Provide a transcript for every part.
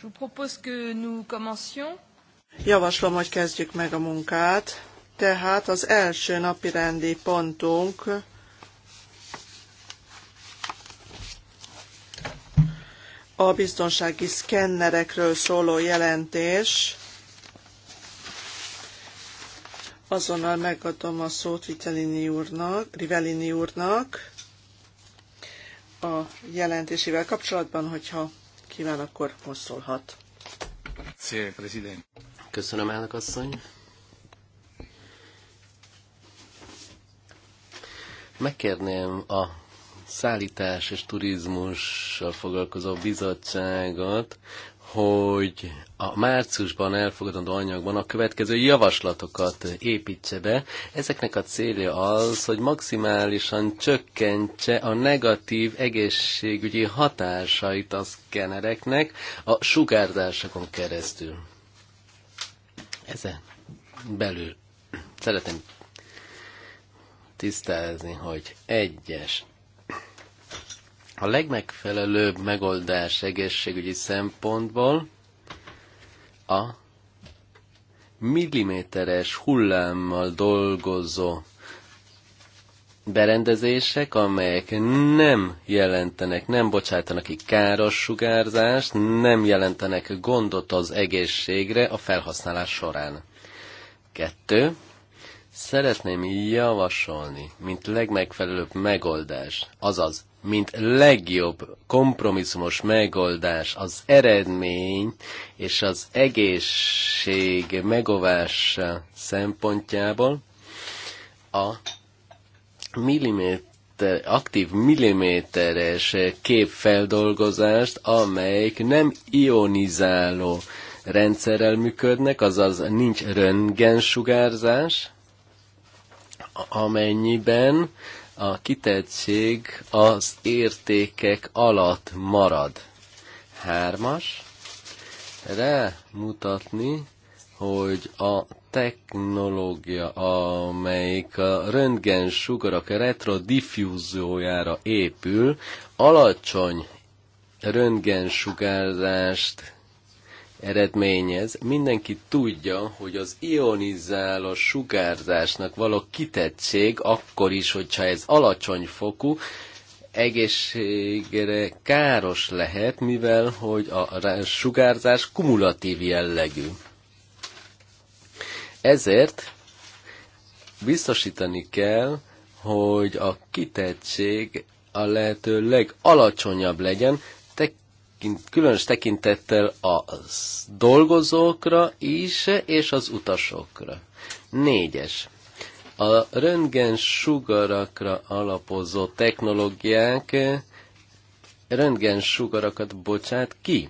Je vous propose que nous commencions. Javaslom, hogy kezdjük meg a munkát. Tehát az első napi rendi pontunk a biztonsági szkennerekről szóló jelentés. Azonnal megadom a szót Vitellini úrnak, Rivellini úrnak a jelentésével kapcsolatban, hogyha kíván, akkor most szólhat. Köszönöm, elnök asszony. Megkérném a szállítás és turizmussal foglalkozó bizottságot, hogy a márciusban elfogadandó anyagban a következő javaslatokat építse be. Ezeknek a célja az, hogy maximálisan csökkentse a negatív egészségügyi hatásait az kenereknek a sugárzásokon keresztül. Ezen belül szeretném tisztázni, hogy egyes a legmegfelelőbb megoldás egészségügyi szempontból a milliméteres hullámmal dolgozó berendezések, amelyek nem jelentenek, nem bocsátanak ki káros sugárzást, nem jelentenek gondot az egészségre a felhasználás során. Kettő. Szeretném javasolni, mint legmegfelelőbb megoldás, azaz mint legjobb kompromisszumos megoldás az eredmény és az egészség megovása szempontjából a milliméter, aktív milliméteres képfeldolgozást, amelyik nem ionizáló rendszerrel működnek, azaz nincs röntgensugárzás, amennyiben a kitettség az értékek alatt marad. Hármas, Mutatni, hogy a technológia, amelyik a röntgen sugarak épül, alacsony röntgensugárzást eredményez. Mindenki tudja, hogy az ionizáló sugárzásnak való kitettség akkor is, hogyha ez alacsony fokú, egészségre káros lehet, mivel hogy a sugárzás kumulatív jellegű. Ezért biztosítani kell, hogy a kitettség a lehető legalacsonyabb legyen, tekint, különös tekintettel a dolgozókra is, és az utasokra. Négyes. A röntgen sugarakra alapozó technológiák röntgen sugarakat bocsát ki.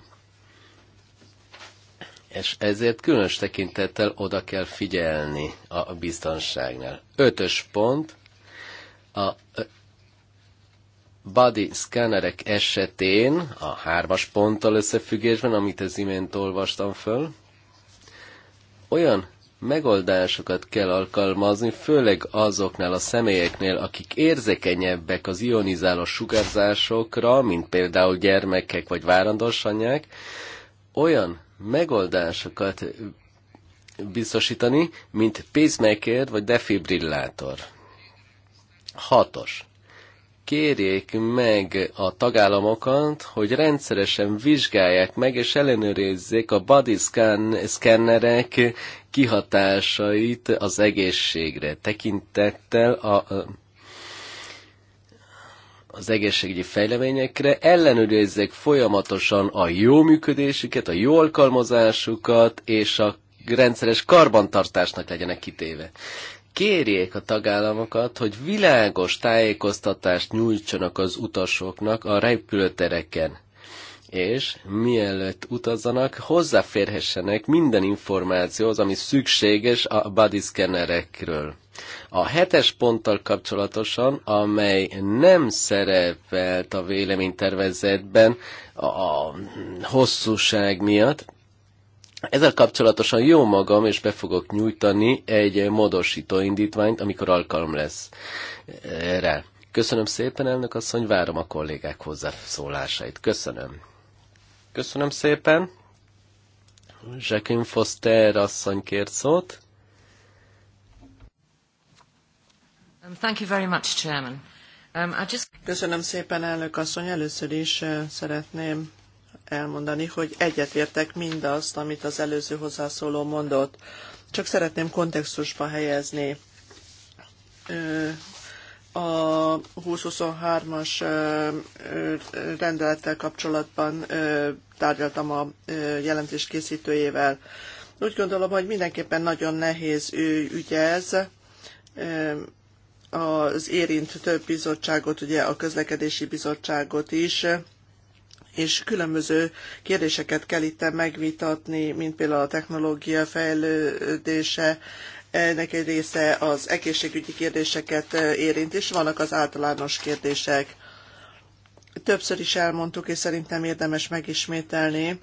És ezért különös tekintettel oda kell figyelni a biztonságnál. Ötös pont. A body scannerek esetén, a hármas ponttal összefüggésben, amit az imént olvastam föl, olyan megoldásokat kell alkalmazni, főleg azoknál a személyeknél, akik érzékenyebbek az ionizáló sugárzásokra, mint például gyermekek vagy várandósanyák, olyan megoldásokat biztosítani, mint pacemaker vagy defibrillátor. Hatos kérjék meg a tagállamokat, hogy rendszeresen vizsgálják meg és ellenőrizzék a body scan szkennerek kihatásait az egészségre, tekintettel a, az egészségügyi fejleményekre, ellenőrizzék folyamatosan a jó működésüket, a jó alkalmazásukat és a rendszeres karbantartásnak legyenek kitéve kérjék a tagállamokat, hogy világos tájékoztatást nyújtsanak az utasoknak a repülőtereken és mielőtt utazzanak, hozzáférhessenek minden információhoz, ami szükséges a body scannerekről. A hetes ponttal kapcsolatosan, amely nem szerepelt a véleménytervezetben a hosszúság miatt, ezzel kapcsolatosan jó magam, és be fogok nyújtani egy módosító indítványt, amikor alkalom lesz erre. Köszönöm szépen, elnök asszony, várom a kollégák hozzászólásait. Köszönöm. Köszönöm szépen. Jacqueline Foster asszony kért szót. Um, thank you very much, Chairman. Um, I just... Köszönöm szépen, elnök asszony. Először is uh, szeretném elmondani, hogy egyetértek mindazt, amit az előző hozzászóló mondott. Csak szeretném kontextusba helyezni. A 2023-as rendelettel kapcsolatban tárgyaltam a jelentés készítőjével. Úgy gondolom, hogy mindenképpen nagyon nehéz ügye ez az érint több bizottságot, ugye a közlekedési bizottságot is, és különböző kérdéseket kell itt megvitatni, mint például a technológia fejlődése, ennek egy része az egészségügyi kérdéseket eh, érint, és vannak az általános kérdések. Többször is elmondtuk, és szerintem érdemes megismételni,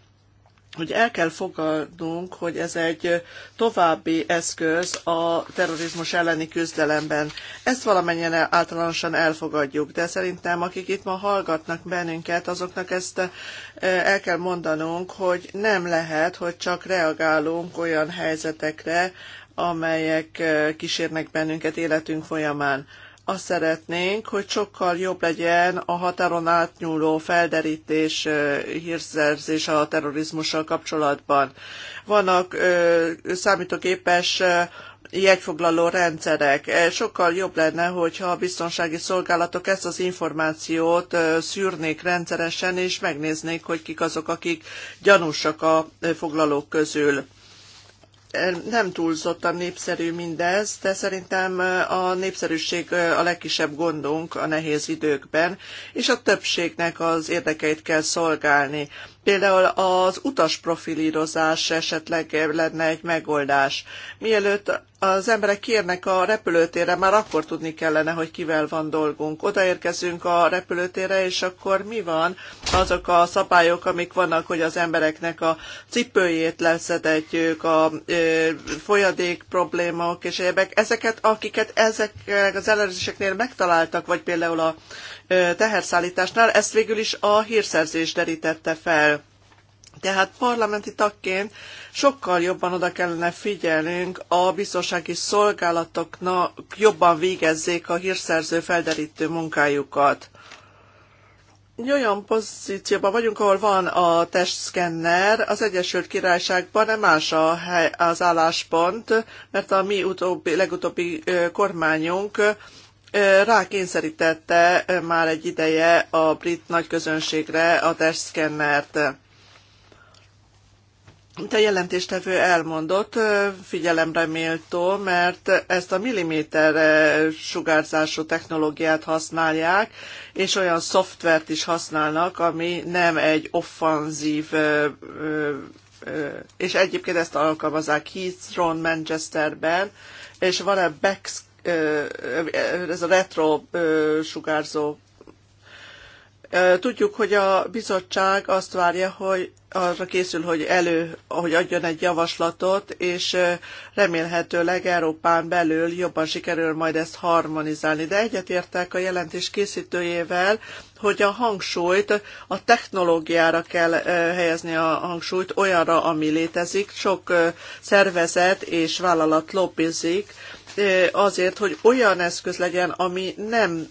hogy el kell fogadnunk, hogy ez egy további eszköz a terrorizmus elleni küzdelemben. Ezt valamennyien általánosan elfogadjuk, de szerintem akik itt ma hallgatnak bennünket, azoknak ezt eh, el kell mondanunk, hogy nem lehet, hogy csak reagálunk olyan helyzetekre, amelyek eh, kísérnek bennünket életünk folyamán azt szeretnénk, hogy sokkal jobb legyen a határon átnyúló felderítés, hírszerzés a terrorizmussal kapcsolatban. Vannak számítógépes jegyfoglaló rendszerek. Sokkal jobb lenne, hogyha a biztonsági szolgálatok ezt az információt szűrnék rendszeresen, és megnéznék, hogy kik azok, akik gyanúsak a foglalók közül nem túlzottan népszerű mindez, de szerintem a népszerűség a legkisebb gondunk a nehéz időkben, és a többségnek az érdekeit kell szolgálni. Például az utas profilírozás esetleg lenne egy megoldás. Mielőtt az emberek kérnek a repülőtérre, már akkor tudni kellene, hogy kivel van dolgunk. Odaérkezünk a repülőtérre, és akkor mi van? Azok a szabályok, amik vannak, hogy az embereknek a cipőjét leszedetjük, a ö, folyadék problémák és egyebek. Ezeket, akiket ezek az ellenőrzéseknél megtaláltak, vagy például a teherszállításnál, ezt végül is a hírszerzés derítette fel. Tehát parlamenti tagként sokkal jobban oda kellene figyelnünk, a biztonsági szolgálatoknak jobban végezzék a hírszerző felderítő munkájukat. Olyan pozícióban vagyunk, ahol van a testszkenner, az Egyesült Királyságban nem más a hely, az álláspont, mert a mi utóbbi, legutóbbi kormányunk rákényszerítette már egy ideje a brit nagyközönségre a testszkennert. Mint a jelentéstevő elmondott, figyelemre méltó, mert ezt a milliméter sugárzású technológiát használják, és olyan szoftvert is használnak, ami nem egy offenzív, és egyébként ezt alkalmazzák Heathrow, Manchesterben, és van-e ez a retro sugárzó. Tudjuk, hogy a bizottság azt várja, hogy arra készül, hogy elő, hogy adjon egy javaslatot, és remélhetőleg Európán belül jobban sikerül majd ezt harmonizálni. De egyetértek a jelentés készítőjével, hogy a hangsúlyt a technológiára kell helyezni a hangsúlyt, olyanra, ami létezik. Sok szervezet és vállalat lobbizik azért, hogy olyan eszköz legyen, ami nem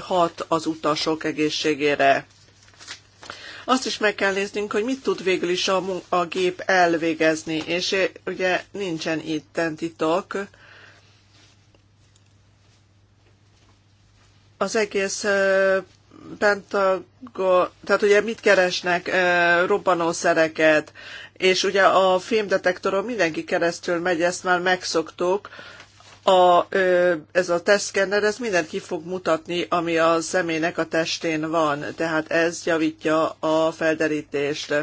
hat az utasok egészségére. Azt is meg kell néznünk, hogy mit tud végül is a, a gép elvégezni, és ugye nincsen itt titok. Az egész pentagon, tehát ugye mit keresnek robbanószereket, és ugye a fémdetektoron mindenki keresztül megy, ezt már megszoktuk, a, ez a testszkenner, ez mindent ki fog mutatni, ami a személynek a testén van, tehát ez javítja a felderítést.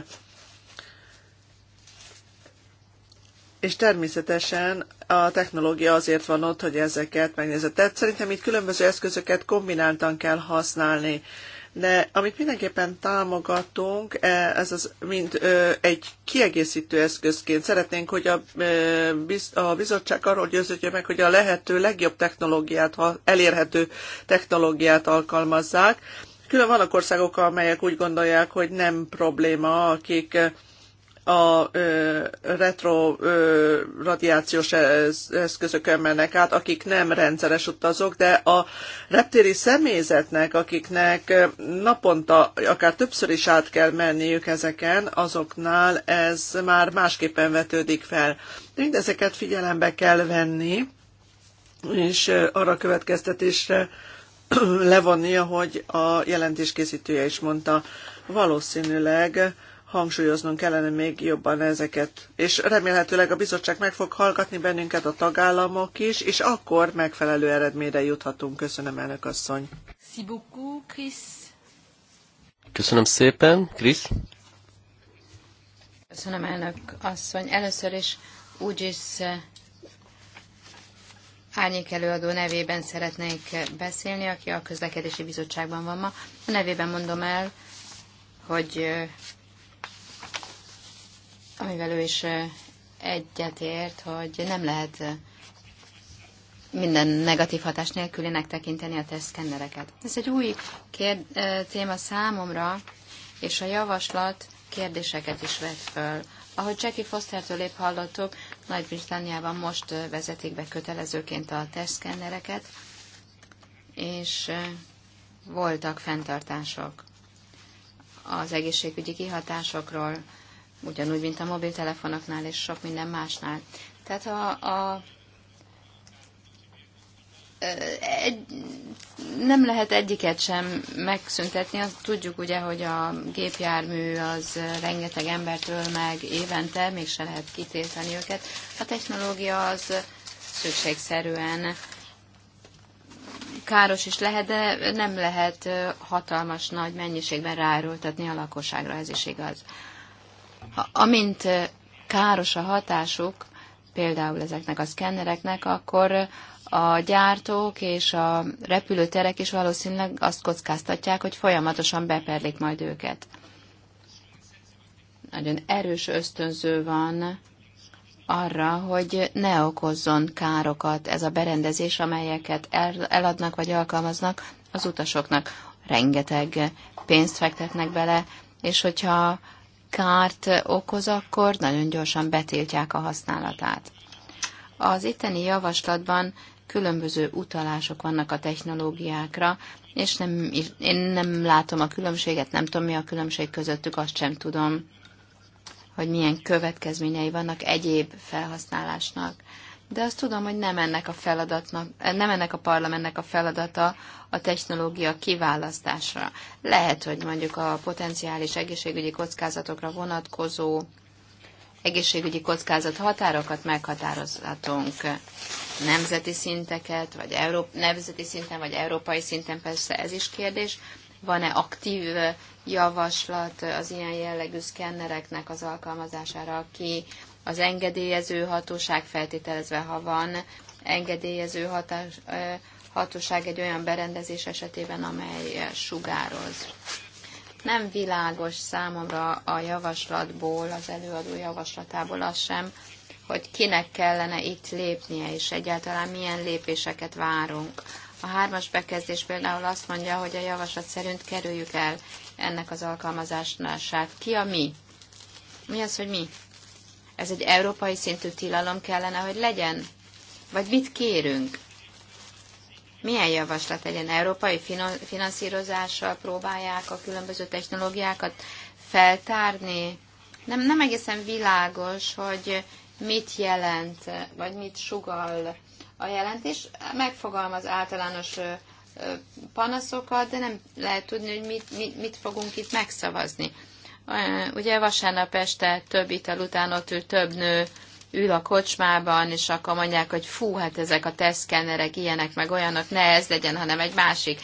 És természetesen a technológia azért van ott, hogy ezeket megnézze. Tehát szerintem itt különböző eszközöket kombináltan kell használni de amit mindenképpen támogatunk, e, ez az mind egy kiegészítő eszközként. Szeretnénk, hogy a, a bizottság arról győződjön meg, hogy a lehető legjobb technológiát, ha elérhető technológiát alkalmazzák. Külön vannak országok, amelyek úgy gondolják, hogy nem probléma, akik a retro radiációs e, eszközökön mennek át, akik nem rendszeres utazók, de a reptéri személyzetnek, akiknek naponta akár többször is át kell menniük ezeken, azoknál ez már másképpen vetődik fel. Mindezeket figyelembe kell venni, és arra következtetésre levonni, ahogy a jelentéskészítője is mondta, valószínűleg hangsúlyoznunk kellene még jobban ezeket. És remélhetőleg a bizottság meg fog hallgatni bennünket, a tagállamok is, és akkor megfelelő eredményre juthatunk. Köszönöm, elnök asszony. Köszönöm szépen, Krisz. Köszönöm, elnök asszony. Először is úgyis eh, Árnyék előadó nevében szeretnék beszélni, aki a közlekedési bizottságban van ma. A nevében mondom el, hogy eh, amivel ő is egyetért, hogy nem lehet minden negatív hatás nélkülinek tekinteni a tesztkennereket. Ez egy új kér, téma számomra, és a javaslat kérdéseket is vet föl. Ahogy Jackie Fostertől épp hallottuk, Nagy-Britanniában most vezetik be kötelezőként a tesztkennereket, és voltak fenntartások az egészségügyi kihatásokról, ugyanúgy, mint a mobiltelefonoknál és sok minden másnál. Tehát a, a egy, nem lehet egyiket sem megszüntetni, azt tudjuk ugye, hogy a gépjármű az rengeteg embertől meg évente, mégse lehet kitiltani őket. A technológia az szükségszerűen káros is lehet, de nem lehet hatalmas nagy mennyiségben ráerőltetni a lakosságra, ez is igaz amint káros a hatásuk, például ezeknek a szkennereknek, akkor a gyártók és a repülőterek is valószínűleg azt kockáztatják, hogy folyamatosan beperlik majd őket. Nagyon erős ösztönző van arra, hogy ne okozzon károkat ez a berendezés, amelyeket eladnak vagy alkalmaznak az utasoknak. Rengeteg pénzt fektetnek bele, és hogyha kárt okoz, akkor nagyon gyorsan betiltják a használatát. Az itteni javaslatban különböző utalások vannak a technológiákra, és nem, én nem látom a különbséget, nem tudom, mi a különbség közöttük, azt sem tudom, hogy milyen következményei vannak egyéb felhasználásnak de azt tudom, hogy nem ennek a feladatnak, nem ennek a parlamentnek a feladata a technológia kiválasztásra. Lehet, hogy mondjuk a potenciális egészségügyi kockázatokra vonatkozó egészségügyi kockázat határokat meghatározhatunk nemzeti szinteket, vagy Európ- nemzeti szinten, vagy európai szinten, persze ez is kérdés. Van-e aktív javaslat az ilyen jellegű szkennereknek az alkalmazására, aki az engedélyező hatóság feltételezve, ha van engedélyező hatás, hatóság egy olyan berendezés esetében, amely sugároz. Nem világos számomra a javaslatból, az előadó javaslatából az sem, hogy kinek kellene itt lépnie, és egyáltalán milyen lépéseket várunk. A hármas bekezdés például azt mondja, hogy a javaslat szerint kerüljük el ennek az alkalmazását. Ki a mi? Mi az, hogy mi? Ez egy európai szintű tilalom kellene, hogy legyen? Vagy mit kérünk? Milyen javaslat legyen? Európai finanszírozással próbálják a különböző technológiákat feltárni? Nem, nem egészen világos, hogy mit jelent, vagy mit sugal a jelentés. Megfogalmaz általános panaszokat, de nem lehet tudni, hogy mit, mit, mit fogunk itt megszavazni. Ugye vasárnap este több ital után ott ül több nő, ül a kocsmában, és akkor mondják, hogy fú, hát ezek a teszkennerek, ilyenek, meg olyanok, ne ez legyen, hanem egy másik.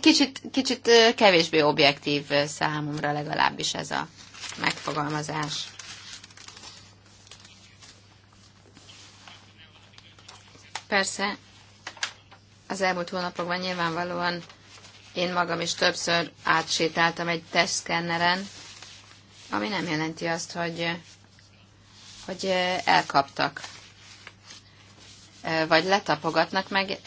Kicsit, kicsit kevésbé objektív számomra legalábbis ez a megfogalmazás. Persze, az elmúlt hónapokban nyilvánvalóan én magam is többször átsétáltam egy testszkenneren, ami nem jelenti azt, hogy, hogy elkaptak vagy letapogatnak, meg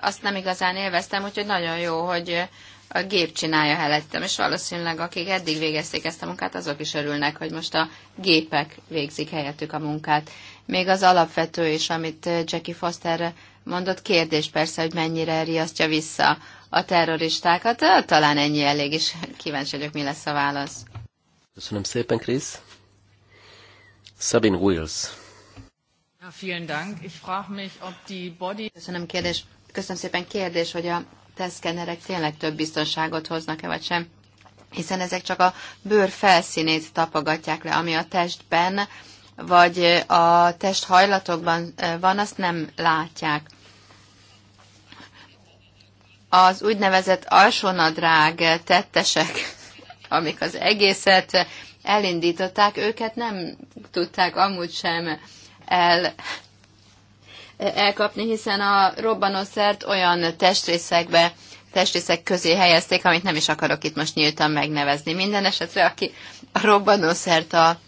azt nem igazán élveztem, úgyhogy nagyon jó, hogy a gép csinálja helyettem, és valószínűleg akik eddig végezték ezt a munkát, azok is örülnek, hogy most a gépek végzik helyettük a munkát. Még az alapvető is, amit Jackie Foster mondott, kérdés persze, hogy mennyire riasztja vissza a terroristákat. Talán ennyi elég, és kíváncsi vagyok, mi lesz a válasz. Köszönöm szépen, Krisz. Sabine Wills. Ja, vielen Dank. Ich frage mich, ob die Body... Köszönöm, kérdés. Köszönöm szépen kérdés, hogy a teszkenerek tényleg több biztonságot hoznak-e, vagy sem hiszen ezek csak a bőr felszínét tapogatják le, ami a testben vagy a test hajlatokban van, azt nem látják. Az úgynevezett alsónadrág tettesek amik az egészet elindították, őket nem tudták amúgy sem el elkapni, hiszen a robbanószert olyan testrészekbe, testrészek közé helyezték, amit nem is akarok itt most nyíltan megnevezni. Minden esetre, aki a robbanószert a,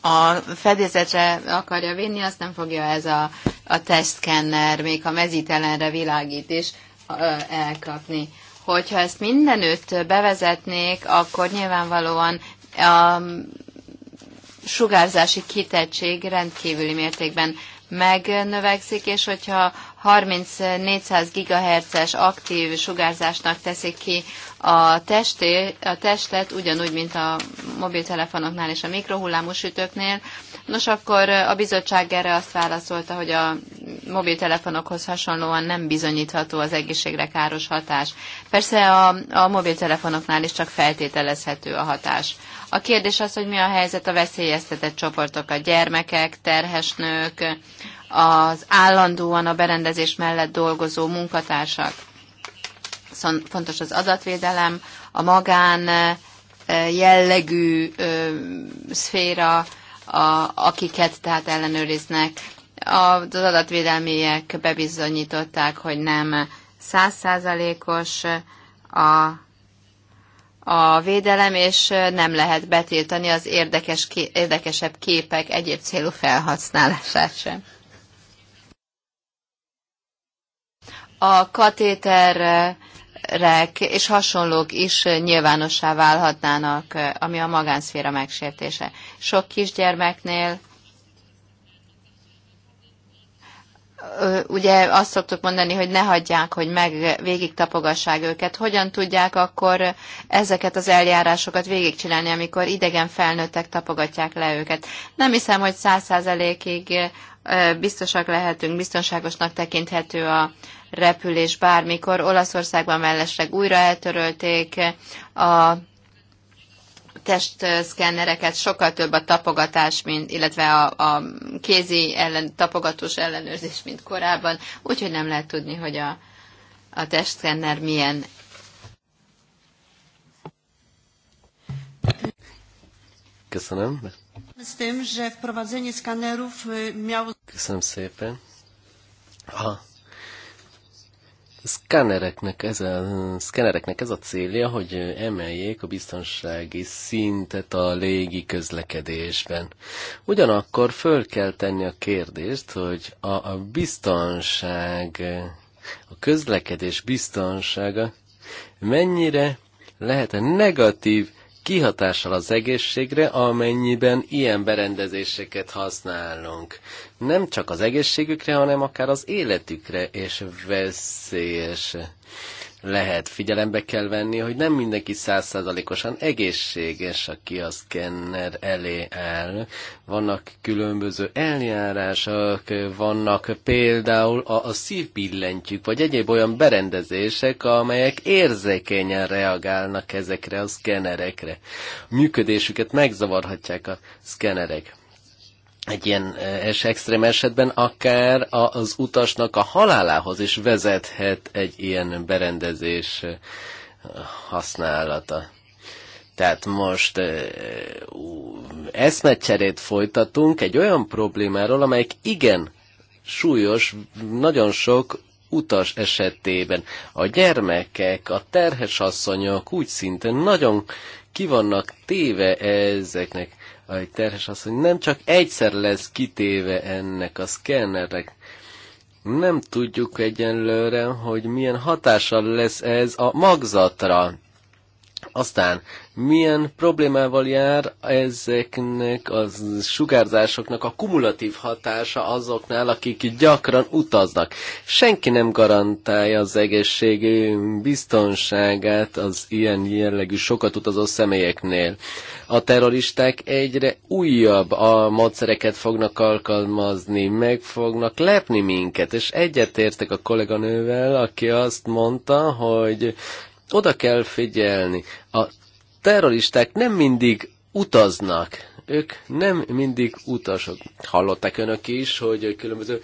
a fedezetre akarja vinni, azt nem fogja ez a, a testszkenner, még a mezítelenre világít is elkapni hogyha ezt mindenütt bevezetnék, akkor nyilvánvalóan a sugárzási kitettség rendkívüli mértékben megnövekszik, és hogyha 30 GHz-es aktív sugárzásnak teszik ki a, testé, a testet, ugyanúgy, mint a mobiltelefonoknál és a mikrohullámú sütőknél, Nos, akkor a bizottság erre azt válaszolta, hogy a mobiltelefonokhoz hasonlóan nem bizonyítható az egészségre káros hatás. Persze a, a mobiltelefonoknál is csak feltételezhető a hatás. A kérdés az, hogy mi a helyzet a veszélyeztetett csoportok, a gyermekek, terhes nők, az állandóan a berendezés mellett dolgozó munkatársak. Szóval fontos az adatvédelem, a magán jellegű szféra, a, akiket tehát ellenőriznek. Az adatvédelmiek bebizonyították, hogy nem százszázalékos a, a védelem, és nem lehet betiltani az érdekes, érdekesebb képek egyéb célú felhasználását sem. A katéter rek és hasonlók is nyilvánossá válhatnának, ami a magánszféra megsértése. Sok kisgyermeknél ugye azt szoktuk mondani, hogy ne hagyják, hogy meg végig tapogassák őket. Hogyan tudják akkor ezeket az eljárásokat végigcsinálni, amikor idegen felnőttek tapogatják le őket? Nem hiszem, hogy száz százalékig biztosak lehetünk, biztonságosnak tekinthető a, repülés bármikor. Olaszországban mellesleg újra eltörölték a testszkennereket, eh, sokkal több a tapogatás, mint, illetve a, a kézi ellen, tapogatós ellenőrzés, mint korábban, úgyhogy nem lehet tudni, hogy a, a testszkenner milyen. Köszönöm. E, Köszönöm szépen. A szkánereknek ez a, ez a célja, hogy emeljék a biztonsági szintet a légi közlekedésben. Ugyanakkor föl kell tenni a kérdést, hogy a, a biztonság, a közlekedés biztonsága mennyire lehet -e negatív kihatással az egészségre, amennyiben ilyen berendezéseket használunk nem csak az egészségükre, hanem akár az életükre, és veszélyes lehet. Figyelembe kell venni, hogy nem mindenki százszázalékosan egészséges, aki a szkenner elé áll. Vannak különböző eljárások, vannak például a, a szívbillentyűk, vagy egyéb olyan berendezések, amelyek érzékenyen reagálnak ezekre a szkenerekre. Működésüket megzavarhatják a szkenerek egy ilyen e, es extrém esetben akár az utasnak a halálához is vezethet egy ilyen berendezés e, használata. Tehát most e, eszmecserét folytatunk egy olyan problémáról, amelyik igen súlyos, nagyon sok utas esetében. A gyermekek, a terhes asszonyok úgy szintén nagyon kivannak téve ezeknek a terhes asszony nem csak egyszer lesz kitéve ennek a szkennerek. Nem tudjuk egyenlőre, hogy milyen hatással lesz ez a magzatra. Aztán milyen problémával jár ezeknek a sugárzásoknak a kumulatív hatása azoknál, akik gyakran utaznak? Senki nem garantálja az egészség biztonságát az ilyen jellegű sokat utazó személyeknél. A terroristák egyre újabb a módszereket fognak alkalmazni, meg fognak lepni minket, és egyetértek a kolléganővel, aki azt mondta, hogy oda kell figyelni. A terroristák nem mindig utaznak. Ők nem mindig utasok. Hallották önök is, hogy különböző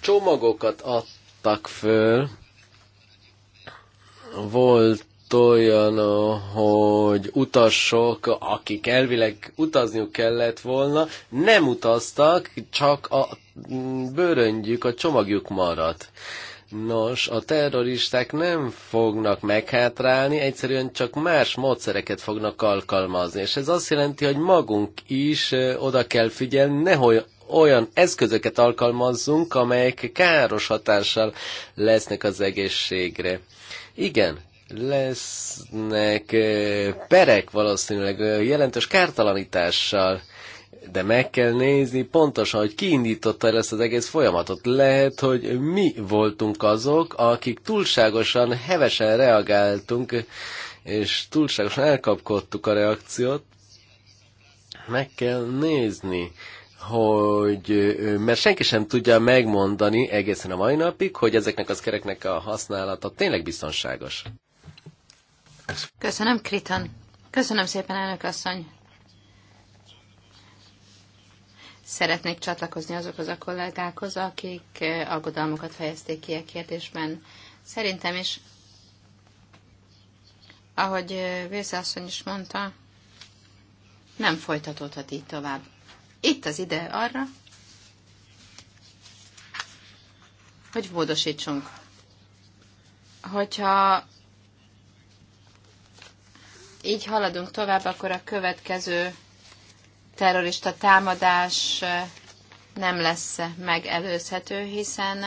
csomagokat adtak föl. Volt olyan, hogy utasok, akik elvileg utazniuk kellett volna, nem utaztak, csak a bőröngyük, a csomagjuk maradt. Nos, a terroristák nem fognak meghátrálni, egyszerűen csak más módszereket fognak alkalmazni. És ez azt jelenti, hogy magunk is oda kell figyelni, nehogy olyan eszközöket alkalmazzunk, amelyek káros hatással lesznek az egészségre. Igen, lesznek perek valószínűleg jelentős kártalanítással de meg kell nézni pontosan, hogy ki indította el ezt az egész folyamatot. Lehet, hogy mi voltunk azok, akik túlságosan hevesen reagáltunk, és túlságosan elkapkodtuk a reakciót. Meg kell nézni, hogy, mert senki sem tudja megmondani egészen a mai napig, hogy ezeknek az kereknek a használata tényleg biztonságos. Köszönöm, Kriton. Köszönöm szépen, elnök asszony. szeretnék csatlakozni azokhoz a kollégákhoz, akik eh, aggodalmukat fejezték ki a e kérdésben. Szerintem is, ahogy eh, Vősze asszony is mondta, nem folytatódhat így tovább. Itt az ide arra, hogy módosítsunk. Hogyha így haladunk tovább, akkor a következő terrorista támadás nem lesz megelőzhető, hiszen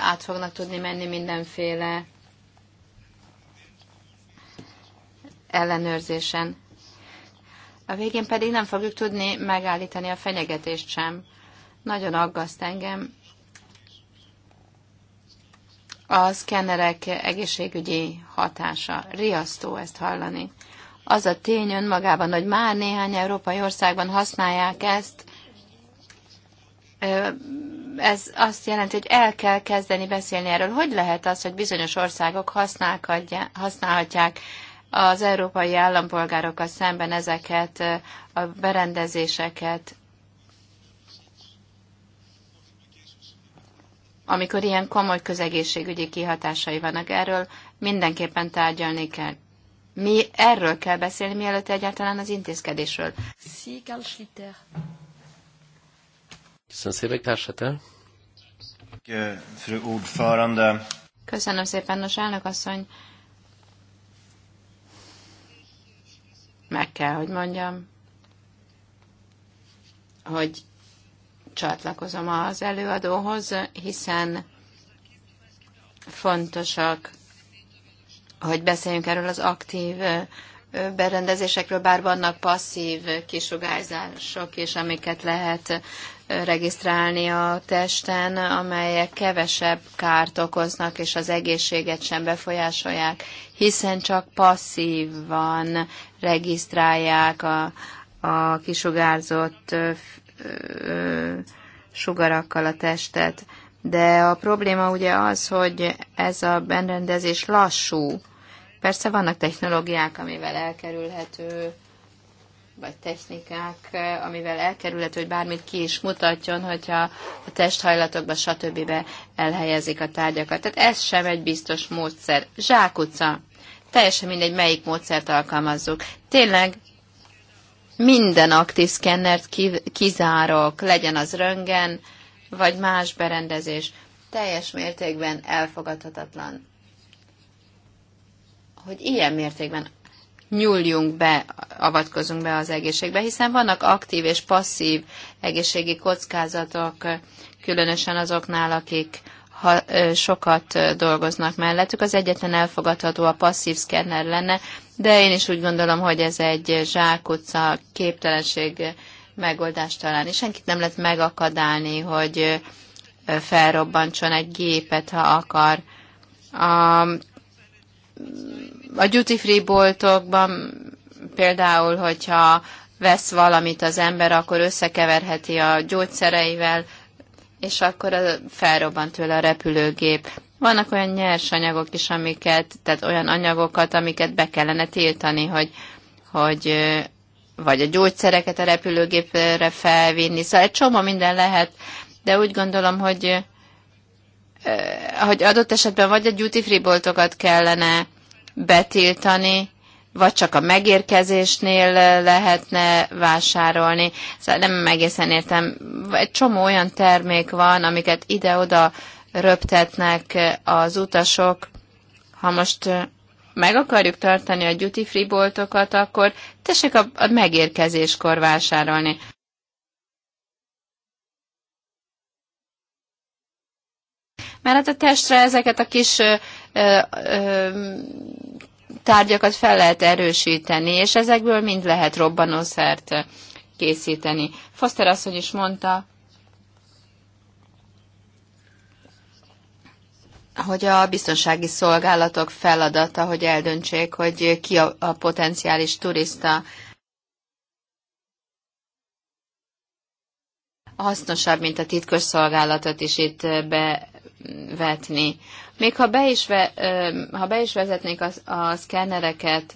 át fognak tudni menni mindenféle ellenőrzésen. A végén pedig nem fogjuk tudni megállítani a fenyegetést sem. Nagyon aggaszt engem a szkennerek egészségügyi hatása. Riasztó ezt hallani. Az a tény önmagában, hogy már néhány európai országban használják ezt, ez azt jelenti, hogy el kell kezdeni beszélni erről. Hogy lehet az, hogy bizonyos országok használhatják az európai állampolgárokkal szemben ezeket a berendezéseket, amikor ilyen komoly közegészségügyi kihatásai vannak. Erről mindenképpen tárgyalni kell. Mi erről kell beszélni, mielőtt egyáltalán az intézkedésről. Köszönöm szépen, Köszönöm szépen, nos elnök asszony. Meg kell, hogy mondjam, hogy csatlakozom az előadóhoz, hiszen fontosak hogy beszéljünk erről az aktív berendezésekről, bár vannak passzív kisugárzások is, amiket lehet regisztrálni a testen, amelyek kevesebb kárt okoznak, és az egészséget sem befolyásolják, hiszen csak passzívan regisztrálják a, a kisugárzott ö, ö, sugarakkal a testet. De a probléma ugye az, hogy ez a berendezés lassú, Persze vannak technológiák, amivel elkerülhető, vagy technikák, amivel elkerülhető, hogy bármit ki is mutatjon, hogyha a testhajlatokba, stb. elhelyezik a tárgyakat. Tehát ez sem egy biztos módszer. Zsákutca. Teljesen mindegy, melyik módszert alkalmazzuk. Tényleg minden aktív szkennert kizárok, legyen az röngen, vagy más berendezés. Teljes mértékben elfogadhatatlan hogy ilyen mértékben nyúljunk be, avatkozunk be az egészségbe, hiszen vannak aktív és passzív egészségi kockázatok, különösen azoknál, akik ha, sokat dolgoznak mellettük. Az egyetlen elfogadható a passzív szkenner lenne, de én is úgy gondolom, hogy ez egy zsákutca képtelenség megoldást találni. Senkit nem lehet megakadálni, hogy felrobbantson egy gépet, ha akar. A a duty free boltokban például, hogyha vesz valamit az ember, akkor összekeverheti a gyógyszereivel, és akkor felrobban tőle a repülőgép. Vannak olyan nyersanyagok is, amiket, tehát olyan anyagokat, amiket be kellene tiltani, hogy, hogy vagy a gyógyszereket a repülőgépre felvinni. Szóval egy csomó minden lehet, de úgy gondolom, hogy Eh, hogy adott esetben vagy a duty free boltokat kellene betiltani, vagy csak a megérkezésnél lehetne vásárolni. Szóval nem egészen értem. Egy csomó olyan termék van, amiket ide-oda röptetnek az utasok. Ha most eh, meg akarjuk tartani a duty free boltokat, akkor tessék a, a megérkezéskor vásárolni. mert hát a testre ezeket a kis ö, ö, tárgyakat fel lehet erősíteni, és ezekből mind lehet robbanószert készíteni. Foster asszony is mondta, hogy a biztonsági szolgálatok feladata, hogy eldöntsék, hogy ki a, a potenciális turista hasznosabb, mint a titkos szolgálatot is itt be, vetni. Még ha be is, ve, ha be is vezetnék a, a szkennereket,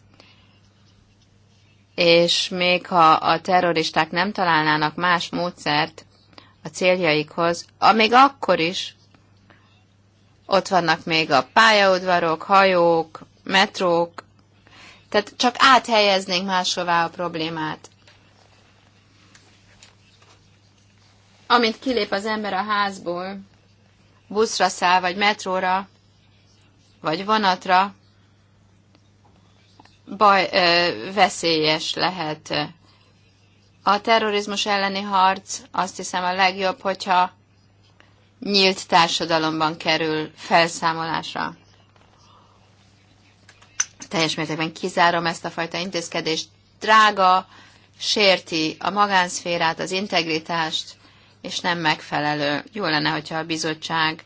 és még ha a terroristák nem találnának más módszert a céljaikhoz, a még akkor is ott vannak még a pályaudvarok, hajók, metrók, tehát csak áthelyeznénk máshová a problémát. Amint kilép az ember a házból, buszra száll, vagy metróra, vagy vonatra, baj, veszélyes lehet. A terrorizmus elleni harc azt hiszem a legjobb, hogyha nyílt társadalomban kerül felszámolásra. Teljes mértékben kizárom ezt a fajta intézkedést. Drága, sérti a magánszférát, az integritást, és nem megfelelő. Jó lenne, hogyha a bizottság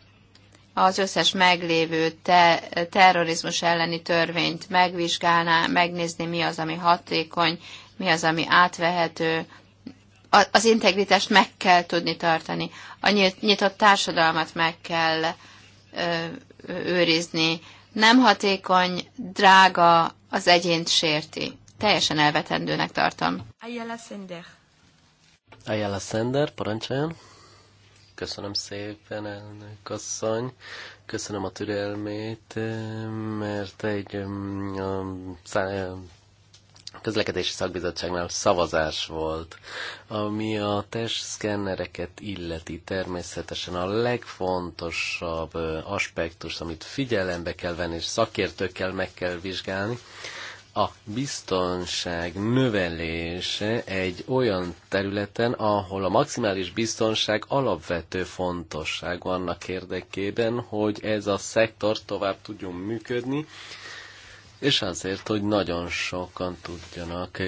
az összes meglévő te, terrorizmus elleni törvényt megvizsgálná, megnézni, mi az, ami hatékony, mi az, ami átvehető. Az integritást meg kell tudni tartani. A nyitott társadalmat meg kell őrizni. Nem hatékony, drága, az egyént sérti. Teljesen elvetendőnek tartom. Ayala Sender. Ajala Sender, parancsoljon. Köszönöm szépen, elnök asszony. Köszönöm a türelmét, mert egy mm, a, um, közlekedési szakbizottságnál szavazás volt, ami a testszkennereket illeti természetesen a legfontosabb aspektus, amit figyelembe kell venni, és szakértőkkel meg kell vizsgálni a biztonság növelése egy olyan területen, ahol a maximális biztonság alapvető fontosság vannak érdekében, hogy ez a szektor tovább tudjon működni, és azért, hogy nagyon sokan tudjanak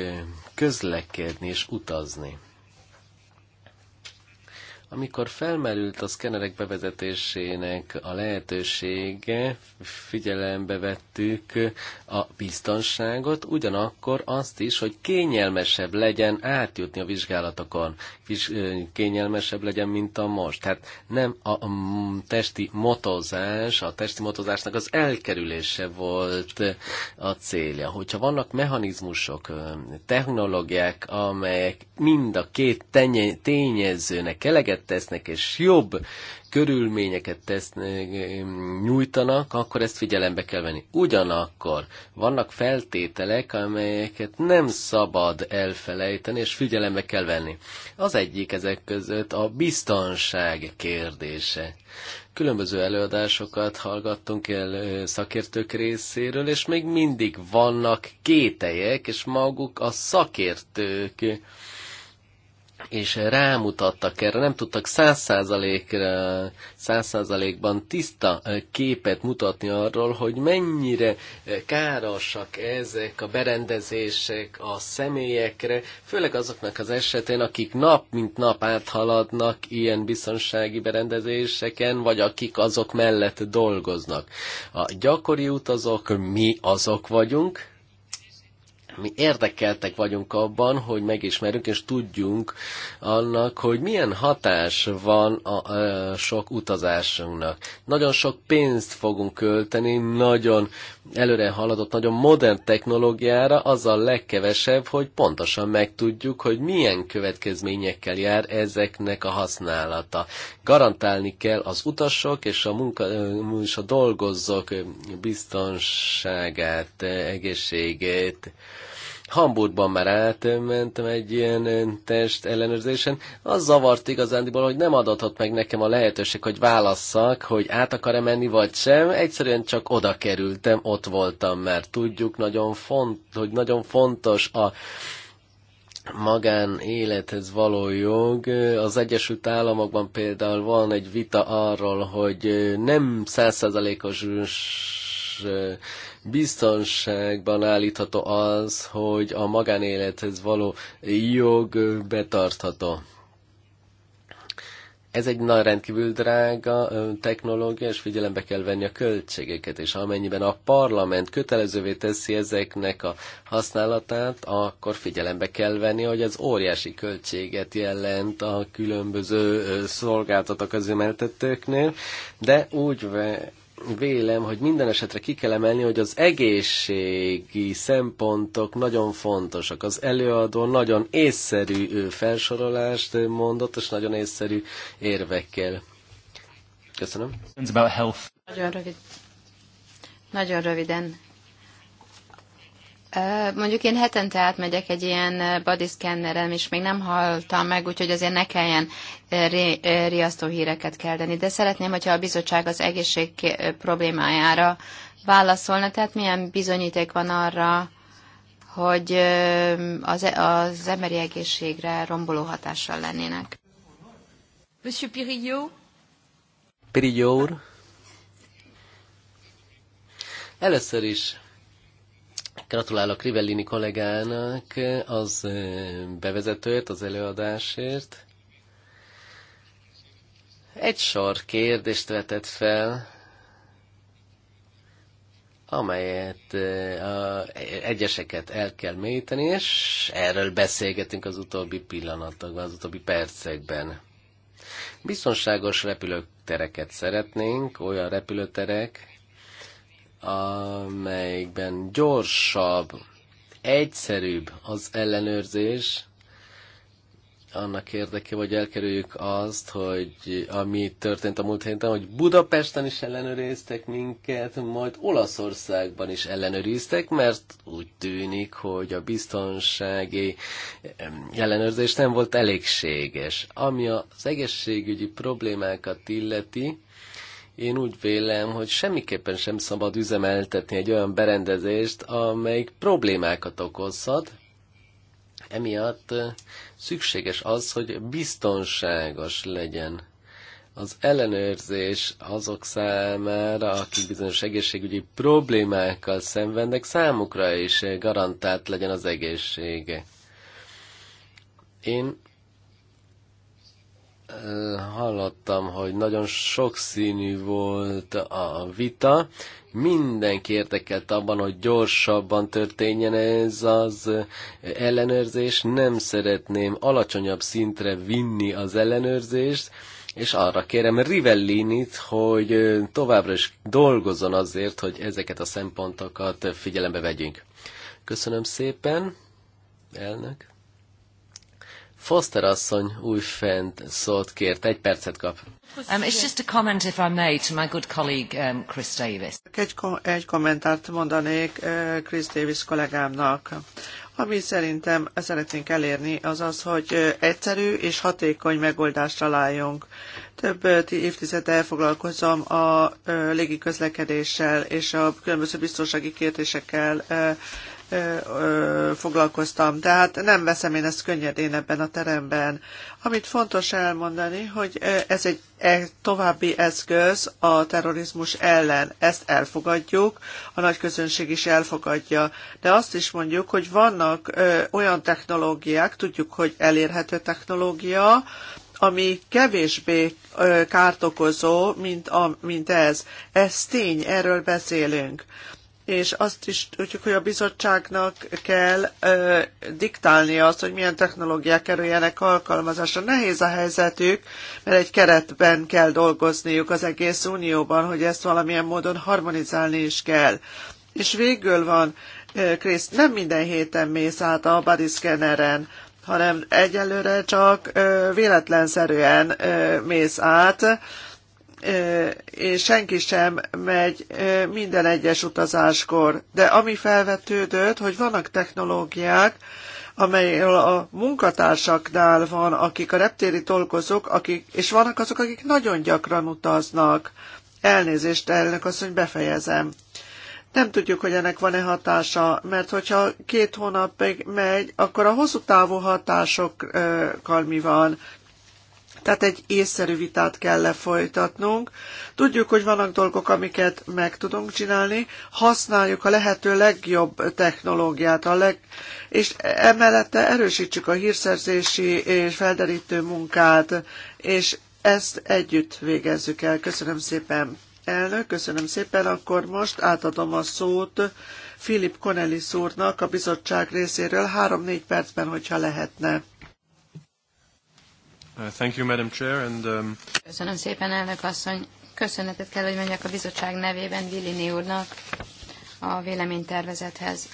közlekedni és utazni. Amikor felmerült a szkenerek bevezetésének a lehetősége, figyelembe vettük a biztonságot, ugyanakkor azt is, hogy kényelmesebb legyen átjutni a vizsgálatokon, kényelmesebb legyen, mint a most. Tehát nem a testi motozás, a testi motozásnak az elkerülése volt a célja. Hogyha vannak mechanizmusok, technológiák, amelyek mind a két tényezőnek eleget lehetőséget tesznek, és jobb körülményeket tesznek, nyújtanak, akkor ezt figyelembe kell venni. Ugyanakkor vannak feltételek, amelyeket nem szabad elfelejteni, és figyelembe kell venni. Az egyik ezek között a biztonság kérdése. Különböző előadásokat hallgattunk el szakértők részéről, és még mindig vannak kételyek, és maguk a szakértők és rámutattak erre, nem tudtak száz százalékban tiszta képet mutatni arról, hogy mennyire károsak ezek a berendezések a személyekre, főleg azoknak az esetén, akik nap mint nap áthaladnak ilyen biztonsági berendezéseken, vagy akik azok mellett dolgoznak. A gyakori utazók mi azok vagyunk, mi érdekeltek vagyunk abban, hogy megismerjük és tudjunk annak, hogy milyen hatás van a, a sok utazásunknak. Nagyon sok pénzt fogunk költeni, nagyon előre haladott, nagyon modern technológiára, a legkevesebb, hogy pontosan megtudjuk, hogy milyen következményekkel jár ezeknek a használata garantálni kell az utasok és a, munka, és a dolgozók biztonságát, egészségét. Hamburgban már átmentem egy ilyen test ellenőrzésen. Az zavart igazándiból, hogy nem adhatott meg nekem a lehetőség, hogy válasszak, hogy át akar-e menni vagy sem. Egyszerűen csak oda kerültem, ott voltam, mert tudjuk, nagyon font, hogy nagyon fontos a magánélethez való jog. Az Egyesült Államokban például van egy vita arról, hogy nem százszázalékos biztonságban állítható az, hogy a magánélethez való jog betartható ez egy nagy rendkívül drága technológia, és figyelembe kell venni a költségeket, és amennyiben a parlament kötelezővé teszi ezeknek a használatát, akkor figyelembe kell venni, hogy ez óriási költséget jelent a különböző szolgáltatók az üzemeltetőknél, de úgy, vélem, hogy minden esetre ki kell emelni, hogy az egészségi szempontok nagyon fontosak. Az előadó nagyon észszerű felsorolást mondott, és nagyon észszerű érvekkel. Köszönöm. Nagyon rövid. Nagyon röviden Mondjuk én hetente átmegyek egy ilyen body scannerem, és még nem haltam meg, úgyhogy azért ne kelljen riasztó híreket keldeni. De szeretném, hogyha a bizottság az egészség problémájára válaszolna, tehát milyen bizonyíték van arra, hogy az, az emberi egészségre romboló hatással lennének. Monsieur Pirillo. Pirillo. úr? Először is Gratulálok Rivellini kollégának az bevezetőt, az előadásért. Egy sor kérdést vetett fel, amelyet a, egyeseket el kell mélyíteni, és erről beszélgetünk az utóbbi pillanatokban, az utóbbi percekben. Biztonságos repülőtereket szeretnénk, olyan repülőterek, amelyikben gyorsabb, egyszerűbb az ellenőrzés, annak érdeke, hogy elkerüljük azt, hogy ami történt a múlt héten, hogy Budapesten is ellenőriztek minket, majd Olaszországban is ellenőriztek, mert úgy tűnik, hogy a biztonsági ellenőrzés nem volt elégséges. Ami az egészségügyi problémákat illeti, én úgy vélem, hogy semmiképpen sem szabad üzemeltetni egy olyan berendezést, amelyik problémákat okozhat. Emiatt szükséges az, hogy biztonságos legyen az ellenőrzés azok számára, akik bizonyos egészségügyi problémákkal szenvednek, számukra is garantált legyen az egészsége. Én hallottam, hogy nagyon sokszínű volt a vita. Mindenki érdekelt abban, hogy gyorsabban történjen ez az ellenőrzés. Nem szeretném alacsonyabb szintre vinni az ellenőrzést, és arra kérem Rivellinit, hogy továbbra is dolgozzon azért, hogy ezeket a szempontokat figyelembe vegyünk. Köszönöm szépen, elnök. Foster asszony újfent szót kért. Egy percet kap. Um, it's just a comment, if I may, to my good colleague um, Chris Davis. Egy, egy kommentárt mondanék uh, Chris Davis kollégámnak. Ami szerintem szeretnénk elérni, az az, hogy uh, egyszerű és hatékony megoldást találjunk. Több uh, évtizede foglalkozom a légiközlekedéssel és a különböző biztonsági kérdésekkel foglalkoztam, tehát nem veszem én ezt könnyedén ebben a teremben. Amit fontos elmondani, hogy ez egy e, további eszköz a terrorizmus ellen. Ezt elfogadjuk, a nagy közönség is elfogadja. De azt is mondjuk, hogy vannak olyan technológiák, tudjuk, hogy elérhető technológia, ami kevésbé kárt okozó, mint, a, mint ez. Ez tény, erről beszélünk és azt is tudjuk, hogy a bizottságnak kell ö, diktálni azt, hogy milyen technológiák kerüljenek alkalmazásra. Nehéz a helyzetük, mert egy keretben kell dolgozniuk az egész unióban, hogy ezt valamilyen módon harmonizálni is kell. És végül van, Krisz, nem minden héten mész át a body scanneren, hanem egyelőre csak ö, véletlenszerűen ö, mész át, és senki sem megy minden egyes utazáskor. De ami felvetődött, hogy vannak technológiák, amely a munkatársaknál van, akik a reptéri tolkozók, akik, és vannak azok, akik nagyon gyakran utaznak. Elnézést, elnök azt, hogy befejezem. Nem tudjuk, hogy ennek van-e hatása, mert hogyha két hónapig megy, akkor a hosszú távú hatásokkal mi van? Tehát egy észszerű vitát kell lefolytatnunk. Tudjuk, hogy vannak dolgok, amiket meg tudunk csinálni. Használjuk a lehető legjobb technológiát, a leg... és emellette erősítsük a hírszerzési és felderítő munkát, és ezt együtt végezzük el. Köszönöm szépen, elnök, köszönöm szépen. Akkor most átadom a szót Filip Konelis úrnak a bizottság részéről 3-4 percben, hogyha lehetne. Uh, thank you, Madam Chair, and, um... Köszönöm szépen, elnök asszony. Köszönetet kell, hogy mondjak a bizottság nevében Villini úrnak a véleménytervezethez.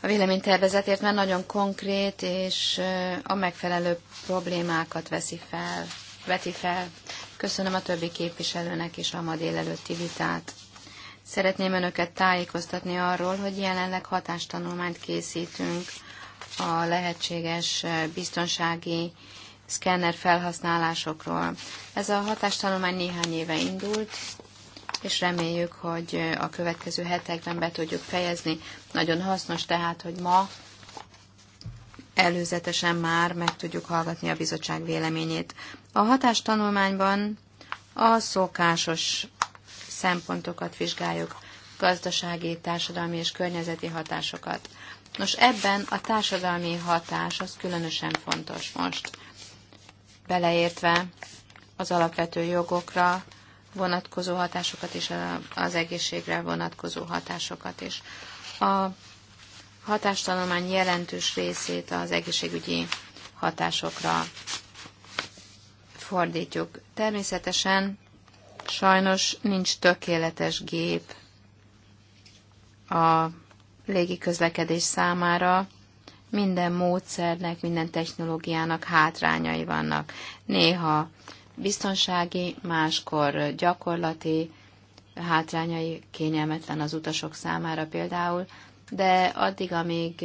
A véleménytervezetért már nagyon konkrét és uh, a megfelelő problémákat veszi fel, veti fel. Köszönöm a többi képviselőnek is a ma délelőtti vitát. Szeretném önöket tájékoztatni arról, hogy jelenleg hatástanulmányt készítünk a lehetséges uh, biztonsági szkenner felhasználásokról. Ez a hatástanulmány néhány éve indult, és reméljük, hogy a következő hetekben be tudjuk fejezni. Nagyon hasznos tehát, hogy ma előzetesen már meg tudjuk hallgatni a bizottság véleményét. A hatástanulmányban a szokásos szempontokat vizsgáljuk, gazdasági, társadalmi és környezeti hatásokat. Nos, ebben a társadalmi hatás az különösen fontos most beleértve az alapvető jogokra vonatkozó hatásokat és az egészségre vonatkozó hatásokat is. A hatástanulmány jelentős részét az egészségügyi hatásokra fordítjuk. Természetesen sajnos nincs tökéletes gép a légiközlekedés számára, minden módszernek, minden technológiának hátrányai vannak. Néha biztonsági, máskor gyakorlati hátrányai kényelmetlen az utasok számára például, de addig, amíg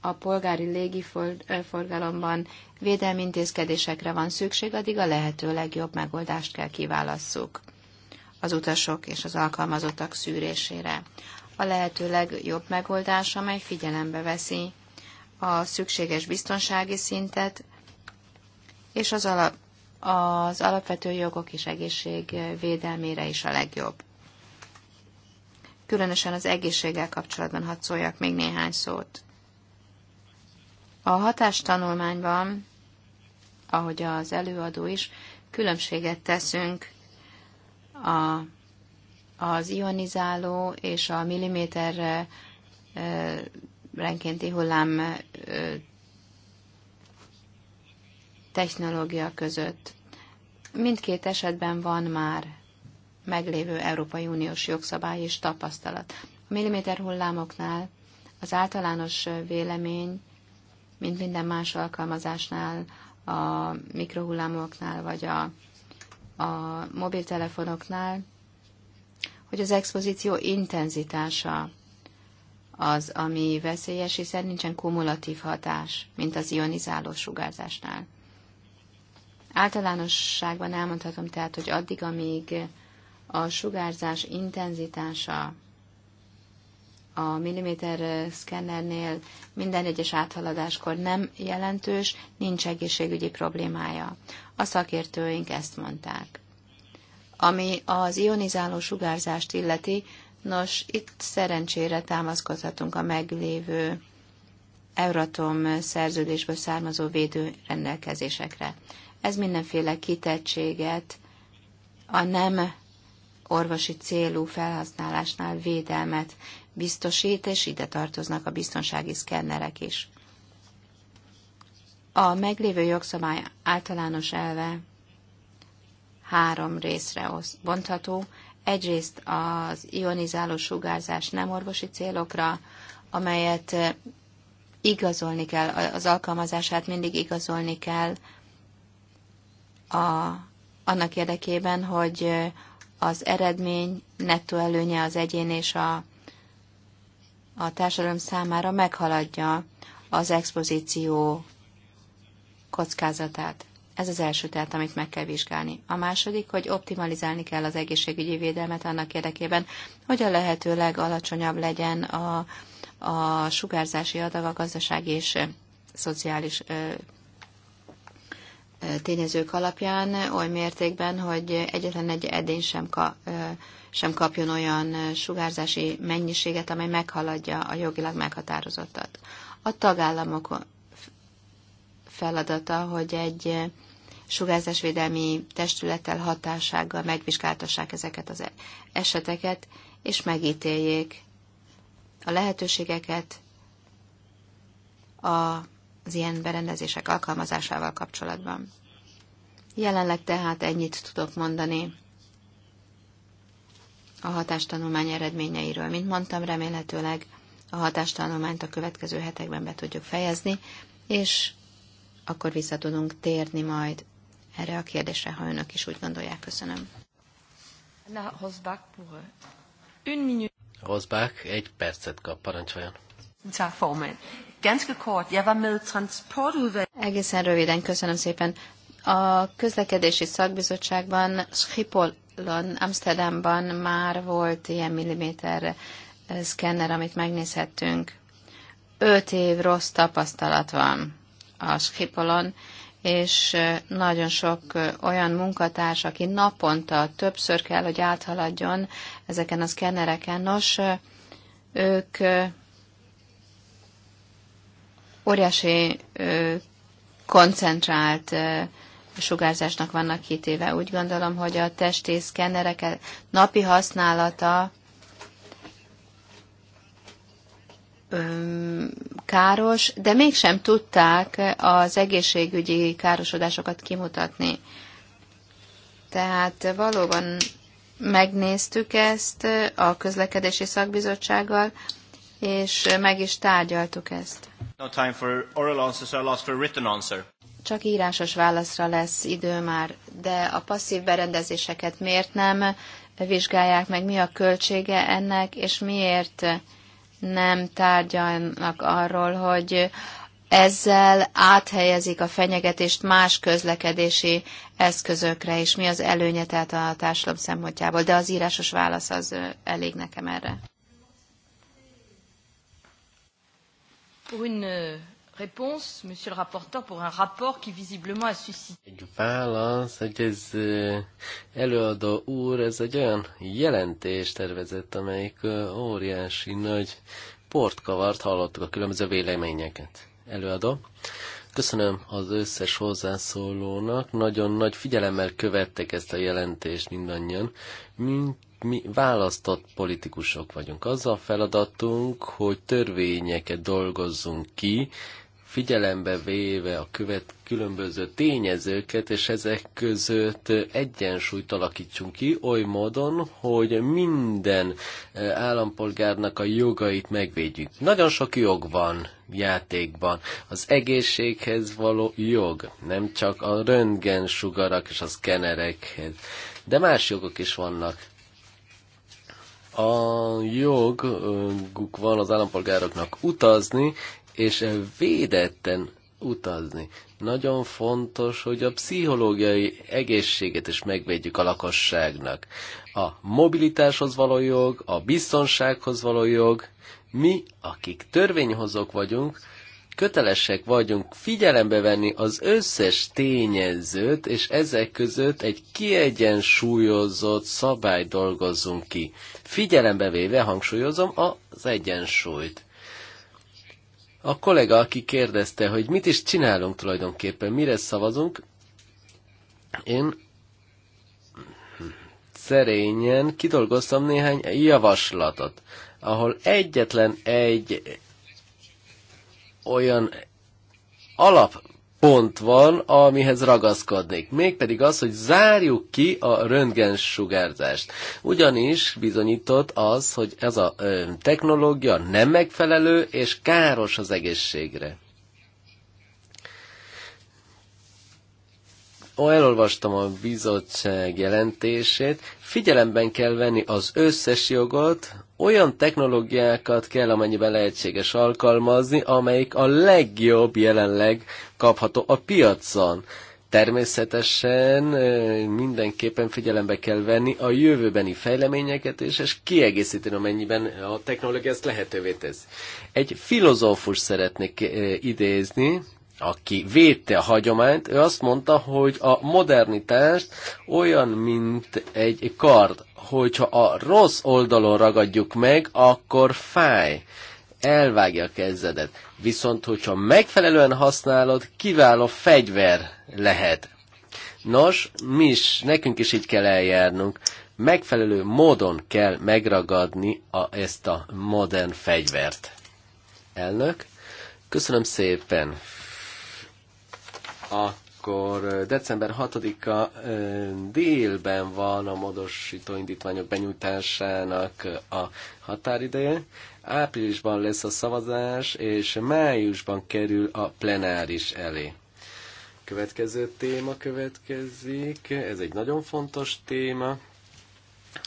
a polgári légiforgalomban védelmi intézkedésekre van szükség, addig a lehető legjobb megoldást kell kiválasszuk az utasok és az alkalmazottak szűrésére. A lehető legjobb megoldás, amely figyelembe veszi a szükséges biztonsági szintet, és az, alap, az alapvető jogok és egészség védelmére is a legjobb. Különösen az egészséggel kapcsolatban hadd szóljak még néhány szót. A hatástanulmányban, ahogy az előadó is, különbséget teszünk a, az ionizáló és a milliméterre renkénti hullám technológia között. Mindkét esetben van már meglévő Európai Uniós jogszabály és tapasztalat. A milliméter hullámoknál az általános vélemény, mint minden más alkalmazásnál, a mikrohullámoknál vagy a, a mobiltelefonoknál, hogy az expozíció intenzitása az, ami veszélyes, hiszen nincsen kumulatív hatás, mint az ionizáló sugárzásnál. Általánosságban elmondhatom tehát, hogy addig, amíg a sugárzás intenzitása a milliméter szkennernél minden egyes áthaladáskor nem jelentős, nincs egészségügyi problémája. A szakértőink ezt mondták. Ami az ionizáló sugárzást illeti, Nos, itt szerencsére támaszkodhatunk a meglévő Euratom szerződésből származó védő rendelkezésekre. Ez mindenféle kitettséget a nem orvosi célú felhasználásnál védelmet biztosít, és ide tartoznak a biztonsági szkennerek is. A meglévő jogszabály általános elve három részre bontható, Egyrészt az ionizáló sugárzás nem orvosi célokra, amelyet igazolni kell, az alkalmazását mindig igazolni kell a, annak érdekében, hogy az eredmény nettó előnye az egyén és a, a társadalom számára meghaladja az expozíció kockázatát. Ez az első tehát, amit meg kell vizsgálni. A második, hogy optimalizálni kell az egészségügyi védelmet annak érdekében, hogy a lehető legalacsonyabb legyen a, a sugárzási adag a gazdasági és szociális ö, tényezők alapján oly mértékben, hogy egyetlen egy edény sem, ka, sem kapjon olyan sugárzási mennyiséget, amely meghaladja a jogilag meghatározottat. A tagállamok feladata, hogy egy sugárzásvédelmi testülettel, hatásággal megvizsgáltassák ezeket az eseteket, és megítéljék a lehetőségeket az ilyen berendezések alkalmazásával kapcsolatban. Jelenleg tehát ennyit tudok mondani a hatástanulmány eredményeiről. Mint mondtam, remélhetőleg a hatástanulmányt a következő hetekben be tudjuk fejezni, és akkor vissza tudunk térni majd erre a kérdésre, ha önök is úgy gondolják. Köszönöm. Na, Rosbach egy percet kap, parancsoljon. kort, Egészen röviden, köszönöm szépen. A közlekedési szakbizottságban Schipholon, Amsterdamban már volt ilyen milliméter eh, szkenner, amit megnézhettünk. Öt év rossz tapasztalat van a Schipholon, és nagyon sok olyan munkatárs, aki naponta többször kell, hogy áthaladjon ezeken a szkennereken. Nos, ők óriási koncentrált sugárzásnak vannak kitéve. Úgy gondolom, hogy a testi szkennerek napi használata káros, de mégsem tudták az egészségügyi károsodásokat kimutatni. Tehát valóban megnéztük ezt a közlekedési szakbizottsággal, és meg is tárgyaltuk ezt. No time for oral answers, so for written answer. Csak írásos válaszra lesz idő már, de a passzív berendezéseket miért nem vizsgálják meg, mi a költsége ennek, és miért nem tárgyalnak arról, hogy ezzel áthelyezik a fenyegetést más közlekedési eszközökre, és mi az előnye tehát a társadalom szempontjából. De az írásos válasz az elég nekem erre. Pour une réponse, monsieur le rapporteur, pour un rapport qui visiblement a suscité. Egy válasz, hogy ez előadó úr, ez egy olyan jelentés tervezett, amelyik óriási nagy port kavart, hallottuk a különböző véleményeket. Előadó. Köszönöm az összes hozzászólónak, nagyon nagy figyelemmel követtek ezt a jelentést mindannyian. Mint mi választott politikusok vagyunk. Az a feladatunk, hogy törvényeket dolgozzunk ki, figyelembe véve a követ különböző tényezőket, és ezek között egyensúlyt alakítsunk ki oly módon, hogy minden e, állampolgárnak a jogait megvédjük. Nagyon sok jog van játékban. Az egészséghez való jog, nem csak a röntgen sugarak és a szkenerekhez, de más jogok is vannak a joguk van az állampolgároknak utazni, és védetten utazni. Nagyon fontos, hogy a pszichológiai egészséget is megvédjük a lakosságnak. A mobilitáshoz való jog, a biztonsághoz való jog, mi, akik törvényhozók vagyunk, kötelesek vagyunk figyelembe venni az összes tényezőt, és ezek között egy kiegyensúlyozott szabály dolgozzunk ki. Figyelembe véve hangsúlyozom az egyensúlyt. A kollega, aki kérdezte, hogy mit is csinálunk tulajdonképpen, mire szavazunk, én szerényen kidolgoztam néhány javaslatot, ahol egyetlen egy olyan alap pont van, amihez ragaszkodnék. Mégpedig az, hogy zárjuk ki a röntgen sugárzást. Ugyanis bizonyított az, hogy ez a ö, technológia nem megfelelő és káros az egészségre. Ó, elolvastam a bizottság jelentését. Figyelemben kell venni az összes jogot, olyan technológiákat kell amennyiben lehetséges alkalmazni, amelyik a legjobb jelenleg kapható a piacon. Természetesen mindenképpen figyelembe kell venni a jövőbeni fejleményeket, és, és kiegészíteni, amennyiben a technológia ezt lehetővé tesz. Egy filozófus szeretnék idézni, aki védte a hagyományt, ő azt mondta, hogy a modernitást olyan, mint egy kard, hogyha a rossz oldalon ragadjuk meg, akkor fáj elvágja a kezedet. Viszont, hogyha megfelelően használod, kiváló fegyver lehet. Nos, mi is, nekünk is így kell eljárnunk. Megfelelő módon kell megragadni a, ezt a modern fegyvert. Elnök, köszönöm szépen. A akkor december 6-a délben van a módosító indítványok benyújtásának a határideje áprilisban lesz a szavazás, és májusban kerül a plenáris elé. Következő téma következik, ez egy nagyon fontos téma,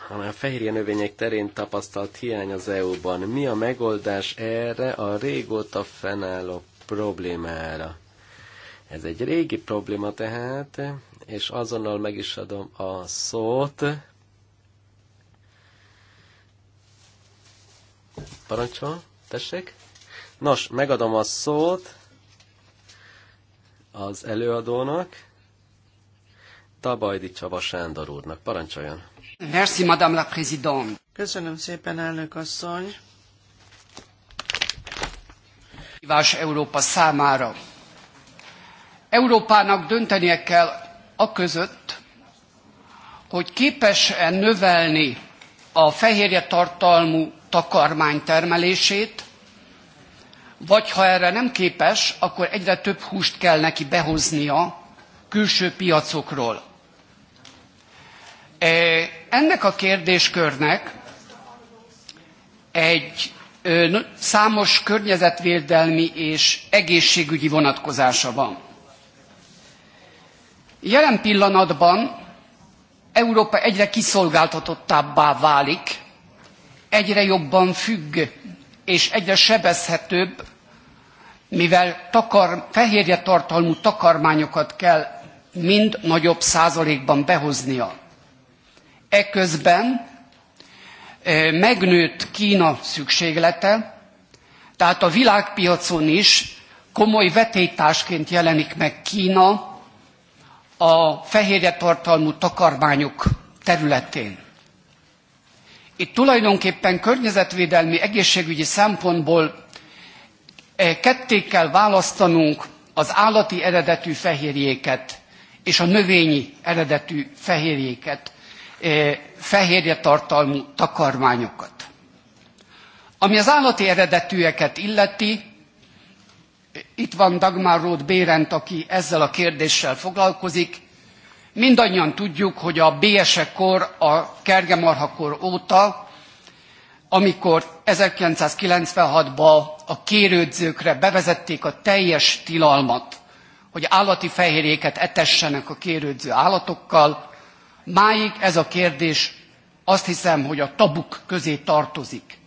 a fehérje növények terén tapasztalt hiány az EU-ban. Mi a megoldás erre a régóta fennálló problémára? Ez egy régi probléma tehát, és azonnal meg is adom a szót Parancsol, tessék. Nos, megadom a szót az előadónak, Tabajdi Csaba Sándor úrnak. Parancsoljon. Merci, Madame la Présidente. Köszönöm szépen, elnök asszony. Kívás Európa számára. Európának döntenie kell a között, hogy képes-e növelni a fehérje tartalmú takarmány termelését, vagy ha erre nem képes, akkor egyre több húst kell neki behoznia külső piacokról. E, ennek a kérdéskörnek egy számos környezetvédelmi és egészségügyi vonatkozása van. Jelen pillanatban Európa egyre kiszolgáltatottabbá válik egyre jobban függ és egyre sebezhetőbb, mivel takar, fehérje tartalmú takarmányokat kell mind nagyobb százalékban behoznia. Eközben e, megnőtt Kína szükséglete, tehát a világpiacon is komoly vetétásként jelenik meg Kína a fehérje tartalmú takarmányok területén itt tulajdonképpen környezetvédelmi egészségügyi szempontból e, ketté kell választanunk az állati eredetű fehérjéket és a növényi eredetű fehérjéket, e, fehérje tartalmú takarmányokat. Ami az állati eredetűeket illeti, itt van Dagmar Roth Bérent, aki ezzel a kérdéssel foglalkozik, Mindannyian tudjuk, hogy a bs kor a kergemarhakor óta, amikor 1996-ban a kérődzőkre bevezették a teljes tilalmat, hogy állati fehérjéket etessenek a kérődző állatokkal, máig ez a kérdés azt hiszem, hogy a tabuk közé tartozik.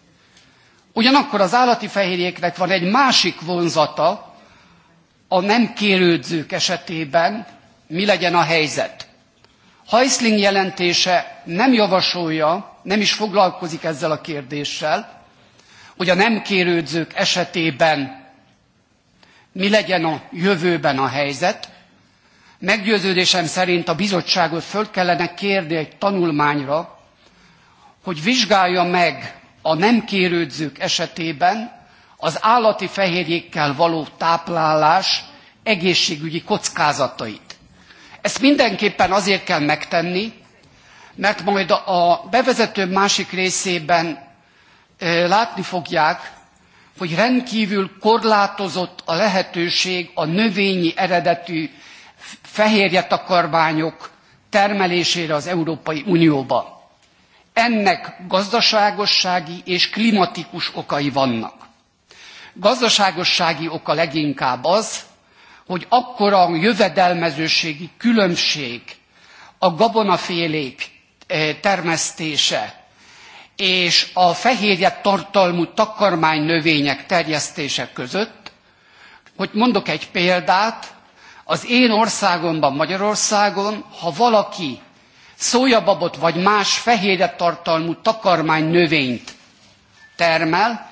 Ugyanakkor az állati fehérjéknek van egy másik vonzata a nem kérődzők esetében, mi legyen a helyzet. Heisling jelentése nem javasolja, nem is foglalkozik ezzel a kérdéssel, hogy a nem kérődzők esetében mi legyen a jövőben a helyzet. Meggyőződésem szerint a bizottságot föl kellene kérni egy tanulmányra, hogy vizsgálja meg a nem kérődzők esetében az állati fehérjékkel való táplálás egészségügyi kockázatait. Ezt mindenképpen azért kell megtenni, mert majd a bevezető másik részében látni fogják, hogy rendkívül korlátozott a lehetőség a növényi eredetű fehérje takarmányok termelésére az Európai Unióba. Ennek gazdaságossági és klimatikus okai vannak. Gazdaságossági oka leginkább az, hogy akkora jövedelmezőségi különbség a gabonafélék eh, termesztése és a fehérje tartalmú takarmány növények terjesztése között, hogy mondok egy példát, az én országomban, Magyarországon, ha valaki szójababot vagy más fehérje tartalmú takarmány növényt termel,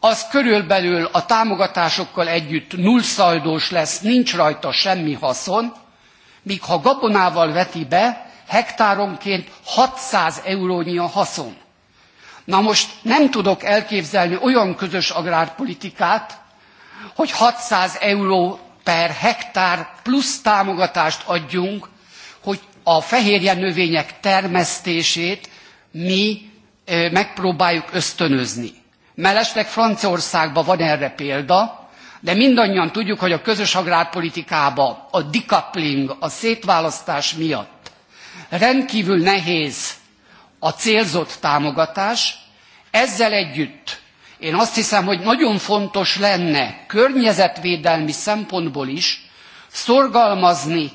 az körülbelül a támogatásokkal együtt nullszaldós lesz, nincs rajta semmi haszon, míg ha gabonával veti be, hektáronként 600 eurónyi a haszon. Na most nem tudok elképzelni olyan közös agrárpolitikát, hogy 600 euró per hektár plusz támogatást adjunk, hogy a fehérje növények termesztését mi megpróbáljuk ösztönözni. Mellesleg Franciaországban van erre példa, de mindannyian tudjuk, hogy a közös agrárpolitikában a decoupling, a szétválasztás miatt rendkívül nehéz a célzott támogatás. Ezzel együtt én azt hiszem, hogy nagyon fontos lenne környezetvédelmi szempontból is szorgalmazni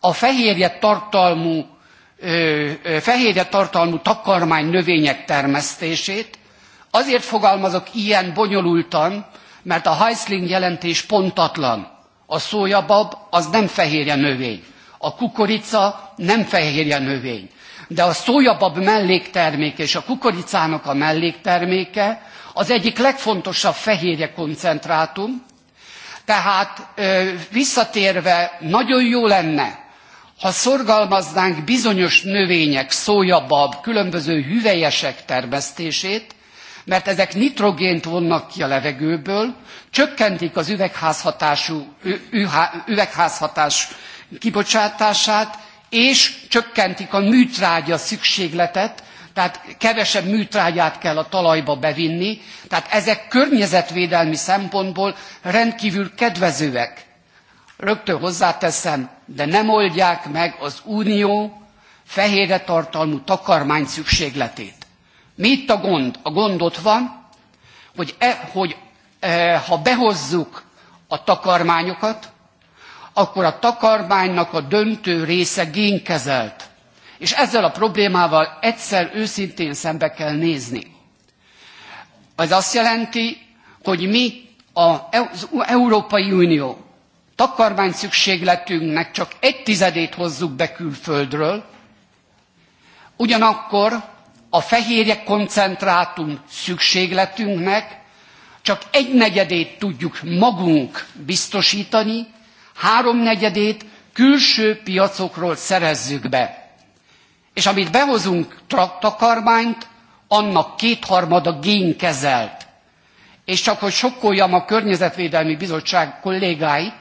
a fehérje tartalmú, fehérje tartalmú takarmány növények termesztését, Azért fogalmazok ilyen bonyolultan, mert a Heisling jelentés pontatlan. A szójabab az nem fehérje növény. A kukorica nem fehérje növény. De a szójabab mellékterméke és a kukoricának a mellékterméke az egyik legfontosabb fehérje koncentrátum. Tehát visszatérve nagyon jó lenne, ha szorgalmaznánk bizonyos növények, szójabab, különböző hüvelyesek termesztését, mert ezek nitrogént vonnak ki a levegőből, csökkentik az üvegházhatású, üvegházhatás kibocsátását, és csökkentik a műtrágya szükségletet, tehát kevesebb műtrágyát kell a talajba bevinni, tehát ezek környezetvédelmi szempontból rendkívül kedvezőek. Rögtön hozzáteszem, de nem oldják meg az unió fehérre tartalmú takarmány szükségletét. Mi itt a gond? A gond ott van, hogy, e, hogy e, ha behozzuk a takarmányokat, akkor a takarmánynak a döntő része génkezelt. És ezzel a problémával egyszer őszintén szembe kell nézni. Ez azt jelenti, hogy mi e-, az Európai Unió takarmány szükségletünknek csak egy tizedét hozzuk be külföldről, ugyanakkor a fehérje koncentrátum szükségletünknek csak egy negyedét tudjuk magunk biztosítani, háromnegyedét külső piacokról szerezzük be. És amit behozunk traktakarmányt, annak kétharmada génkezelt. És csak hogy sokkoljam a Környezetvédelmi Bizottság kollégáit,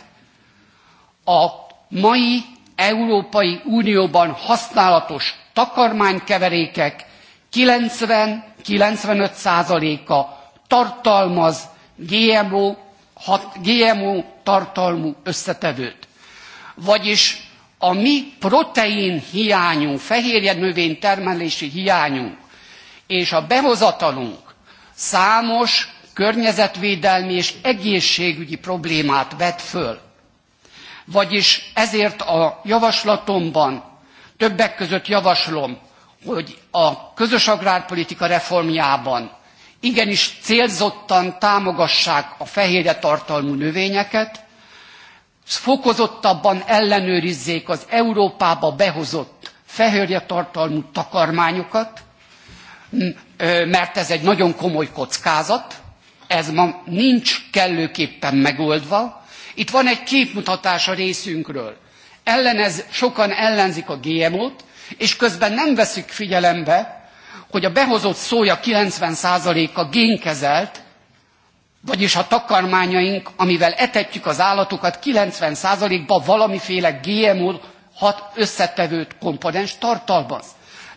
a mai Európai Unióban használatos takarmánykeverékek 90-95%-a tartalmaz GMO, hat, GMO tartalmú összetevőt. Vagyis a mi protein hiányunk, fehérje növény termelési hiányunk és a behozatalunk számos környezetvédelmi és egészségügyi problémát vet föl. Vagyis ezért a javaslatomban többek között javaslom hogy a közös agrárpolitika reformjában igenis célzottan támogassák a fehérje tartalmú növényeket, fokozottabban ellenőrizzék az Európába behozott fehérje tartalmú takarmányokat, mert ez egy nagyon komoly kockázat, ez ma nincs kellőképpen megoldva. Itt van egy képmutatás a részünkről. Ellenez, sokan ellenzik a GMO-t, és közben nem veszik figyelembe, hogy a behozott szója 90%-a génkezelt, vagyis a takarmányaink, amivel etetjük az állatokat, 90%-ba valamiféle GMO hat összetevőt komponens tartalmaz.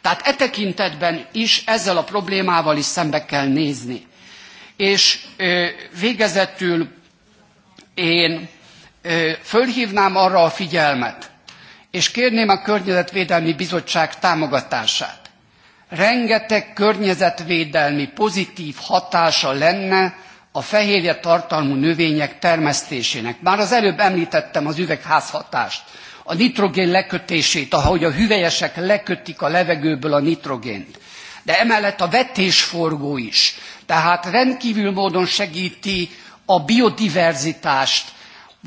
Tehát e tekintetben is ezzel a problémával is szembe kell nézni. És ö, végezetül én ö, fölhívnám arra a figyelmet, és kérném a Környezetvédelmi Bizottság támogatását. Rengeteg környezetvédelmi pozitív hatása lenne a fehérje tartalmú növények termesztésének. Már az előbb említettem az üvegházhatást, a nitrogén lekötését, ahogy a hüvelyesek lekötik a levegőből a nitrogént. De emellett a vetésforgó is. Tehát rendkívül módon segíti a biodiverzitást,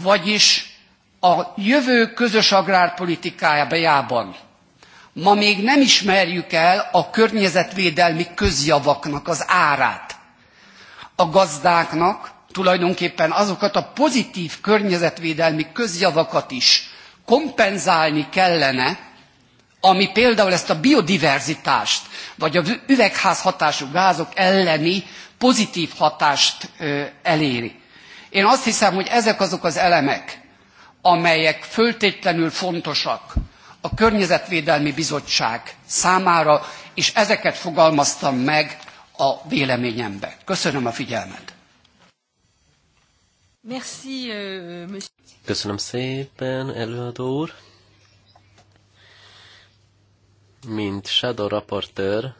vagyis a jövő közös agrárpolitikájában ma még nem ismerjük el a környezetvédelmi közjavaknak az árát. A gazdáknak tulajdonképpen azokat a pozitív környezetvédelmi közjavakat is kompenzálni kellene, ami például ezt a biodiverzitást, vagy a üvegházhatású gázok elleni pozitív hatást eléri. Én azt hiszem, hogy ezek azok az elemek, amelyek föltétlenül fontosak a Környezetvédelmi Bizottság számára, és ezeket fogalmaztam meg a véleményembe. Köszönöm a figyelmet! Euh, Köszönöm szépen, előadó úr! Mint shadow raportőr,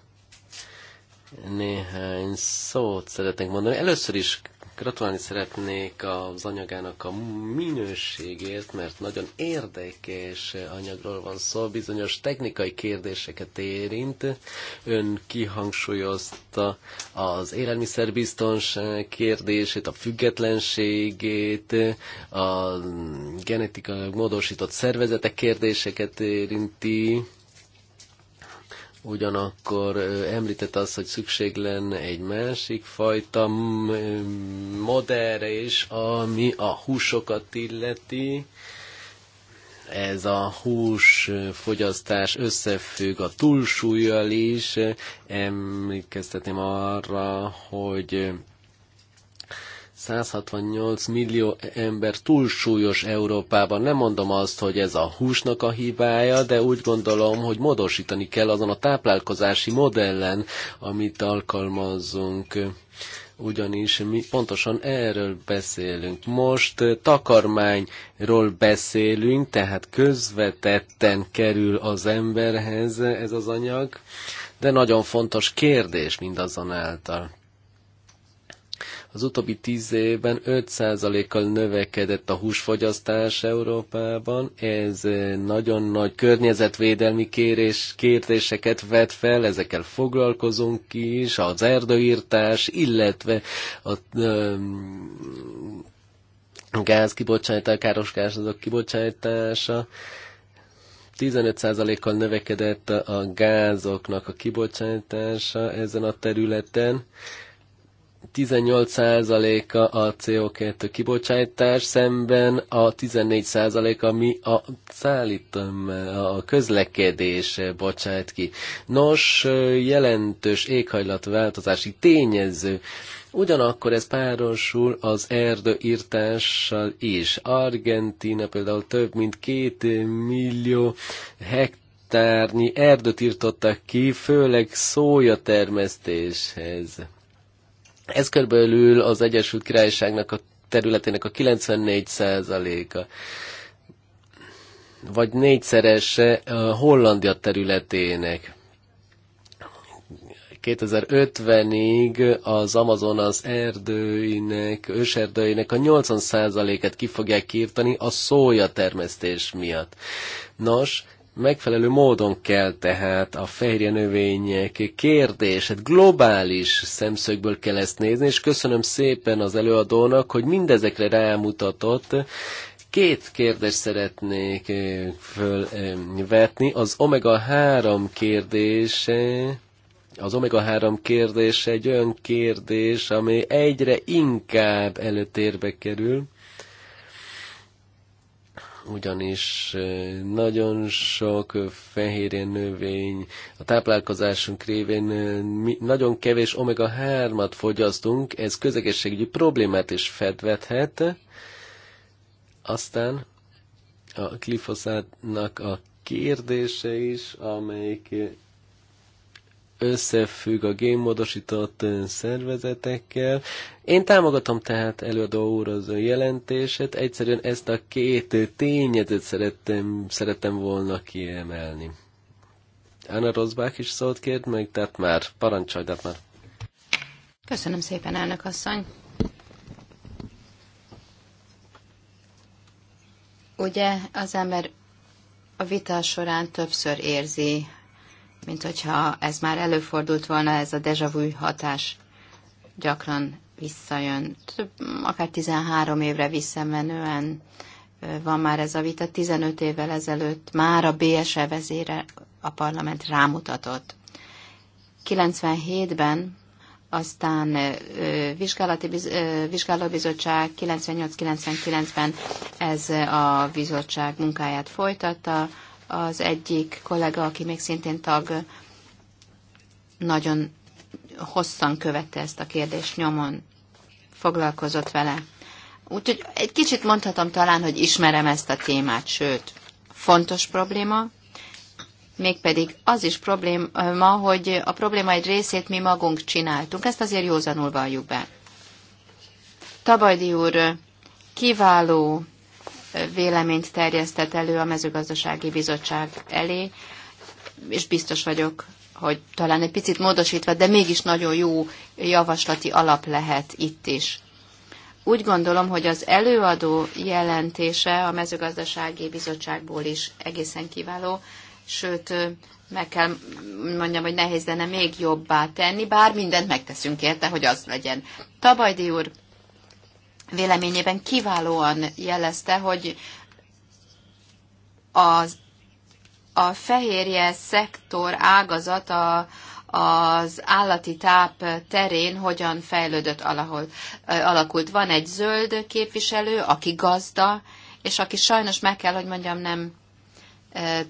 néhány szót szeretnék mondani. Először is Gratulálni szeretnék az anyagának a minőségért, mert nagyon érdekes anyagról van szó, bizonyos technikai kérdéseket érint. Ön kihangsúlyozta az élelmiszerbiztonság kérdését, a függetlenségét, a genetikailag módosított szervezetek kérdéseket érinti Ugyanakkor említett az, hogy szükség lenne egy másik fajta modellre is, ami a húsokat illeti. Ez a hús fogyasztás összefügg a túlsúlyjal is. Emlékeztetném arra, hogy 168 millió ember túlsúlyos Európában. Nem mondom azt, hogy ez a húsnak a hibája, de úgy gondolom, hogy módosítani kell azon a táplálkozási modellen, amit alkalmazzunk ugyanis mi pontosan erről beszélünk. Most eh, takarmányról beszélünk, tehát közvetetten kerül az emberhez ez az anyag, de nagyon fontos kérdés mindazonáltal. Az utóbbi tíz évben 5%-kal növekedett a húsfogyasztás Európában. Ez eh, nagyon nagy környezetvédelmi kérés, kérdéseket vet fel, ezekkel foglalkozunk is, az erdőírtás, illetve a um, gáz kibocsátása, káros gázok kibocsátása. 15%-kal növekedett a gázoknak a kibocsátása ezen a területen. 18%-a a CO2 kibocsátás, szemben a 14%-a mi a szállítom, a közlekedés bocsát ki. Nos, jelentős éghajlatváltozási tényező. Ugyanakkor ez párosul az erdőírtással is. Argentina például több mint két millió hektár erdőt írtottak ki, főleg szója termesztéshez. Ez körülbelül az Egyesült Királyságnak a területének a 94%-a vagy négyszerese a Hollandia területének. 2050-ig az Amazonas erdőinek, őserdőinek a 80%-et ki fogják írtani a szója termesztés miatt. Nos, Megfelelő módon kell tehát a fehérje növények kérdését globális szemszögből kell ezt nézni, és köszönöm szépen az előadónak, hogy mindezekre rámutatott. Két kérdést szeretnék eh, fölvetni. Az omega-3 kérdése az omega-3 kérdése egy olyan kérdés, ami egyre inkább előtérbe kerül ugyanis nagyon sok fehérje növény, a táplálkozásunk révén mi nagyon kevés omega-3-at fogyasztunk, ez közegészségügyi problémát is fedvethet. Aztán a glifoszátnak a kérdése is, amelyik összefügg a génmódosított szervezetekkel. Én támogatom tehát előadó úr az jelentését, egyszerűen ezt a két tényezet szerettem, szerettem volna kiemelni. Anna Rosbach is szólt kért meg, tehát már parancsolj, tehát már. Köszönöm szépen, elnök asszony. Ugye az ember a vita során többször érzi mint hogyha ez már előfordult volna, ez a dejavú vu hatás gyakran visszajön. akár 13 évre visszamenően van már ez a vita. 15 évvel ezelőtt már a BSE vezére a parlament rámutatott. 97-ben aztán vizsgálati, vizsgálóbizottság 98-99-ben ez a bizottság munkáját folytatta, az egyik kollega, aki még szintén tag, nagyon hosszan követte ezt a kérdést nyomon, foglalkozott vele. Úgyhogy egy kicsit mondhatom talán, hogy ismerem ezt a témát, sőt, fontos probléma, mégpedig az is probléma, hogy a probléma egy részét mi magunk csináltunk. Ezt azért józanul valljuk be. Tabajdi úr kiváló véleményt terjesztett elő a mezőgazdasági bizottság elé, és biztos vagyok, hogy talán egy picit módosítva, de mégis nagyon jó javaslati alap lehet itt is. Úgy gondolom, hogy az előadó jelentése a mezőgazdasági bizottságból is egészen kiváló, sőt, meg kell mondjam, hogy nehéz lenne még jobbá tenni, bár mindent megteszünk érte, hogy az legyen. Tabajdi úr, véleményében kiválóan jelezte, hogy az, a fehérje szektor a, az állati táp terén hogyan fejlődött alahol, alakult. Van egy zöld képviselő, aki gazda, és aki sajnos meg kell, hogy mondjam, nem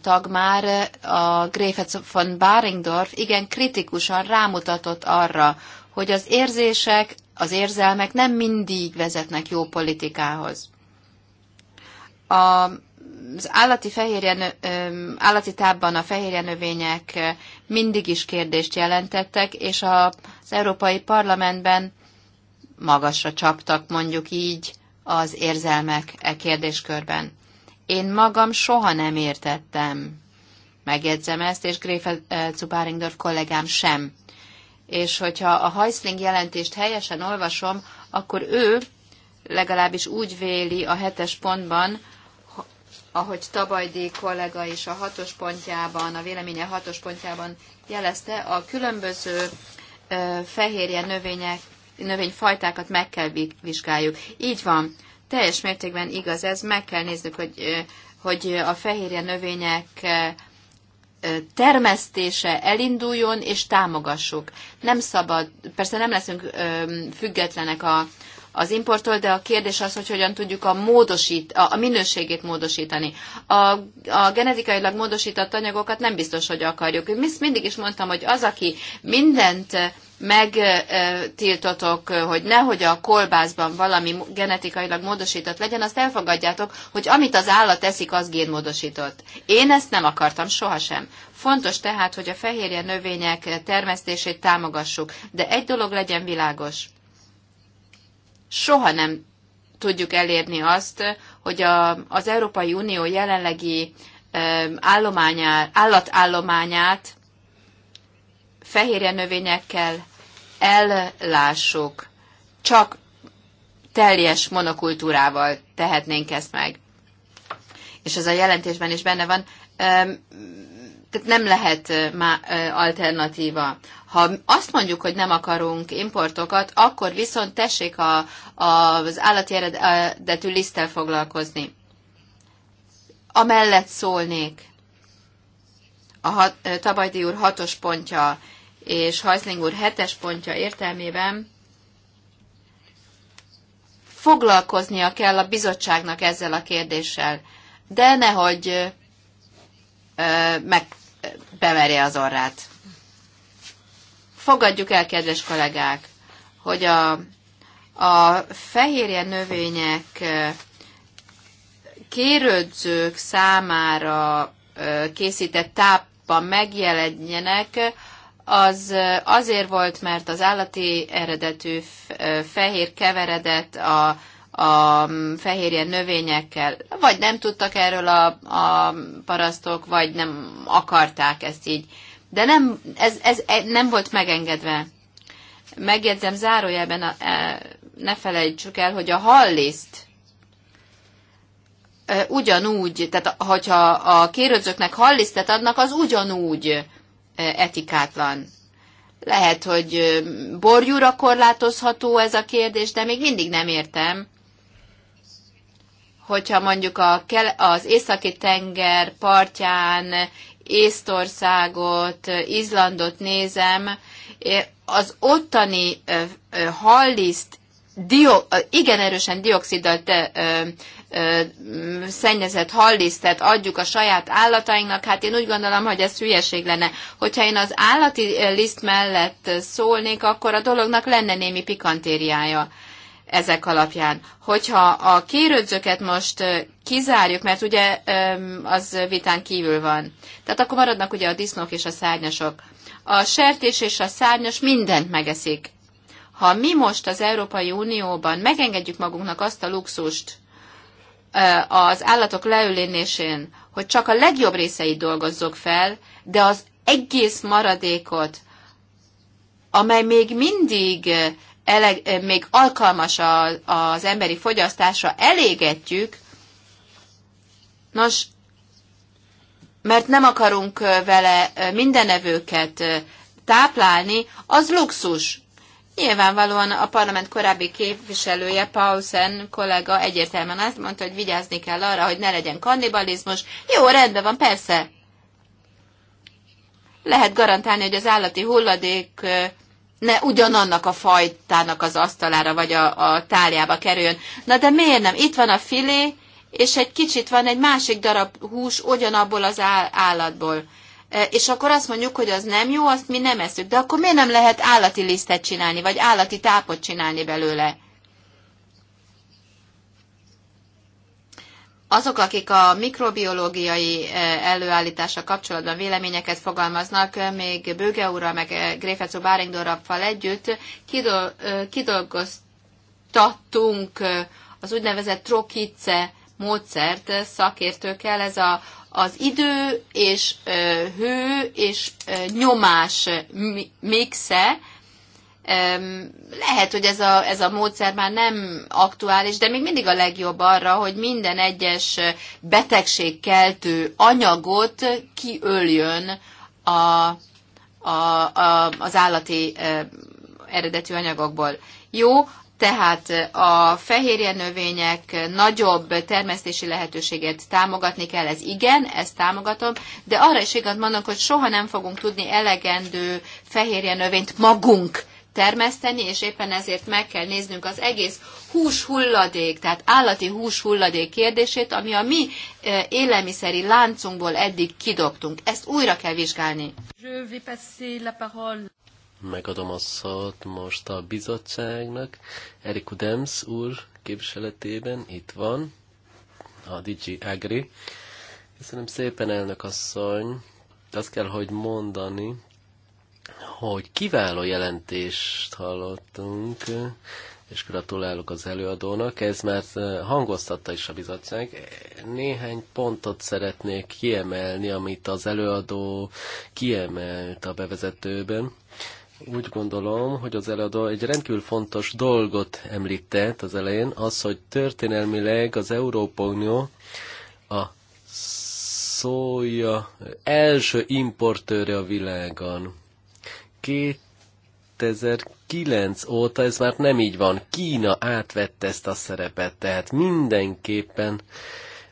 tag már, a Gréfe von Baringdorf igen kritikusan rámutatott arra, hogy az érzések az érzelmek nem mindig vezetnek jó politikához. A, az állati, fehérje, állati tábban a fehérje növények mindig is kérdést jelentettek, és a, az Európai Parlamentben magasra csaptak, mondjuk így, az érzelmek e kérdéskörben. Én magam soha nem értettem. Megjegyzem ezt, és Gréfe Zubáringdorf kollégám sem és hogyha a Heisling jelentést helyesen olvasom, akkor ő legalábbis úgy véli a hetes pontban, ahogy Tabajdi kollega is a hatos pontjában, a véleménye hatos pontjában jelezte, a különböző fehérje növények, növényfajtákat meg kell vizsgáljuk. Így van, teljes mértékben igaz ez, meg kell néznünk, hogy, hogy a fehérje növények termesztése elinduljon és támogassuk. Nem szabad, persze nem leszünk függetlenek a, az importtól, de a kérdés az, hogy hogyan tudjuk a, módosít, a minőségét módosítani. A, a genetikailag módosított anyagokat nem biztos, hogy akarjuk. Én mindig is mondtam, hogy az, aki mindent eh, megtiltotok, eh, hogy nehogy a kolbászban valami genetikailag módosított legyen, azt elfogadjátok, hogy amit az állat eszik, az génmódosított. Én ezt nem akartam sohasem. Fontos tehát, hogy a fehérje növények termesztését támogassuk, de egy dolog legyen világos – soha nem tudjuk elérni azt, hogy a, az Európai Unió jelenlegi állatállományát fehérje növényekkel ellássuk. Csak teljes monokultúrával tehetnénk ezt meg. És ez a jelentésben is benne van tehát nem lehet má, alternatíva. Ha azt mondjuk, hogy nem akarunk importokat, akkor viszont tessék a, a, az állati eredetű liszttel foglalkozni. Amellett szólnék. A hat, Tabajdi úr hatos pontja és Hajszling úr hetes pontja értelmében foglalkoznia kell a bizottságnak ezzel a kérdéssel. De nehogy meg bemerje az orrát. Fogadjuk el, kedves kollégák, hogy a, a fehérje növények kérődzők számára készített tápban megjelenjenek, az azért volt, mert az állati eredetű fehér keveredet a a fehérje növényekkel, vagy nem tudtak erről a, a parasztok, vagy nem akarták ezt így. De nem, ez, ez e, nem volt megengedve. Megjegyzem zárójelben, a, e, ne felejtsük el, hogy a halliszt e, ugyanúgy, tehát hogyha a kérődzőknek hallisztet adnak, az ugyanúgy etikátlan. Lehet, hogy borjúra korlátozható ez a kérdés, de még mindig nem értem, hogyha mondjuk a, az északi tenger partján Észtországot, Izlandot nézem, eh, az ottani eh, eh, halliszt dio, igen erősen dioxiddal te, ö, ö, szennyezett hallisztet adjuk a saját állatainknak, hát én úgy gondolom, hogy ez hülyeség lenne. Hogyha én az állati liszt mellett szólnék, akkor a dolognak lenne némi pikantériája ezek alapján. Hogyha a kérődzőket most kizárjuk, mert ugye az vitán kívül van, tehát akkor maradnak ugye a disznók és a szárnyasok. A sertés és a szárnyas mindent megeszik. Ha mi most az Európai Unióban megengedjük magunknak azt a luxust az állatok leülésén, hogy csak a legjobb részeit dolgozzuk fel, de az egész maradékot, amely még mindig eleg, eh, még alkalmas a, az emberi fogyasztásra, elégetjük, nos, mert nem akarunk eh, vele eh, mindenevőket táplálni, az luxus. Nyilvánvalóan a parlament korábbi képviselője, Pausen kollega egyértelműen azt mondta, hogy vigyázni kell arra, hogy ne legyen kannibalizmus. Jó, rendben van, persze. Lehet garantálni, hogy az állati hulladék ne ugyanannak a fajtának az asztalára vagy a, a táljába kerüljön. Na de miért nem? Itt van a filé, és egy kicsit van egy másik darab hús ugyanabból az állatból. E, és akkor azt mondjuk, hogy az nem jó, azt mi nem eszük. De akkor miért nem lehet állati lisztet csinálni, vagy állati tápot csinálni belőle? azok, akik a mikrobiológiai eh, előállítása kapcsolatban véleményeket fogalmaznak, eh, még Bőge úrral, meg eh, Gréfecó Báringdorrappal együtt kidolgoztattunk az úgynevezett trokice módszert szakértőkkel. Ez a, az idő és hő és nyomás mixe, lehet, hogy ez a, ez a módszer már nem aktuális, de még mindig a legjobb arra, hogy minden egyes betegségkeltő anyagot kiöljön a, a, a, az állati e, eredetű anyagokból. Jó, tehát a fehérje növények nagyobb termesztési lehetőséget támogatni kell, ez igen, ezt támogatom, de arra is igaz mondok, hogy soha nem fogunk tudni elegendő fehérje növényt magunk termeszteni, és éppen ezért meg kell néznünk az egész húshulladék, tehát állati húshulladék kérdését, ami a mi élelmiszeri láncunkból eddig kidobtunk. Ezt újra kell vizsgálni. Megadom a szót most a bizottságnak. Erik Udems úr képviseletében itt van, a Digi Agri. Köszönöm szépen, elnök asszony. Azt kell, hogy mondani, hogy kiváló jelentést hallottunk, és gratulálok az előadónak. Ez már hangoztatta is a bizottság. Néhány pontot szeretnék kiemelni, amit az előadó kiemelt a bevezetőben. Úgy gondolom, hogy az előadó egy rendkívül fontos dolgot említett az elején, az, hogy történelmileg az Európa Unió a szója első importőre a világon 2009 óta ez már nem így van. Kína átvette ezt a szerepet, tehát mindenképpen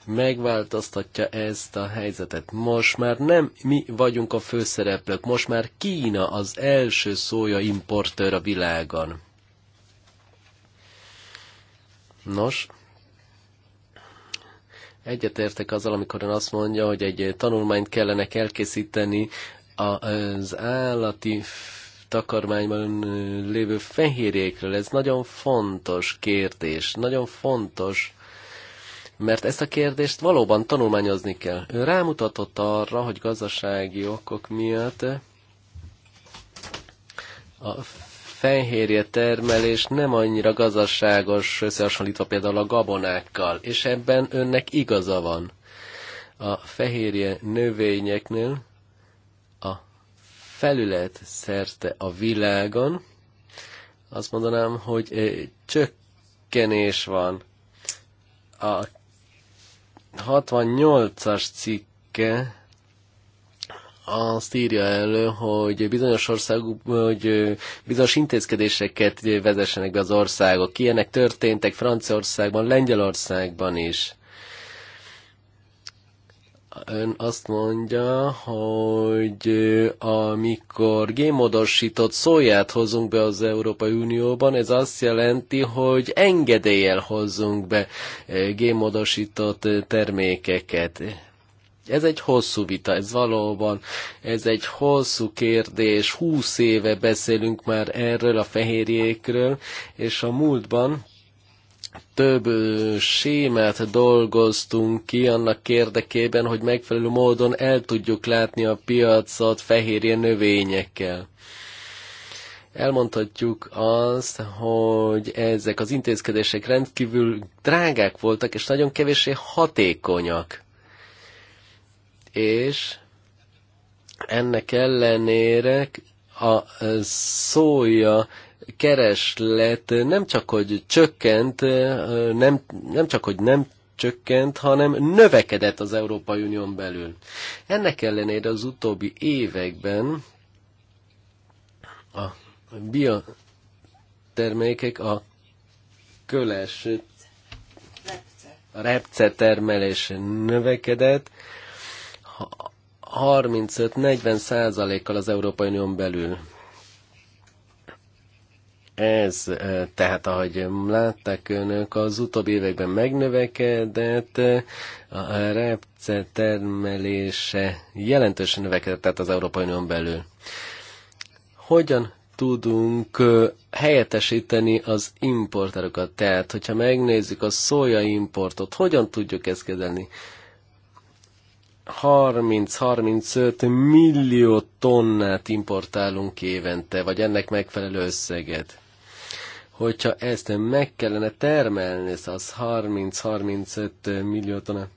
megváltoztatja ezt a helyzetet. Most már nem mi vagyunk a főszereplők, most már Kína az első szója importőr a világon. Nos, egyetértek azzal, amikor ön azt mondja, hogy egy tanulmányt kellene elkészíteni az állati takarmányban lévő fehérjékről. Ez nagyon fontos kérdés, nagyon fontos, mert ezt a kérdést valóban tanulmányozni kell. Ő rámutatott arra, hogy gazdasági okok miatt a fehérje termelés nem annyira gazdaságos összehasonlítva például a gabonákkal, és ebben önnek igaza van. A fehérje növényeknél felület szerte a világon, azt mondanám, hogy csökkenés van. A 68-as cikke azt írja elő, hogy bizonyos országok, hogy bizonyos intézkedéseket vezessenek be az országok. Ilyenek történtek Franciaországban, Lengyelországban is ön azt mondja, hogy eh, amikor gémodosított szóját hozunk be az Európai Unióban, ez azt jelenti, hogy engedéllyel hozzunk be eh, gémodosított eh, termékeket. Ez egy hosszú vita, ez valóban, ez egy hosszú kérdés. Húsz éve beszélünk már erről a fehérjékről, és a múltban több sémát dolgoztunk ki annak érdekében, hogy megfelelő módon el tudjuk látni a piacot fehérje növényekkel. Elmondhatjuk azt, hogy ezek az intézkedések rendkívül drágák voltak, és nagyon kevéssé hatékonyak. És ennek ellenére a szója kereslet nem csak hogy csökkent, nem, nem csak hogy nem csökkent, hanem növekedett az Európai Unión belül. Ennek ellenére az utóbbi években a biotermékek a köles a repce termelés növekedett 35-40 százalékkal az Európai Unión belül. Ez eh, tehát, ahogy látták önök, az utóbbi években megnövekedett, a repce termelése jelentősen növekedett, tehát az Európai Unión belül. Hogyan tudunk eh, helyettesíteni az importerokat? Tehát, hogyha megnézzük a szója importot, hogyan tudjuk ezt kezelni? 30-35 millió tonnát importálunk évente, vagy ennek megfelelő összeget hogyha ezt meg kellene termelni, ez az 30-35 millió tonna.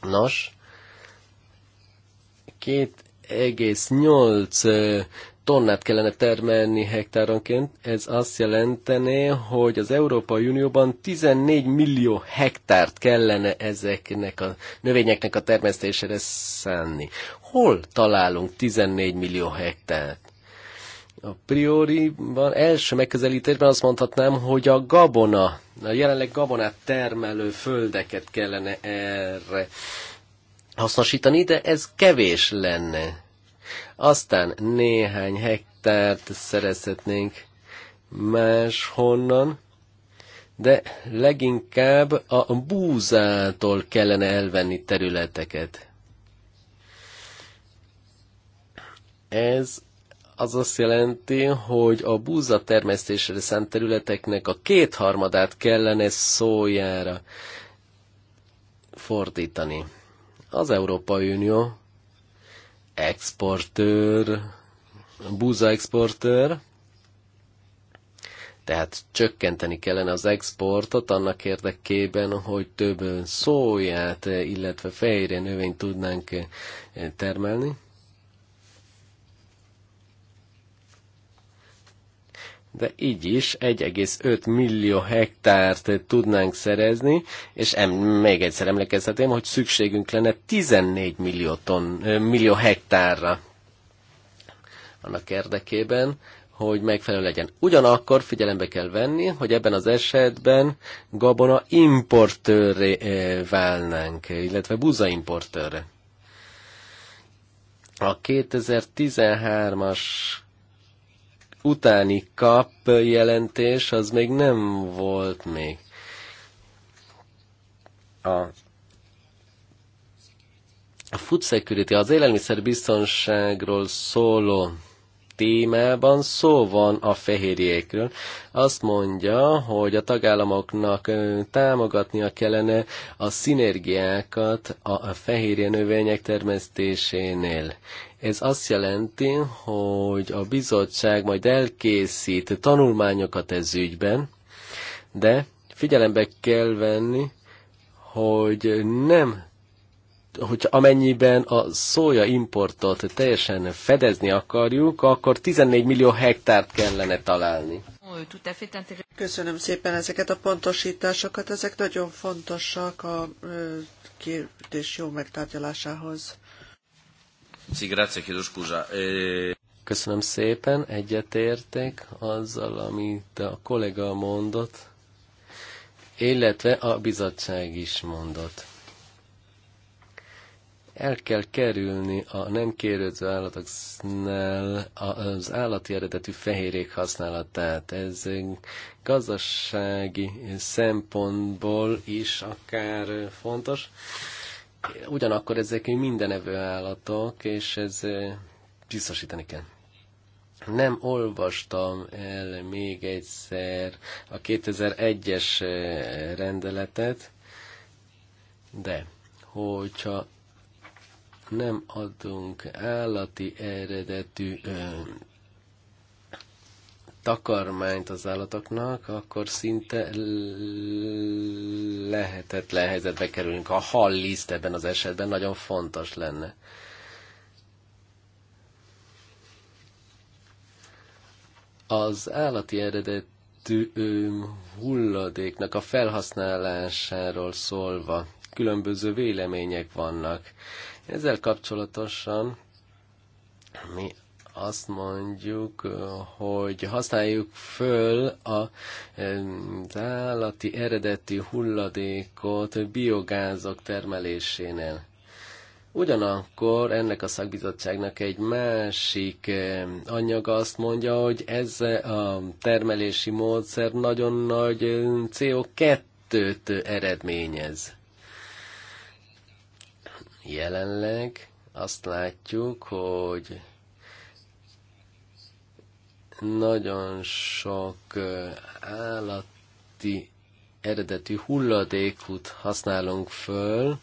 Nos, 2,8 tonnát kellene termelni hektáronként. Ez azt jelentené, hogy az Európai Unióban 14 millió hektárt kellene ezeknek a növényeknek a termesztésére szánni. Hol találunk 14 millió hektárt? A van első megközelítésben azt mondhatnám, hogy a gabona, a jelenleg gabonát termelő földeket kellene erre hasznosítani, de ez kevés lenne aztán néhány hektárt szerezhetnénk máshonnan, de leginkább a búzától kellene elvenni területeket. Ez az azt jelenti, hogy a búza termesztésre szánt területeknek a kétharmadát kellene szójára fordítani. Az Európai Unió exportőr, búza exportőr, tehát csökkenteni kellene az exportot annak érdekében, hogy több szóját, illetve fehérje növényt tudnánk termelni. de így is 1,5 millió hektárt tudnánk szerezni, és em, még egyszer emlékezhetem, hogy szükségünk lenne 14 millió, ton, millió hektárra annak érdekében, hogy megfelelő legyen. Ugyanakkor figyelembe kell venni, hogy ebben az esetben gabona importőrre válnánk, illetve buza importőrre. A 2013-as utáni kap jelentés az még nem volt még. A a food security, az élelmiszerbiztonságról szóló témában szó van a fehérjékről. Azt mondja, hogy a tagállamoknak támogatnia kellene a szinergiákat a fehérje növények termesztésénél. Ez azt jelenti, hogy a bizottság majd elkészít tanulmányokat ez ügyben, de figyelembe kell venni, hogy nem hogy amennyiben a szója importot teljesen fedezni akarjuk, akkor 14 millió hektárt kellene találni. Köszönöm szépen ezeket a pontosításokat, ezek nagyon fontosak a kérdés jó megtárgyalásához grazie, chiedo scusa. Eh, Köszönöm szépen, egyetértek azzal, amit a kollega mondott, illetve a bizottság is mondott. El kell kerülni a nem kérődző állatoknál az állati eredetű fehérék használatát. Ez gazdasági szempontból is akár fontos Ugyanakkor ezek mindenevő állatok, és ez biztosítani kell. Nem olvastam el még egyszer a 2001-es rendeletet, de hogyha nem adunk állati eredetű takarmányt az állatoknak, akkor szinte lehetetlen helyzetbe kerülünk. A halliszt ebben az esetben nagyon fontos lenne. Az állati eredetű hulladéknak a felhasználásáról szólva különböző vélemények vannak. Ezzel kapcsolatosan mi azt mondjuk, hogy használjuk föl a állati eredeti hulladékot biogázok termelésénél. Ugyanakkor ennek a szakbizottságnak egy másik anyaga azt mondja, hogy ez a termelési módszer nagyon nagy CO2-t eredményez. Jelenleg azt látjuk, hogy nagyon sok állati eredetű hulladékút használunk föl,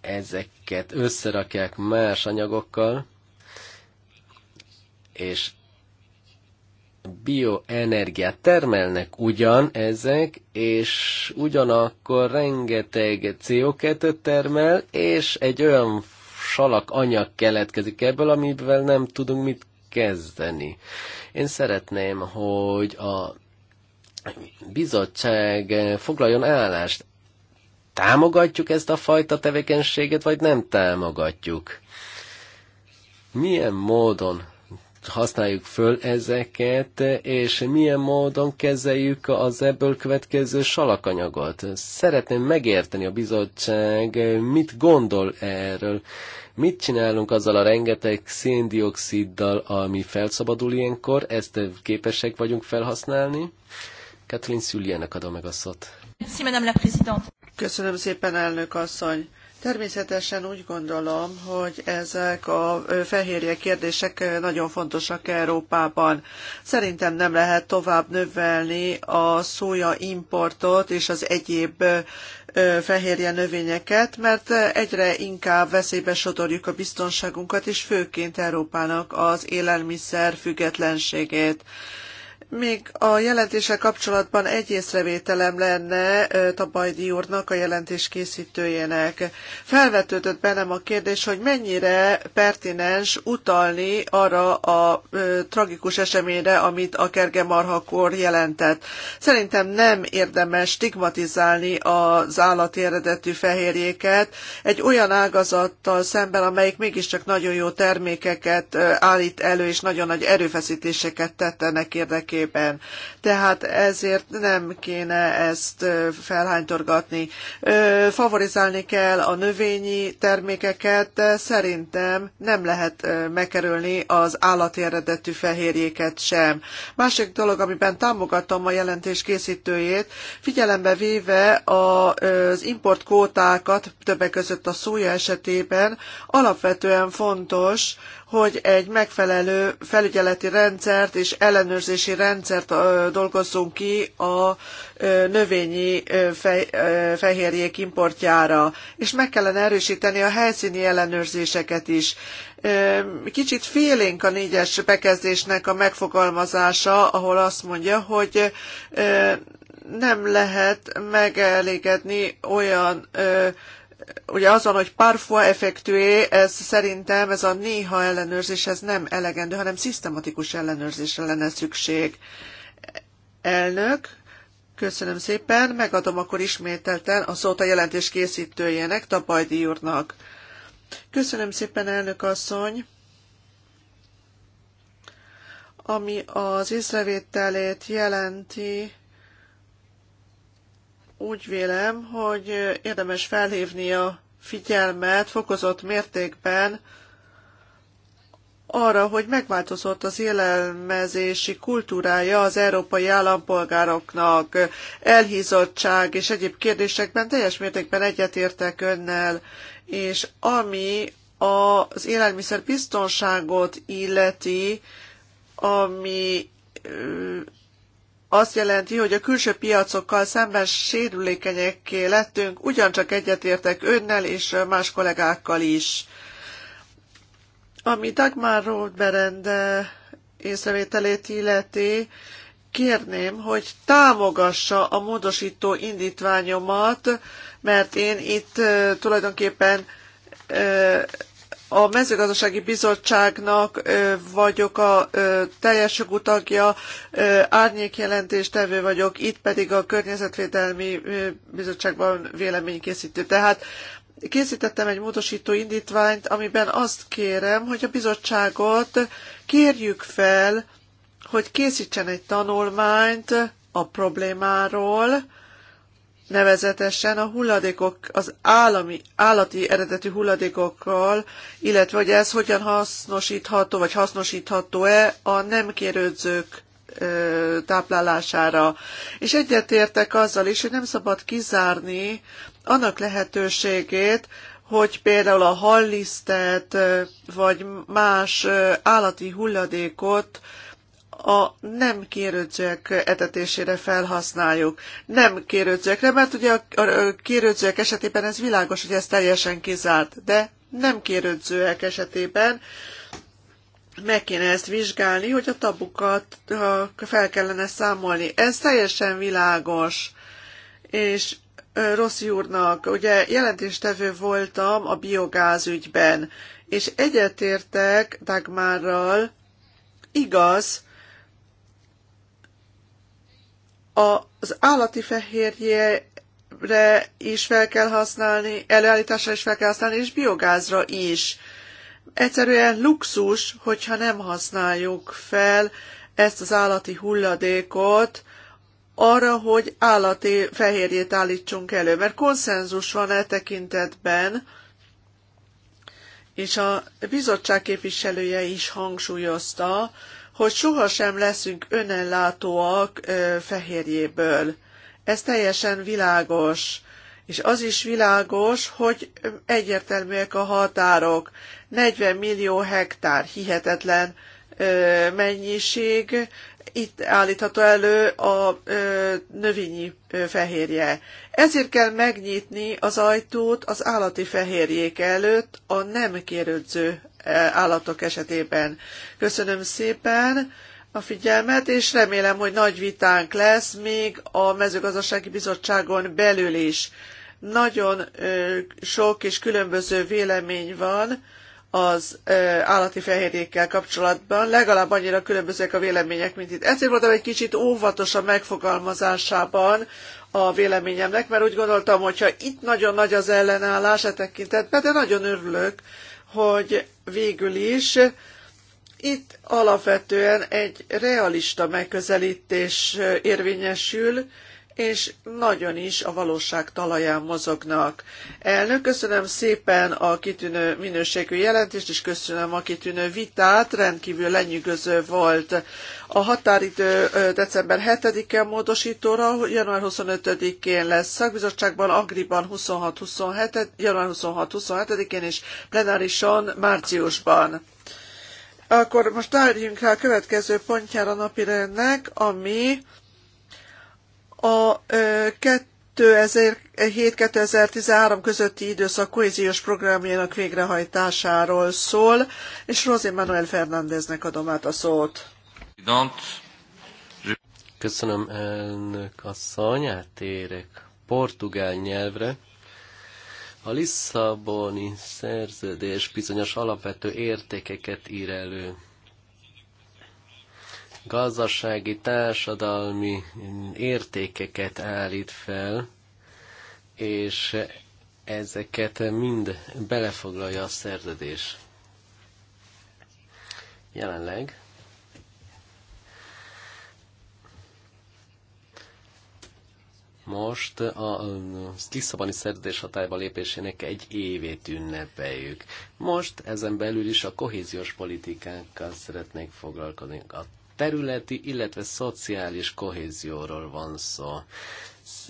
ezeket összerakják más anyagokkal, és bioenergiát termelnek ugyan ezek, és ugyanakkor rengeteg CO2-t termel, és egy olyan salak anyag keletkezik ebből, amivel nem tudunk mit kezdeni. Én szeretném, hogy a bizottság foglaljon állást. Támogatjuk ezt a fajta tevékenységet, vagy nem támogatjuk? Milyen módon használjuk föl ezeket, és milyen módon kezeljük az ebből következő salakanyagot. Szeretném megérteni a bizottság, mit gondol erről, Mit csinálunk azzal a rengeteg széndioksziddal, ami felszabadul ilyenkor? Ezt képesek vagyunk felhasználni? Kathleen Szüliának adom meg a szót. Köszönöm szépen, elnök asszony. Természetesen úgy gondolom, hogy ezek a fehérje kérdések nagyon fontosak Európában. Szerintem nem lehet tovább növelni a szója importot és az egyéb fehérje növényeket, mert egyre inkább veszélybe sodorjuk a biztonságunkat, és főként Európának az élelmiszer függetlenségét. Még a jelentése kapcsolatban egy észrevételem lenne Tabajdi úrnak, a jelentés készítőjének. Felvetődött bennem a kérdés, hogy mennyire pertinens utalni arra a ö, tragikus eseményre, amit a kergemarhakor jelentett. Szerintem nem érdemes stigmatizálni az állati eredetű fehérjéket egy olyan ágazattal szemben, amelyik mégiscsak nagyon jó termékeket állít elő, és nagyon nagy erőfeszítéseket tette ennek érdekében mindenképpen. Tehát ezért nem kéne ezt felhánytorgatni. Favorizálni kell a növényi termékeket, de szerintem nem lehet megkerülni az állati eredetű fehérjéket sem. Másik dolog, amiben támogatom a jelentés készítőjét, figyelembe véve az importkótákat, többek között a szója esetében, alapvetően fontos, hogy egy megfelelő felügyeleti rendszert és ellenőrzési rendszert dolgozzunk ki a növényi fehérjék importjára, és meg kellene erősíteni a helyszíni ellenőrzéseket is. Kicsit félénk a négyes bekezdésnek a megfogalmazása, ahol azt mondja, hogy nem lehet megelégedni olyan ugye az van, hogy parfois effektué, ez szerintem ez a néha ellenőrzés, ez nem elegendő, hanem szisztematikus ellenőrzésre lenne szükség. Elnök, köszönöm szépen, megadom akkor ismételten a szót a jelentés készítőjének, Tabajdi úrnak. Köszönöm szépen, elnök asszony! Ami az észrevételét jelenti, úgy vélem, hogy érdemes felhívni a figyelmet fokozott mértékben arra, hogy megváltozott az élelmezési kultúrája az európai állampolgároknak, elhízottság és egyéb kérdésekben teljes mértékben egyetértek önnel, és ami az élelmiszer biztonságot illeti, ami azt jelenti, hogy a külső piacokkal szemben sérülékenyekké lettünk, ugyancsak egyetértek önnel és más kollégákkal is. Ami Dagmar Rothberend eh, észrevételét illeti, kérném, hogy támogassa a módosító indítványomat, mert én itt eh, tulajdonképpen eh, a mezőgazdasági bizottságnak vagyok a teljes jogú tagja, árnyékjelentéstevő vagyok, itt pedig a környezetvédelmi bizottságban véleménykészítő. Tehát készítettem egy módosító indítványt, amiben azt kérem, hogy a bizottságot kérjük fel, hogy készítsen egy tanulmányt a problémáról, nevezetesen a hulladékok, az állami, állati eredetű hulladékokkal, illetve hogy ez hogyan hasznosítható, vagy hasznosítható-e a nem kérődzők táplálására. És egyetértek azzal is, hogy nem szabad kizárni annak lehetőségét, hogy például a hallisztet, vagy más állati hulladékot a nem kérődzőek etetésére felhasználjuk. Nem kérődzőekre, mert ugye a kérődzőek esetében ez világos, hogy ez teljesen kizárt, de nem kérődzőek esetében meg kéne ezt vizsgálni, hogy a tabukat fel kellene számolni. Ez teljesen világos. És Rossz úrnak, ugye jelentéstevő voltam a biogáz ügyben, és egyetértek Dagmárral, igaz, az állati fehérjére is fel kell használni, előállításra is fel kell használni, és biogázra is. Egyszerűen luxus, hogyha nem használjuk fel ezt az állati hulladékot arra, hogy állati fehérjét állítsunk elő, mert konszenzus van e tekintetben, és a bizottság képviselője is hangsúlyozta, hogy sohasem leszünk önellátóak fehérjéből. Ez teljesen világos. És az is világos, hogy egyértelműek a határok. 40 millió hektár hihetetlen mennyiség, itt állítható elő a növényi fehérje. Ezért kell megnyitni az ajtót az állati fehérjék előtt a nem kérődző állatok esetében. Köszönöm szépen a figyelmet, és remélem, hogy nagy vitánk lesz még a mezőgazdasági bizottságon belül is. Nagyon sok és különböző vélemény van az állati fehérjékkel kapcsolatban. Legalább annyira különbözőek a vélemények, mint itt. Ezért voltam egy kicsit óvatos a megfogalmazásában a véleményemnek, mert úgy gondoltam, hogyha itt nagyon nagy az ellenállás e tekintetben, de nagyon örülök, hogy végül is itt alapvetően egy realista megközelítés érvényesül, és nagyon is a valóság talaján mozognak. Elnök, köszönöm szépen a kitűnő minőségű jelentést, és köszönöm a kitűnő vitát, rendkívül lenyűgöző volt. A határidő december 7 en módosítóra, január 25-én lesz szakbizottságban, Agriban 26-27, január 26-27-én és plenárison márciusban. Akkor most álljunk rá a következő pontjára napirendnek, ami a 2007-2013 közötti időszak kohéziós programjának végrehajtásáról szól, és Rosé Manuel Fernándeznek adom át a szót. Köszönöm, elnök asszony, átérek portugál nyelvre. A Lisszaboni szerződés bizonyos alapvető értékeket ír elő gazdasági, társadalmi értékeket állít fel, és ezeket mind belefoglalja a szerződés. Jelenleg most a Lisszaboni szerződés hatályba lépésének egy évét ünnepeljük. Most ezen belül is a kohéziós politikákkal szeretnék foglalkozni. A területi, illetve szociális kohézióról van szó.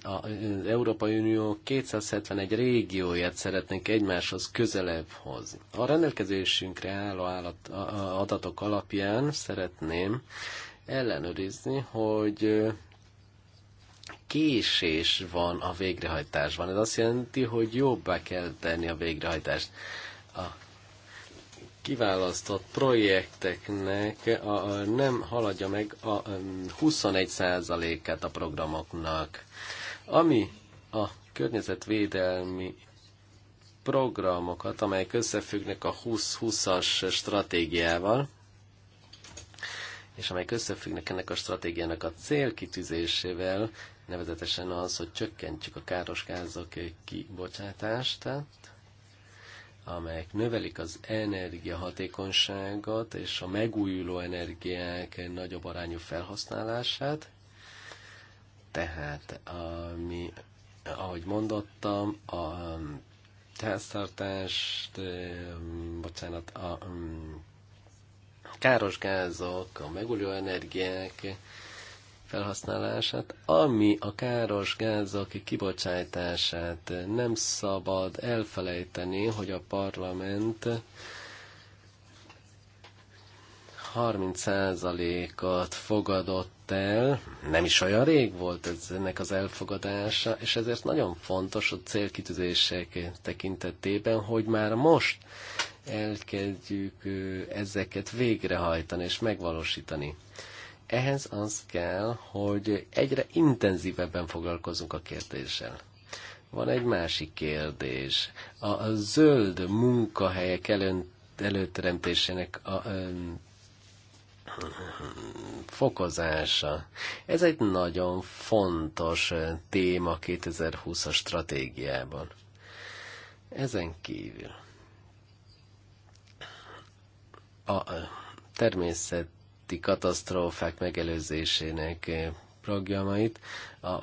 Az Európai Unió 271 régióját szeretnénk egymáshoz közelebb hozni. A rendelkezésünkre álló állat, adatok alapján szeretném ellenőrizni, hogy késés van a végrehajtásban. Ez azt jelenti, hogy jobbá kell tenni a végrehajtást. A kiválasztott projekteknek a, a, nem haladja meg a, a 21%-át a programoknak. Ami a környezetvédelmi programokat, amelyek összefüggnek a 20-20-as stratégiával, és amelyek összefüggnek ennek a stratégiának a célkitűzésével, nevezetesen az, hogy csökkentsük a káros gázok kibocsátását, amelyek növelik az energiahatékonyságot és a megújuló energiák nagyobb arányú felhasználását. Tehát, ami, ahogy mondottam, a háztartást, eh, bocsánat, a mm, káros gázok, a megújuló energiák, felhasználását, ami a káros gázok kibocsátását nem szabad elfelejteni, hogy a parlament 30%-at fogadott el, nem is olyan rég volt ez, ennek az elfogadása, és ezért nagyon fontos a célkitűzések tekintetében, hogy már most elkezdjük ezeket végrehajtani és megvalósítani. Ehhez az kell, hogy egyre intenzívebben foglalkozunk a kérdéssel. Van egy másik kérdés. A zöld munkahelyek előteremtésének a fokozása. Ez egy nagyon fontos téma 2020-as stratégiában. Ezen kívül a természet közötti katasztrófák megelőzésének eh, programait. A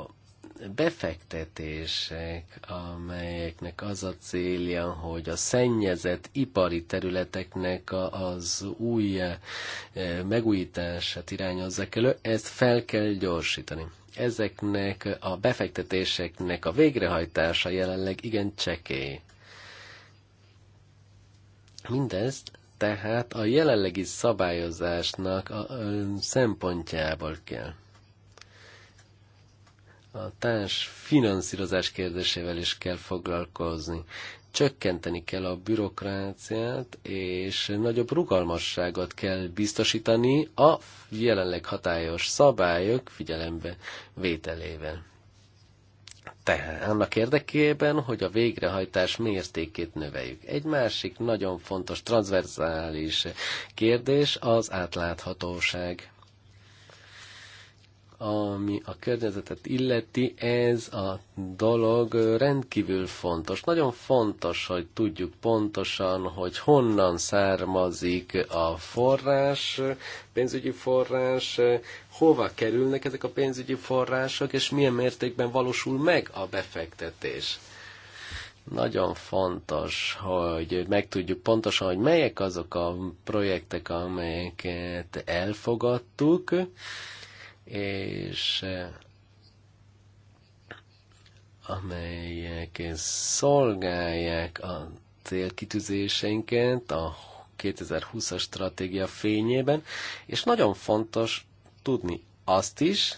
befektetések, amelyeknek az a célja, hogy a szennyezett ipari területeknek az új eh, megújítását irányozzák elő, ezt fel kell gyorsítani. Ezeknek a befektetéseknek a végrehajtása jelenleg igen csekély. Mindezt tehát a jelenlegi szabályozásnak a szempontjából kell. A társ finanszírozás kérdésével is kell foglalkozni. Csökkenteni kell a bürokráciát, és nagyobb rugalmasságot kell biztosítani a jelenleg hatályos szabályok figyelembe vételével tehát annak érdekében, hogy a végrehajtás mértékét növeljük. Egy másik nagyon fontos, transzverzális kérdés az átláthatóság ami a környezetet illeti, ez a dolog rendkívül fontos. Nagyon fontos, hogy tudjuk pontosan, hogy honnan származik a forrás, pénzügyi forrás, hova kerülnek ezek a pénzügyi források, és milyen mértékben valósul meg a befektetés nagyon fontos, hogy megtudjuk pontosan, hogy melyek azok a projektek, amelyeket elfogadtuk, és eh, amelyek szolgálják a célkitűzéseinket a 2020-as stratégia fényében, és nagyon fontos tudni azt is,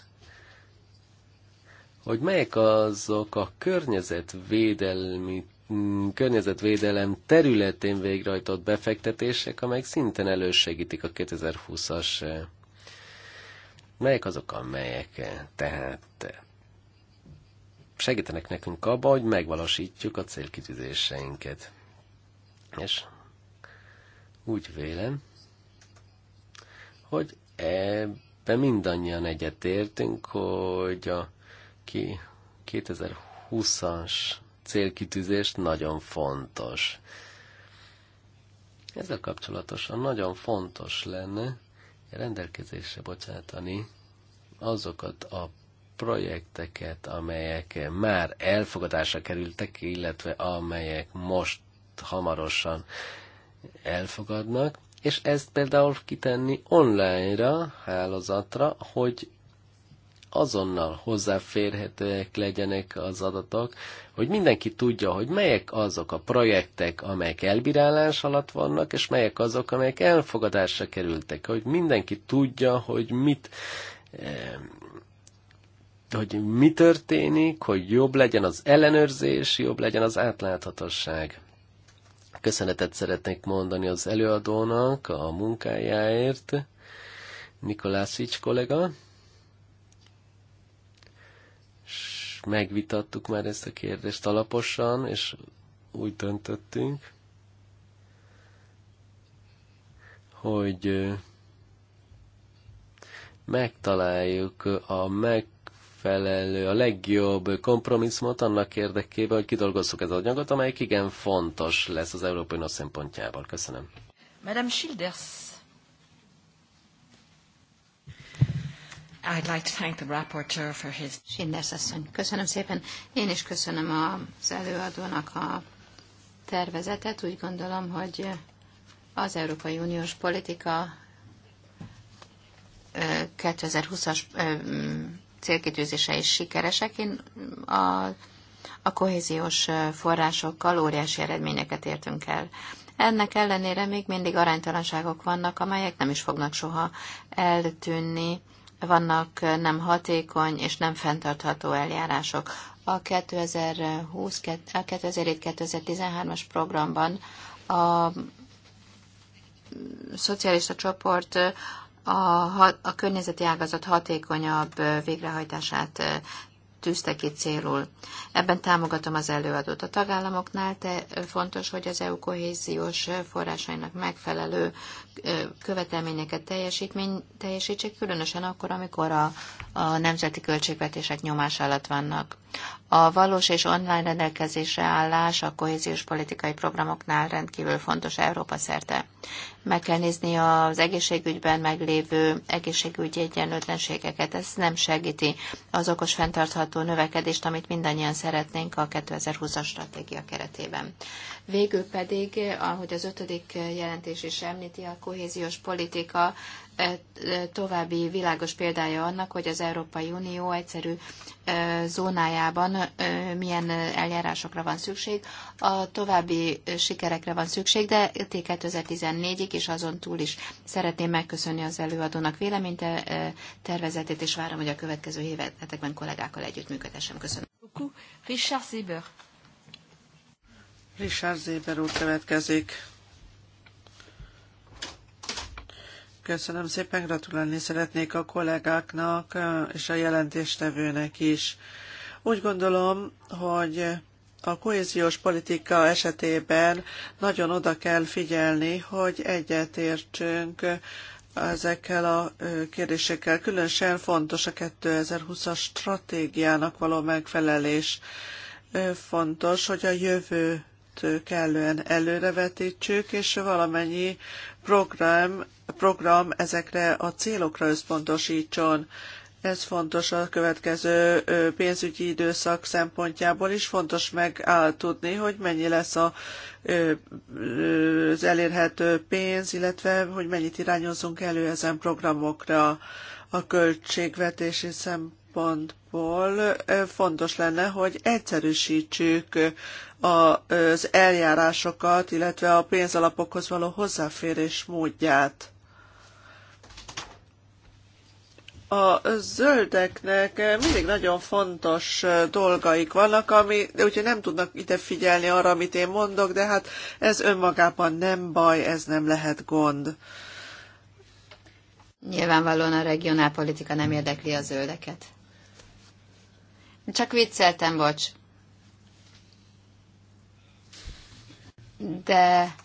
hogy melyek azok a környezetvédelmi környezetvédelem területén végrehajtott befektetések, amelyek szinten elősegítik a 2020-as Melyek azok, amelyek tehát segítenek nekünk abba, hogy megvalósítjuk a célkitűzéseinket. És úgy vélem, hogy ebben mindannyian egyetértünk, hogy a 2020-as célkitűzés nagyon fontos. Ezzel kapcsolatosan nagyon fontos lenne, rendelkezésre bocsátani azokat a projekteket, amelyek már elfogadásra kerültek, illetve amelyek most hamarosan elfogadnak, és ezt például kitenni online-ra, hálózatra, hogy azonnal hozzáférhetőek legyenek az adatok, hogy mindenki tudja, hogy melyek azok a projektek, amelyek elbírálás alatt vannak, és melyek azok, amelyek elfogadásra kerültek, hogy mindenki tudja, hogy mit hogy mi történik, hogy jobb legyen az ellenőrzés, jobb legyen az átláthatóság. Köszönetet szeretnék mondani az előadónak a munkájáért, Nikolászics kollega. megvitattuk már ezt a kérdést alaposan, és úgy döntöttünk, hogy megtaláljuk a megfelelő, a legjobb kompromisszumot annak érdekében, hogy kidolgozzuk ez az anyagot, amelyik igen fontos lesz az európai nap szempontjából. Köszönöm. Madame Schilders. I'd like to thank the rapporteur for his... asszony, köszönöm szépen. Én is köszönöm az előadónak a tervezetet. Úgy gondolom, hogy az Európai Uniós politika 2020-as célkitűzései sikeresek. Én a, a kohéziós forrásokkal óriási eredményeket értünk el. Ennek ellenére még mindig aránytalanságok vannak, amelyek nem is fognak soha eltűnni vannak nem hatékony és nem fenntartható eljárások. A 2020, 2007-2013-as programban a szocialista csoport a, a környezeti ágazat hatékonyabb végrehajtását tűzte ki célul. Ebben támogatom az előadót. A tagállamoknál te fontos, hogy az EU kohéziós forrásainak megfelelő követelményeket teljesítmény, teljesítsék, különösen akkor, amikor a, a nemzeti költségvetések nyomás alatt vannak. A valós és online rendelkezésre állás a kohéziós politikai programoknál rendkívül fontos Európa szerte. Meg kell nézni az egészségügyben meglévő egészségügyi egyenlőtlenségeket. Ez nem segíti az okos fenntartható növekedést, amit mindannyian szeretnénk a 2020-as stratégia keretében. Végül pedig, ahogy az ötödik jelentés is említi, a kohéziós politika E, e, további világos példája annak, hogy az Európai Unió egyszerű e, zónájában milyen eljárásokra van szükség. A további sikerekre van szükség, de 2014-ig és azon túl is szeretném megköszönni az előadónak véleményt, tervezetét, és várom, hogy a következő hetekben kollégákkal együttműködhessem. Köszönöm. Richard Zéber. Richard Zéber úr következik. Köszönöm szépen, gratulálni szeretnék a kollégáknak és a jelentéstevőnek is. Úgy gondolom, hogy a kohéziós politika esetében nagyon oda kell figyelni, hogy egyetértsünk ezekkel a kérdésekkel. Különösen fontos a 2020-as stratégiának való megfelelés. Fontos, hogy a jövőt kellően előrevetítsük, és valamennyi program, program ezekre a célokra összpontosítson. Ez fontos a következő pénzügyi időszak szempontjából is. Fontos meg tudni, hogy mennyi lesz a, az elérhető pénz, illetve hogy mennyit irányozzunk elő ezen programokra a költségvetési szempontból szempontból fontos lenne, hogy egyszerűsítsük az eljárásokat, illetve a pénzalapokhoz való hozzáférés módját. A zöldeknek mindig nagyon fontos dolgaik vannak, ami, úgyhogy nem tudnak ide figyelni arra, amit én mondok, de hát ez önmagában nem baj, ez nem lehet gond. Nyilvánvalóan a regionálpolitika nem érdekli a zöldeket. Csak vicceltem, bocs. De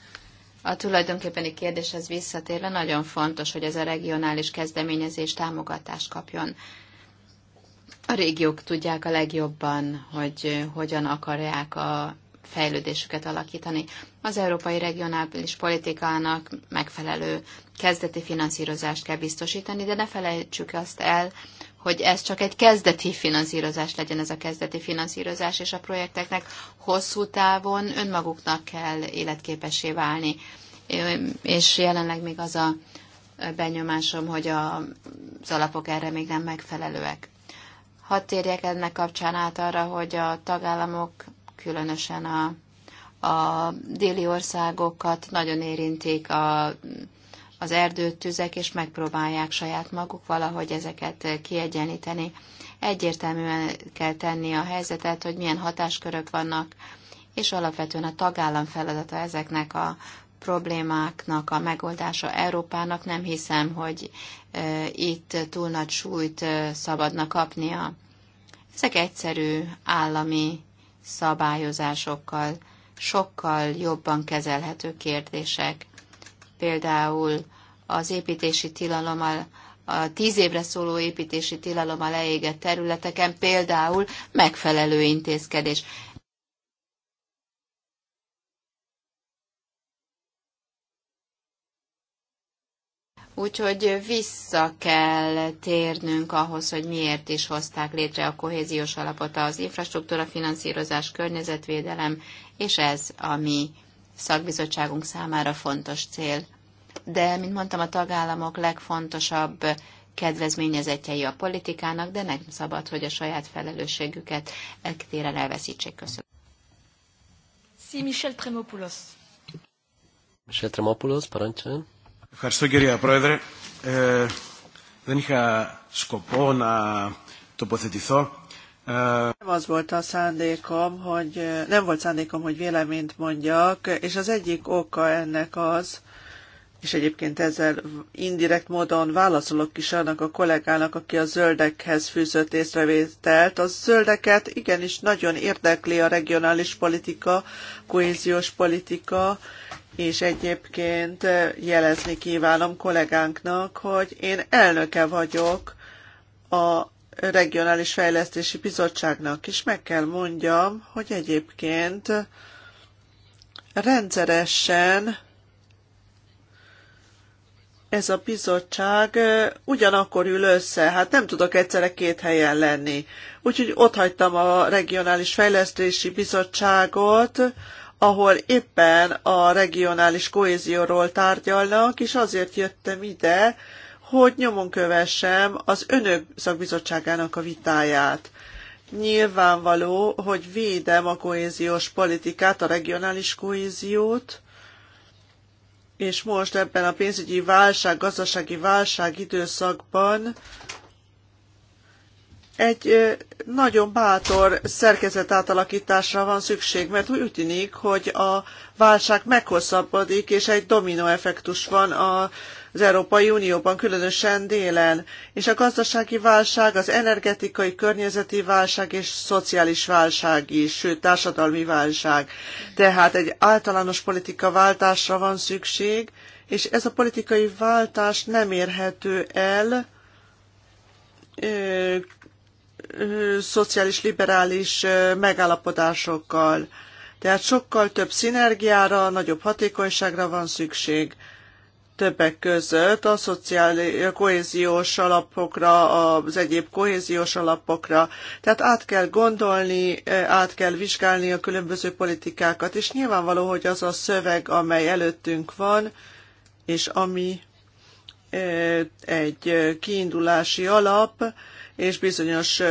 a tulajdonképpeni kérdéshez visszatérve nagyon fontos, hogy ez a regionális kezdeményezés támogatást kapjon. A régiók tudják a legjobban, hogy hogyan akarják a fejlődésüket alakítani. Az európai regionális politikának megfelelő kezdeti finanszírozást kell biztosítani, de ne felejtsük azt el, hogy ez csak egy kezdeti finanszírozás legyen, ez a kezdeti finanszírozás, és a projekteknek hosszú távon önmaguknak kell életképessé válni. És jelenleg még az a benyomásom, hogy a, az alapok erre még nem megfelelőek. Hadd térjek ennek kapcsán át arra, hogy a tagállamok, különösen a, a déli országokat nagyon érintik a az erdőt tüzek, és megpróbálják saját maguk valahogy ezeket kiegyenlíteni. Egyértelműen kell tenni a helyzetet, hogy milyen hatáskörök vannak, és alapvetően a tagállam feladata ezeknek a problémáknak a megoldása Európának. Nem hiszem, hogy itt túl nagy súlyt szabadna kapnia. Ezek egyszerű állami szabályozásokkal sokkal jobban kezelhető kérdések. Például az építési tilalom, a tíz évre szóló építési a leégett területeken például megfelelő intézkedés. Úgyhogy vissza kell térnünk ahhoz, hogy miért is hozták létre a kohéziós alapot az infrastruktúra, finanszírozás, környezetvédelem, és ez a mi szakbizottságunk számára fontos cél de, mint mondtam, a tagállamok legfontosabb kedvezményezetjei a politikának, de nem szabad, hogy a saját felelősségüket téren elveszítsék. Köszönöm. Si Michel Tremopoulos. Michel Tremopoulos, parancsoljon. Ευχαριστώ κυρία Πρόεδρε. Ε, δεν είχα σκοπό να τοποθετηθώ. Nem az volt a szándékom, hogy nem volt szándékom, hogy véleményt mondjak, és az egyik oka ennek az, és egyébként ezzel indirekt módon válaszolok is annak a kollégának, aki a zöldekhez fűzött észrevételt. A zöldeket igenis nagyon érdekli a regionális politika, kohéziós politika, és egyébként jelezni kívánom kollégánknak, hogy én elnöke vagyok a Regionális Fejlesztési Bizottságnak, és meg kell mondjam, hogy egyébként rendszeresen ez a bizottság ugyanakkor ül össze, hát nem tudok egyszerre két helyen lenni. Úgyhogy ott hagytam a Regionális Fejlesztési Bizottságot, ahol éppen a regionális kohézióról tárgyalnak, és azért jöttem ide, hogy nyomon kövessem az önök szakbizottságának a vitáját. Nyilvánvaló, hogy védem a kohéziós politikát, a regionális kohéziót, és most ebben a pénzügyi válság, gazdasági válság időszakban egy nagyon bátor szerkezet átalakításra van szükség, mert úgy tűnik, hogy a válság meghosszabbodik, és egy domino effektus van a az Európai Unióban, különösen délen, és a gazdasági válság, az energetikai, környezeti válság és szociális válság is, sőt társadalmi válság. Tehát egy általános politika váltásra van szükség, és ez a politikai váltás nem érhető el szociális liberális megállapodásokkal. Tehát sokkal több szinergiára, nagyobb hatékonyságra van szükség többek között a szociális kohéziós alapokra, az egyéb kohéziós alapokra. Tehát át kell gondolni, át kell vizsgálni a különböző politikákat, és nyilvánvaló, hogy az a szöveg, amely előttünk van, és ami eh, egy kiindulási alap, és bizonyos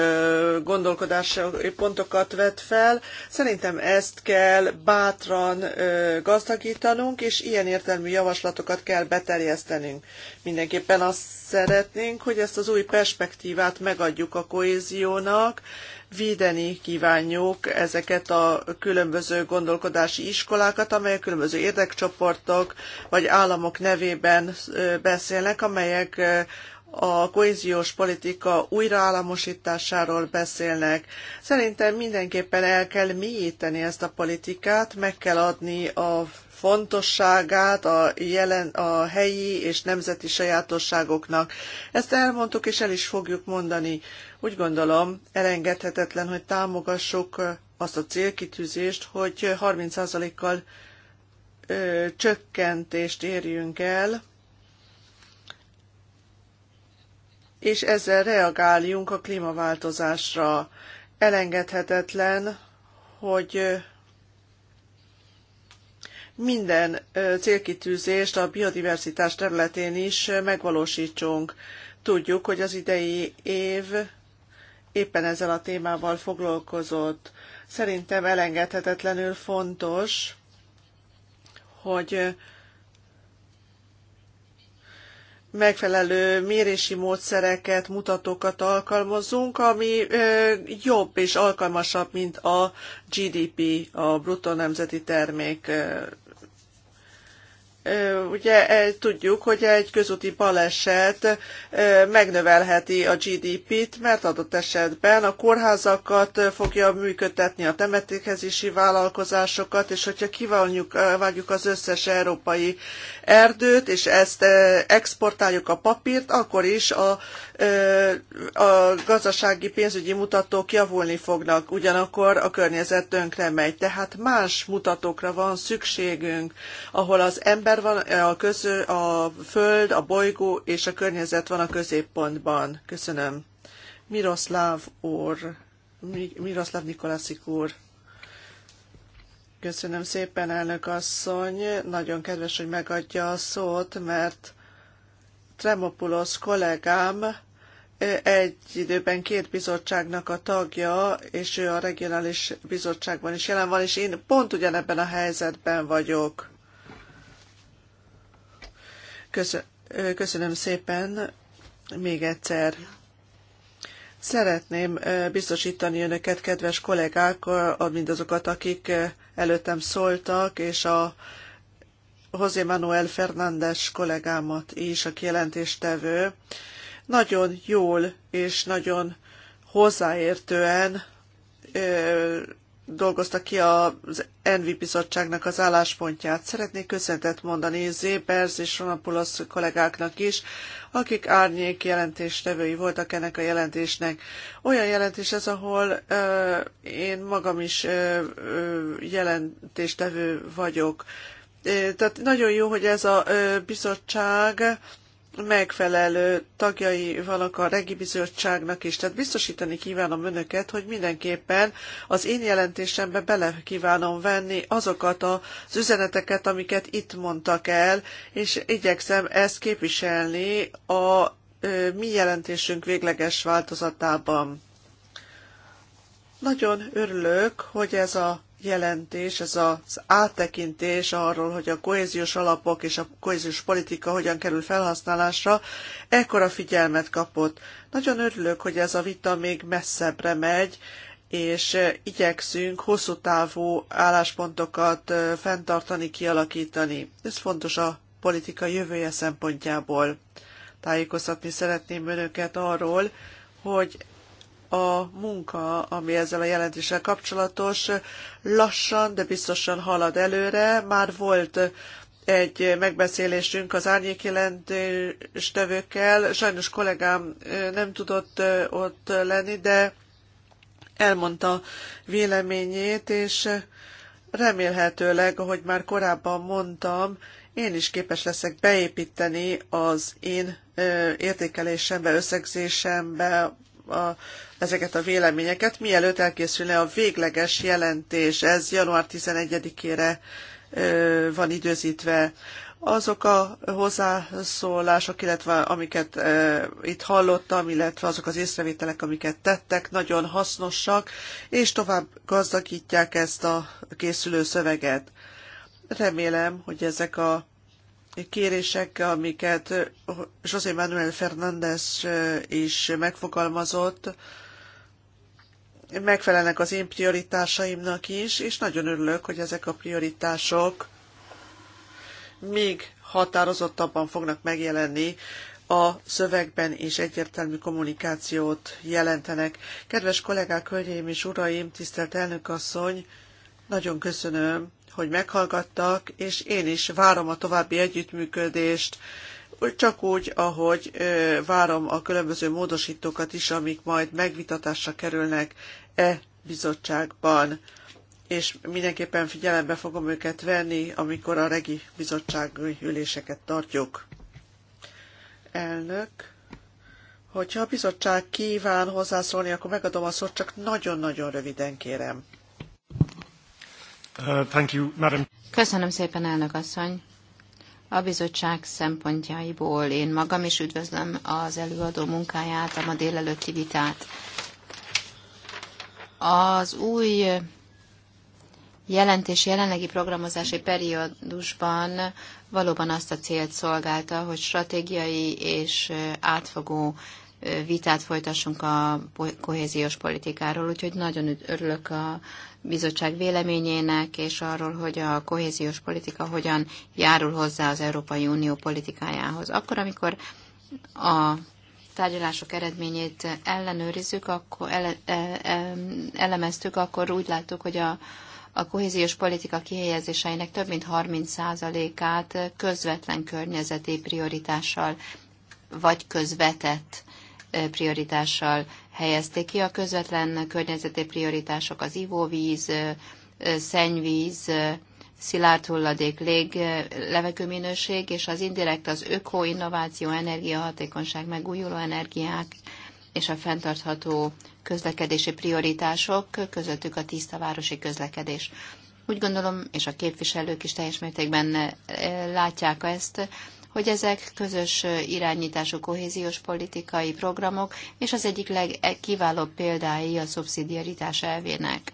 gondolkodási pontokat vett fel. Szerintem ezt kell bátran gazdagítanunk, és ilyen értelmű javaslatokat kell beterjesztenünk. Mindenképpen azt szeretnénk, hogy ezt az új perspektívát megadjuk a kohéziónak, védeni kívánjuk ezeket a különböző gondolkodási iskolákat, amelyek különböző érdekcsoportok vagy államok nevében beszélnek, amelyek a kohéziós politika újraállamosításáról beszélnek. Szerintem mindenképpen el kell mélyíteni ezt a politikát, meg kell adni a fontosságát a, jelen, a helyi és nemzeti sajátosságoknak. Ezt elmondtuk és el is fogjuk mondani. Úgy gondolom, elengedhetetlen, hogy támogassuk azt a célkitűzést, hogy 30%-kal csökkentést érjünk el és ezzel reagáljunk a klímaváltozásra. Elengedhetetlen, hogy minden célkitűzést a biodiverzitás területén is megvalósítsunk. Tudjuk, hogy az idei év éppen ezzel a témával foglalkozott. Szerintem elengedhetetlenül fontos, hogy megfelelő mérési módszereket, mutatókat alkalmazunk, ami jobb és alkalmasabb, mint a GDP, a bruttó nemzeti termék Ugye e, tudjuk, hogy egy közúti baleset megnövelheti a GDP-t, mert adott esetben a kórházakat fogja működtetni, a temetékezési vállalkozásokat, és hogyha kivonjuk, vágjuk az összes európai erdőt, és ezt exportáljuk a papírt, akkor is a, a gazdasági pénzügyi mutatók javulni fognak, ugyanakkor a környezet tönkre megy. Tehát más mutatókra van szükségünk, ahol az ember ember van, a, közö, a föld, a bolygó és a környezet van a középpontban. Köszönöm. Miroslav úr, Miroslav Nikolaszik úr. Köszönöm szépen, elnök asszony. Nagyon kedves, hogy megadja a szót, mert Tremopulos kollégám egy időben két bizottságnak a tagja, és ő a regionális bizottságban is jelen van, és én pont ugyanebben a helyzetben vagyok. Köszönöm szépen még egyszer. Szeretném biztosítani önöket, kedves kollégák, mindazokat, akik előttem szóltak, és a José Manuel Fernández kollégámat is, a jelentéstevő, nagyon jól és nagyon hozzáértően dolgozta ki az Envi Bizottságnak az álláspontját. Szeretnék köszöntet mondani Zébers és Ronapulosz kollégáknak is, akik árnyék jelentéstevői voltak ennek a jelentésnek. Olyan jelentés ez, ahol ö, én magam is ö, ö, jelentéstevő vagyok. Tehát nagyon jó, hogy ez a bizottság megfelelő tagjai vannak a regi bizottságnak is. Tehát biztosítani kívánom önöket, hogy mindenképpen az én jelentésembe bele kívánom venni azokat az üzeneteket, amiket itt mondtak el, és igyekszem ezt képviselni a mi jelentésünk végleges változatában. Nagyon örülök, hogy ez a jelentés, ez az áttekintés arról, hogy a kohéziós alapok és a kohéziós politika hogyan kerül felhasználásra, ekkora figyelmet kapott. Nagyon örülök, hogy ez a vita még messzebbre megy, és eh, igyekszünk hosszú távú álláspontokat eh, fenntartani, kialakítani. Ez fontos a politika jövője szempontjából. Tájékoztatni szeretném önöket arról, hogy a munka, ami ezzel a jelentéssel kapcsolatos, lassan, de biztosan halad előre. Már volt egy megbeszélésünk az árnyékjelentéstevőkkel. Sajnos kollégám nem tudott ott lenni, de elmondta véleményét, és remélhetőleg, ahogy már korábban mondtam, én is képes leszek beépíteni az én értékelésembe, összegzésembe a, ezeket a véleményeket, mielőtt elkészülne a végleges jelentés. Ez január 11-ére van időzítve. Azok a hozzászólások, illetve amiket e, itt hallottam, illetve azok az észrevételek, amiket tettek, nagyon hasznosak, és tovább gazdagítják ezt a készülő szöveget. Remélem, hogy ezek a kérések, amiket José Manuel Fernández is megfogalmazott, megfelelnek az én prioritásaimnak is, és nagyon örülök, hogy ezek a prioritások még határozottabban fognak megjelenni a szövegben, és egyértelmű kommunikációt jelentenek. Kedves kollégák, hölgyeim és uraim, tisztelt elnök asszony, nagyon köszönöm hogy meghallgattak, és én is várom a további együttműködést, csak úgy, ahogy várom a különböző módosítókat is, amik majd megvitatásra kerülnek e bizottságban, és mindenképpen figyelembe fogom őket venni, amikor a regi bizottsági üléseket tartjuk. Elnök, hogyha a bizottság kíván hozzászólni, akkor megadom a szót, csak nagyon-nagyon röviden kérem. Uh, Köszönöm szépen, elnök asszony. A bizottság szempontjaiból én magam is üdvözlöm az előadó munkáját, a ma délelőtti vitát. Az új jelentés jelenlegi programozási periódusban valóban azt a célt szolgálta, hogy stratégiai és átfogó vitát folytassunk a kohéziós politikáról, úgyhogy nagyon örülök a, bizottság véleményének, és arról, hogy a kohéziós politika hogyan járul hozzá az Európai Unió politikájához. Akkor, amikor a tárgyalások eredményét ellenőrizzük, akkor ele, e, e, elemeztük, akkor úgy láttuk, hogy a, a kohéziós politika kihelyezéseinek több mint 30%-át közvetlen környezeti prioritással vagy közvetett e, prioritással helyezték ki. A közvetlen környezeti prioritások az ivóvíz, szennyvíz, szilárd hulladék, lég, levegőminőség, és az indirekt az öko, innováció, energiahatékonyság, megújuló energiák és a fenntartható közlekedési prioritások, közöttük a tiszta városi közlekedés. Úgy gondolom, és a képviselők is teljes mértékben látják ezt, hogy ezek közös irányítású kohéziós politikai programok, és az egyik legkiválóbb példái a szubszidiaritás elvének.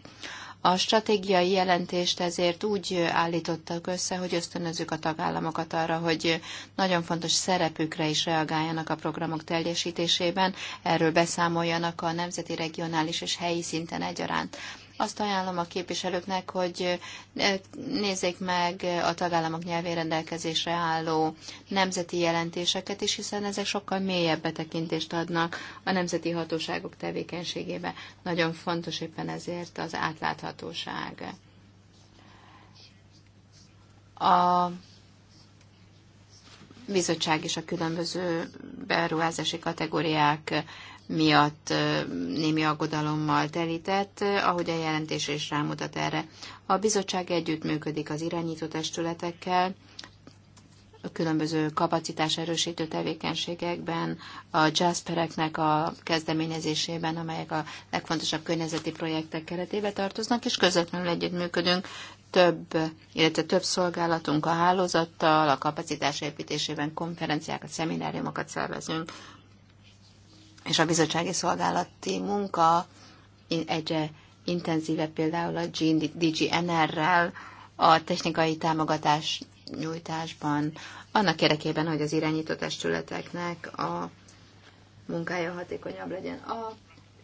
A stratégiai jelentést ezért úgy állítottak össze, hogy ösztönözzük a tagállamokat arra, hogy nagyon fontos szerepükre is reagáljanak a programok teljesítésében, erről beszámoljanak a nemzeti, regionális és helyi szinten egyaránt. Azt ajánlom a képviselőknek, hogy eh, nézzék meg a tagállamok nyelvén rendelkezésre álló nemzeti jelentéseket is, hiszen ezek sokkal mélyebb betekintést adnak a nemzeti hatóságok tevékenységébe. Nagyon fontos éppen ezért az átláthatóság. A bizottság és a különböző beruházási kategóriák miatt némi aggodalommal telített, ahogy a jelentés is rámutat erre. A bizottság együttműködik az irányító testületekkel, a különböző kapacitás erősítő tevékenységekben, a jazzpereknek a kezdeményezésében, amelyek a legfontosabb környezeti projektek keretébe tartoznak, és közvetlenül együttműködünk több, illetve több szolgálatunk a hálózattal, a kapacitás építésében konferenciákat, szemináriumokat szervezünk és a bizottsági szolgálati munka egyre intenzívebb például a DGNR-rel a technikai támogatás nyújtásban, annak érdekében, hogy az irányított testületeknek a munkája hatékonyabb legyen. A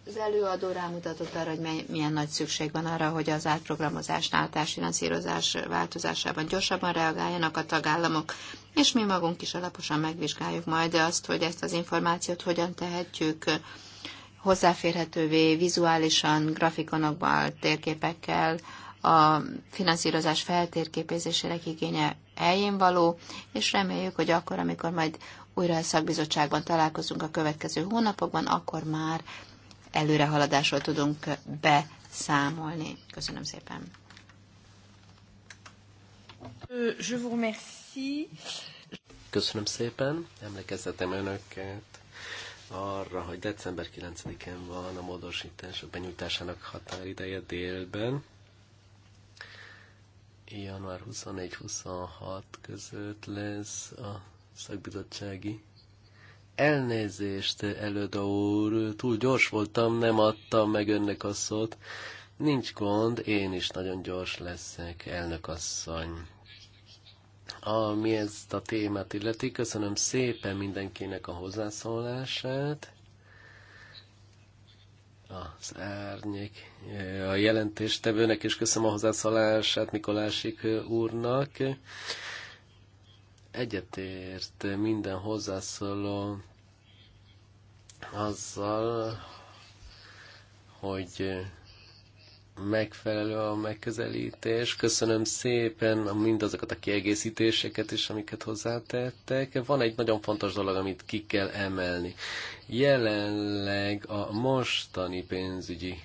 az előadó rámutatott arra, hogy milyen nagy szükség van arra, hogy az átprogramozásnál, a társfinanszírozás változásában gyorsabban reagáljanak a tagállamok, és mi magunk is alaposan megvizsgáljuk majd azt, hogy ezt az információt hogyan tehetjük hozzáférhetővé vizuálisan, grafikonokban, térképekkel, a finanszírozás feltérképezésének igénye eljén való, és reméljük, hogy akkor, amikor majd újra a szakbizottságban találkozunk a következő hónapokban, akkor már előrehaladásról tudunk beszámolni. Köszönöm szépen. Je vous remercie. Köszönöm szépen, emlékeztetem önöket arra, hogy december 9 en van a módosítások benyújtásának határideje délben. Január 24-26 között lesz a szakbizottsági Elnézést, előda úr, túl gyors voltam, nem adtam meg önnek a szót. Nincs gond, én is nagyon gyors leszek, elnök asszony. Ami ezt a témát illeti, köszönöm szépen mindenkinek a hozzászólását. Az árnyék a jelentéstevőnek is köszönöm a hozzászólását Mikolásik úrnak egyetért minden hozzászóló azzal, hogy megfelelő a megközelítés. Köszönöm szépen mindazokat a kiegészítéseket is, amiket hozzátettek. Van egy nagyon fontos dolog, amit ki kell emelni. Jelenleg a mostani pénzügyi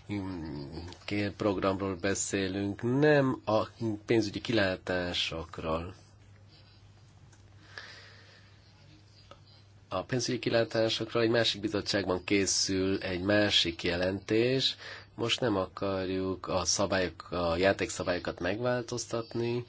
programról beszélünk, nem a pénzügyi kilátásokról a pénzügyi kilátásokról egy másik bizottságban készül egy másik jelentés. Most nem akarjuk a, szabályok, a játékszabályokat megváltoztatni,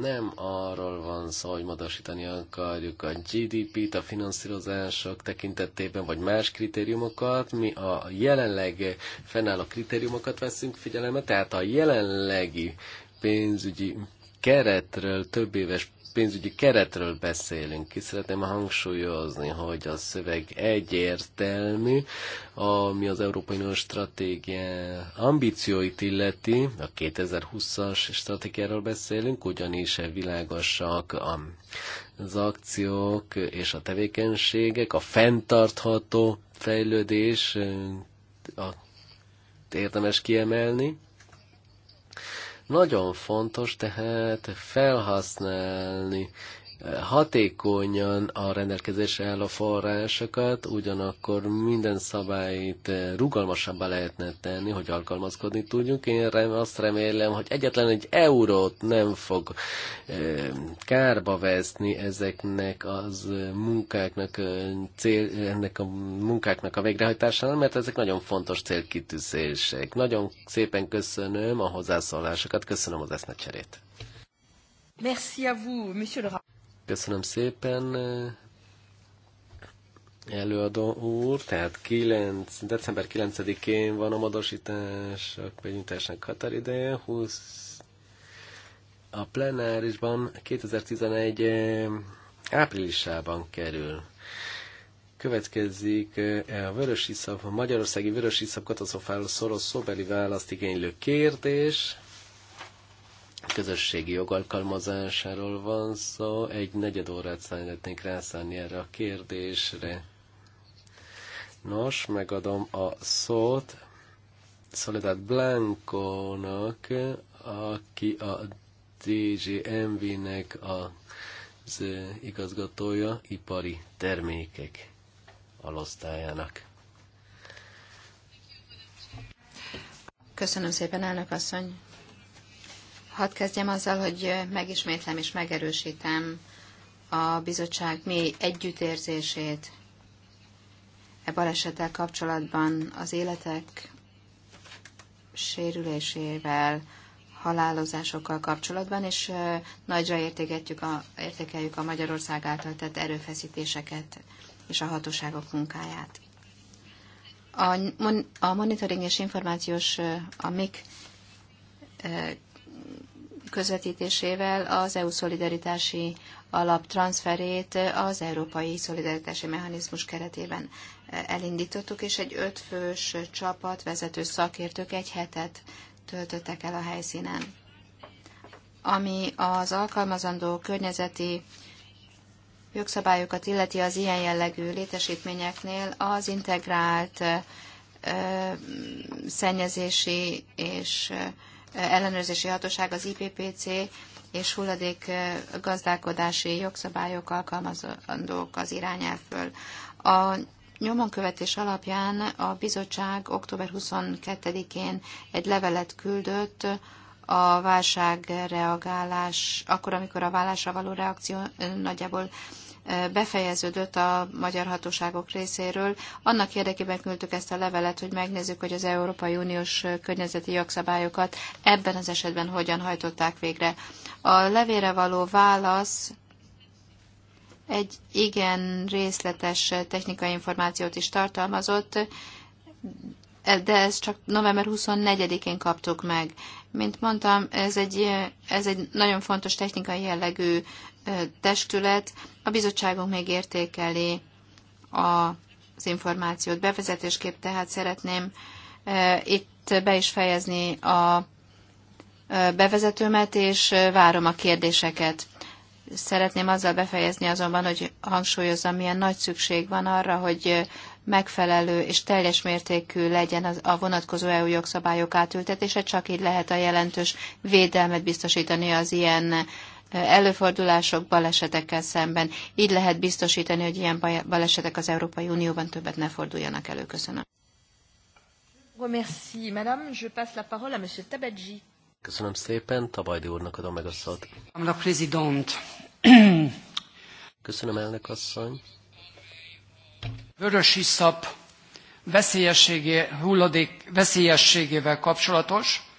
nem arról van szó, hogy módosítani akarjuk a GDP-t, a finanszírozások tekintetében, vagy más kritériumokat. Mi a jelenleg fennálló kritériumokat veszünk figyelembe, tehát a jelenlegi pénzügyi keretről, több éves pénzügyi keretről beszélünk. Ki szeretném hangsúlyozni, hogy a szöveg egyértelmű, ami az Európai Unió stratégia ambícióit illeti, a 2020-as stratégiáról beszélünk, ugyanis világosak a az akciók és a tevékenységek, a fenntartható fejlődés a érdemes kiemelni. Nagyon fontos tehát felhasználni hatékonyan a rendelkezésre álló forrásokat, ugyanakkor minden szabályt rugalmasabbá lehetne tenni, hogy alkalmazkodni tudjunk. Én azt remélem, hogy egyetlen egy eurót nem fog kárba veszni ezeknek az munkáknak, cél, ennek a munkáknak a végrehajtásának. mert ezek nagyon fontos célkitűzések. Nagyon szépen köszönöm a hozzászólásokat, köszönöm az eszmecserét. Merci à vous, monsieur le Köszönöm szépen, eh, előadó úr, tehát 9, december 9-én van a modosítások benyújtásnak határideje, 20 a plenárisban 2011 eh, áprilisában kerül. Következik eh, a vörös iszap, a Magyarországi Vörös Iszap katasztrofáról szoros szóbeli választ igénylő kérdés közösségi jogalkalmazásáról van szó. Egy negyed órát szeretnénk rászállni erre a kérdésre. Nos, megadom a szót Soledad Blanco-nak, aki a DGMV-nek az igazgatója ipari termékek alosztályának. Köszönöm szépen, elnök asszony! Hadd kezdjem azzal, hogy megismétlem és megerősítem a bizottság mély együttérzését e balesettel kapcsolatban az életek sérülésével, halálozásokkal kapcsolatban, és nagyra értékeljük a, értékeljük a Magyarország által tett erőfeszítéseket és a hatóságok munkáját. A, a monitoring és információs, a MIK közvetítésével az EU szolidaritási alap transferét az Európai Szolidaritási Mechanizmus keretében eh, elindítottuk, és egy ötfős csapat, vezető szakértők egy hetet töltöttek el a helyszínen. Ami az alkalmazandó környezeti jogszabályokat illeti az ilyen jellegű létesítményeknél, az integrált eh, szennyezési és eh, ellenőrzési hatóság, az IPPC és hulladék gazdálkodási jogszabályok alkalmazandók az irányelvből. A nyomonkövetés alapján a bizottság október 22-én egy levelet küldött a válságreagálás, akkor, amikor a válásra való reakció nagyjából befejeződött a magyar hatóságok részéről. Annak érdekében küldtük ezt a levelet, hogy megnézzük, hogy az Európai Uniós környezeti jogszabályokat ebben az esetben hogyan hajtották végre. A levére való válasz egy igen részletes technikai információt is tartalmazott, de ezt csak november 24-én kaptuk meg. Mint mondtam, ez egy, ez egy nagyon fontos technikai jellegű testület. A bizottságunk még értékeli az információt. Bevezetésképp tehát szeretném itt be is fejezni a bevezetőmet, és várom a kérdéseket. Szeretném azzal befejezni azonban, hogy hangsúlyozzam, milyen nagy szükség van arra, hogy megfelelő és teljes mértékű legyen az, a vonatkozó EU jogszabályok átültetése, csak így lehet a jelentős védelmet biztosítani az ilyen előfordulások balesetekkel szemben. Így lehet biztosítani, hogy ilyen balesetek az Európai Unióban többet ne forduljanak elő. Köszönöm. Merci, madame. Je passe la parole à monsieur Tabadji. Köszönöm szépen, Tabajdi úrnak adom meg a szót. Köszönöm, elnök asszony. Vörös iszap veszélyességé, hulladék veszélyességével kapcsolatos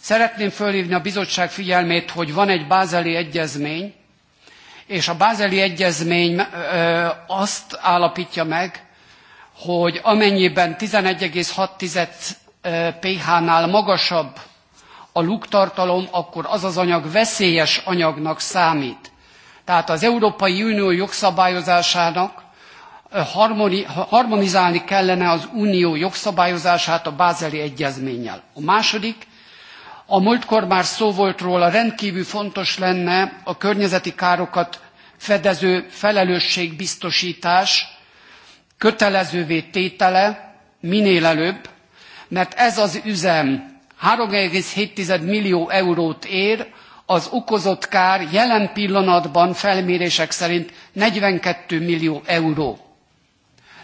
Szeretném fölhívni a bizottság figyelmét, hogy van egy bázeli egyezmény, és a bázeli egyezmény azt állapítja meg, hogy amennyiben 11,6 pH-nál magasabb a luktartalom, akkor az az anyag veszélyes anyagnak számít. Tehát az Európai Unió jogszabályozásának harmonizálni kellene az unió jogszabályozását a bázeli egyezménnyel. A második, a múltkor már szó volt róla, rendkívül fontos lenne a környezeti károkat fedező felelősségbiztosítás kötelezővé tétele minél előbb, mert ez az üzem 3,7 millió eurót ér, az okozott kár jelen pillanatban felmérések szerint 42 millió euró.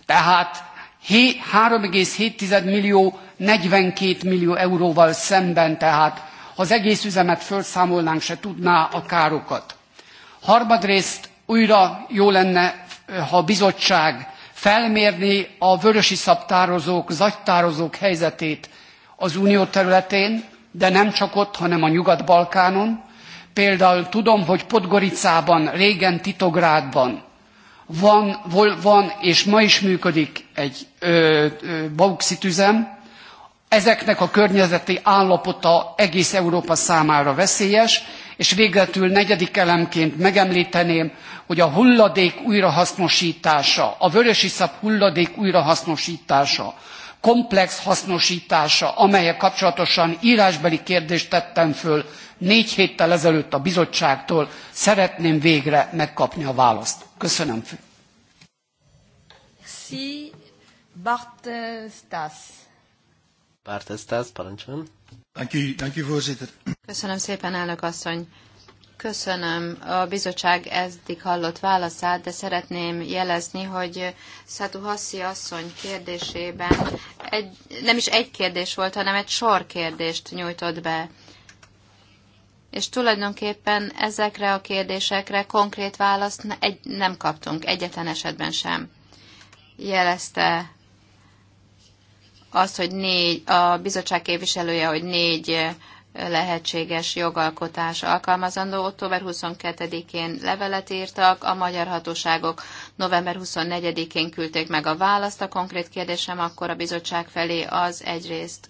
Tehát 3,7 millió 42 millió euróval szemben, tehát ha az egész üzemet felszámolnánk, se tudná a károkat. Harmadrészt újra jó lenne, eh, ha a bizottság felmérni a vörösi szabtározók, zagytározók helyzetét az unió területén, de nem csak ott, hanem a Nyugat-Balkánon. Például tudom, hogy Podgoricában, régen Titográdban van, van és ma is működik egy ö, ö, bauxitüzem, ezeknek a környezeti állapota egész Európa számára veszélyes, és végletül negyedik elemként megemlíteném, hogy a hulladék újrahasznosítása, a vörösiszap hulladék újrahasznosítása, komplex hasznosítása, amelyek kapcsolatosan írásbeli kérdést tettem föl Négy héttel ezelőtt a bizottságtól szeretném végre megkapni a választ. Köszönöm. Merci. Bart Stas. Bart Stas, parancsoljon. Köszönöm szépen, elnök asszony. Köszönöm a bizottság eddig hallott válaszát, de szeretném jelezni, hogy Szatu Hassi asszony kérdésében egy, nem is egy kérdés volt, hanem egy sor kérdést nyújtott be és tulajdonképpen ezekre a kérdésekre konkrét választ egy, nem kaptunk, egyetlen esetben sem. Jelezte azt, hogy négy, a bizottság képviselője, hogy négy lehetséges jogalkotás alkalmazandó. Október 22-én levelet írtak, a magyar hatóságok november 24-én küldték meg a választ. A konkrét kérdésem akkor a bizottság felé az egyrészt,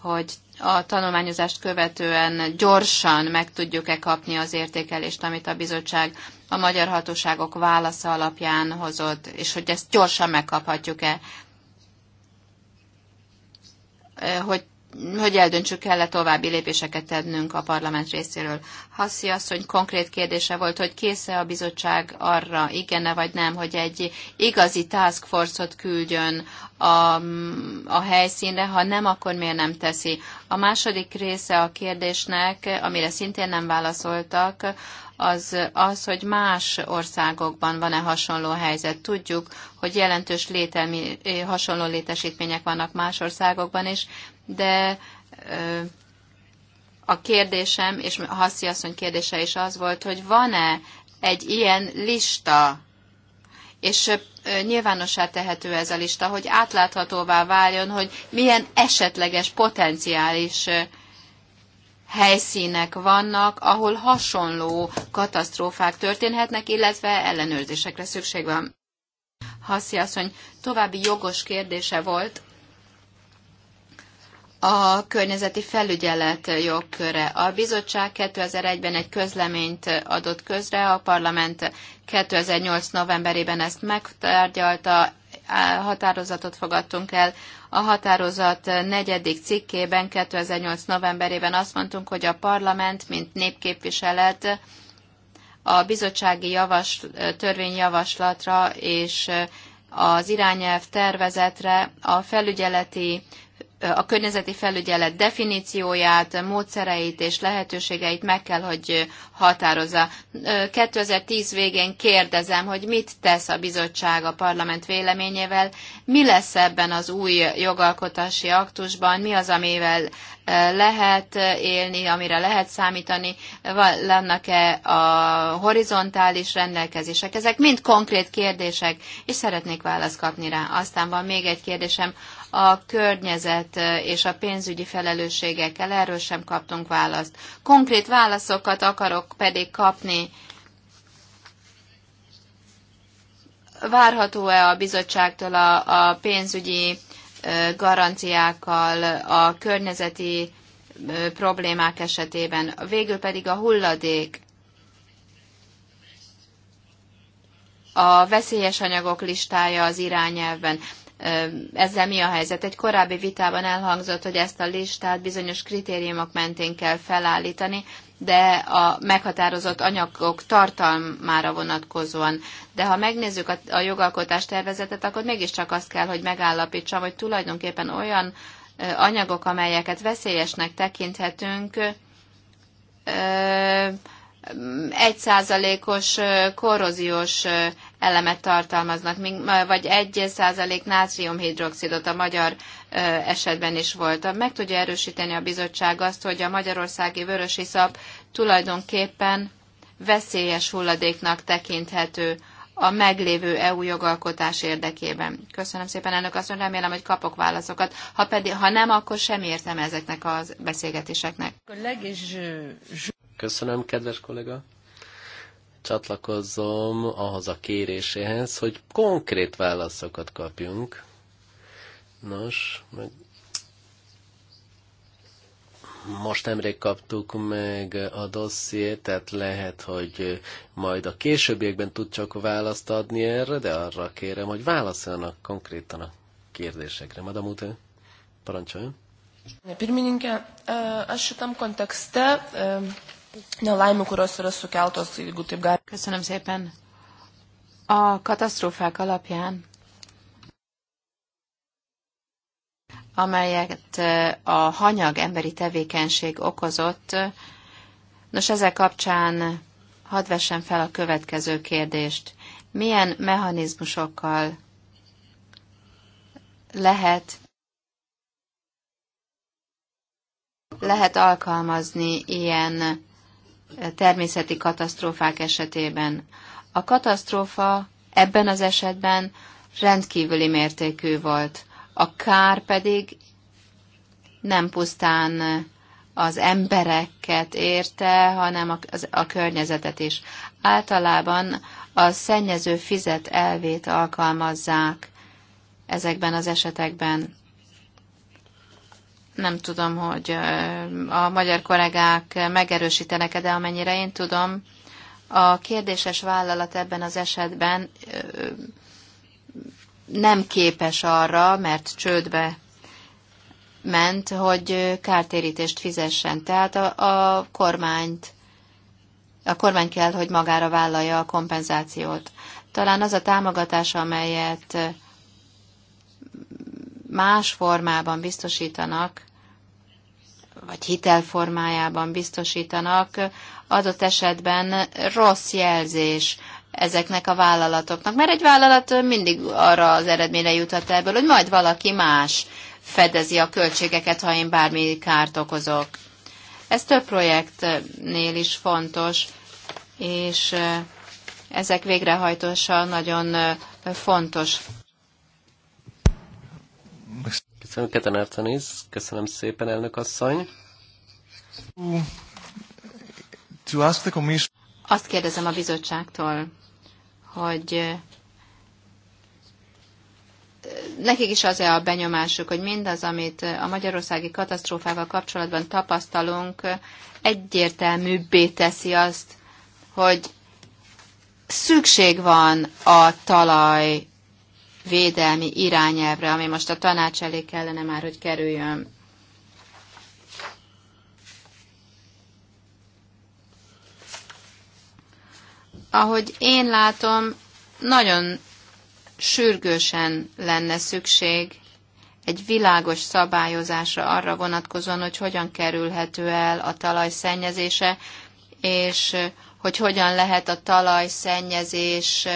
hogy a tanulmányozást követően gyorsan meg tudjuk-e kapni az értékelést, amit a bizottság a magyar hatóságok válasza alapján hozott, és hogy ezt gyorsan megkaphatjuk-e. Hogy hogy eldöntsük, kell-e további lépéseket tennünk a parlament részéről. Haszi asszony konkrét kérdése volt, hogy késze a bizottság arra, igen-e vagy nem, hogy egy igazi task force-ot küldjön a, a helyszínre, ha nem, akkor miért nem teszi. A második része a kérdésnek, amire szintén nem válaszoltak, az az, hogy más országokban van-e hasonló helyzet. Tudjuk, hogy jelentős lételmi, hasonló létesítmények vannak más országokban is, de a kérdésem, és a Haszi asszony kérdése is az volt, hogy van-e egy ilyen lista, és nyilvánossá tehető ez a lista, hogy átláthatóvá váljon, hogy milyen esetleges, potenciális helyszínek vannak, ahol hasonló katasztrófák történhetnek, illetve ellenőrzésekre szükség van. Haszi asszony további jogos kérdése volt, a környezeti felügyelet jogköre. A bizottság 2001-ben egy közleményt adott közre, a parlament 2008. novemberében ezt megtárgyalta, határozatot fogadtunk el. A határozat negyedik cikkében 2008. novemberében azt mondtunk, hogy a parlament, mint népképviselet, a bizottsági javas, törvényjavaslatra és az irányelv tervezetre a felügyeleti a környezeti felügyelet definícióját, módszereit és lehetőségeit meg kell, hogy határozza. 2010 végén kérdezem, hogy mit tesz a bizottság a parlament véleményével, mi lesz ebben az új jogalkotási aktusban, mi az, amivel lehet élni, amire lehet számítani, vannak-e a horizontális rendelkezések. Ezek mind konkrét kérdések, és szeretnék választ kapni rá. Aztán van még egy kérdésem, a környezet és a pénzügyi felelősségekkel, erről sem kaptunk választ. Konkrét válaszokat akarok pedig kapni. Várható-e a bizottságtól a, a pénzügyi garanciákkal a környezeti problémák esetében. Végül pedig a hulladék, a veszélyes anyagok listája az irányelvben ezzel mi a helyzet? Egy korábbi vitában elhangzott, hogy ezt a listát bizonyos kritériumok mentén kell felállítani, de a meghatározott anyagok tartalmára vonatkozóan. De ha megnézzük a, a jogalkotás tervezetet, akkor mégiscsak azt kell, hogy megállapítsam, hogy tulajdonképpen olyan anyagok, amelyeket veszélyesnek tekinthetünk, ö, egy százalékos korroziós elemet tartalmaznak, vagy egy százalék nátriumhidroxidot a magyar esetben is volt. Meg tudja erősíteni a bizottság azt, hogy a magyarországi vörösiszap tulajdonképpen veszélyes hulladéknak tekinthető a meglévő EU jogalkotás érdekében. Köszönöm szépen, ennek azt, hogy remélem, hogy kapok válaszokat. Ha, pedig, ha nem, akkor sem értem ezeknek a beszélgetéseknek. Köszönöm, kedves kollega. Csatlakozom ahhoz a kéréséhez, hogy konkrét válaszokat kapjunk. Nos, meg most nemrég kaptuk meg a dossziét, tehát lehet, hogy majd a későbbiekben tud csak választ adni erre, de arra kérem, hogy válaszoljanak konkrétan a kérdésekre. Madam Ute, parancsoljon. Pirmininke, aš šitam kontekste nelaimių, kurios yra sukeltos, jeigu taip gali. Köszönöm szépen. A katasztrófák alapján, amelyet eh, a hanyag emberi tevékenység okozott, nos ezek kapcsán hadd vessem fel a következő kérdést. Milyen mechanizmusokkal lehet lehet alkalmazni ilyen természeti katasztrófák esetében. A katasztrófa ebben az esetben rendkívüli mértékű volt. A kár pedig nem pusztán az embereket érte, hanem a, a környezetet is. Általában a szennyező fizet elvét alkalmazzák ezekben az esetekben. Nem tudom, hogy a magyar kollégák megerősítenek de amennyire én tudom, a kérdéses vállalat ebben az esetben nem képes arra, mert csődbe ment, hogy kártérítést fizessen. Tehát a, a kormányt, a kormány kell, hogy magára vállalja a kompenzációt. Talán az a támogatás, amelyet más formában biztosítanak, vagy hitelformájában biztosítanak, adott esetben rossz jelzés ezeknek a vállalatoknak. Mert egy vállalat mindig arra az eredményre juthat ebből, hogy majd valaki más fedezi a költségeket, ha én bármi kárt okozok. Ez több projektnél is fontos, és ezek végrehajtása nagyon fontos. Köszönöm, Keten Artanis. Köszönöm szépen, elnök asszony. Azt kérdezem a bizottságtól, hogy nekik is az -e a benyomásuk, hogy mindaz, amit a magyarországi katasztrófával kapcsolatban tapasztalunk, egyértelműbbé teszi azt, hogy szükség van a talaj védelmi irányelvre, ami most a tanács elé kellene már, hogy kerüljön. Ahogy én látom, nagyon sürgősen lenne szükség egy világos szabályozásra arra vonatkozóan, hogy hogyan kerülhető el a talaj szennyezése, és hogy hogyan lehet a szennyezés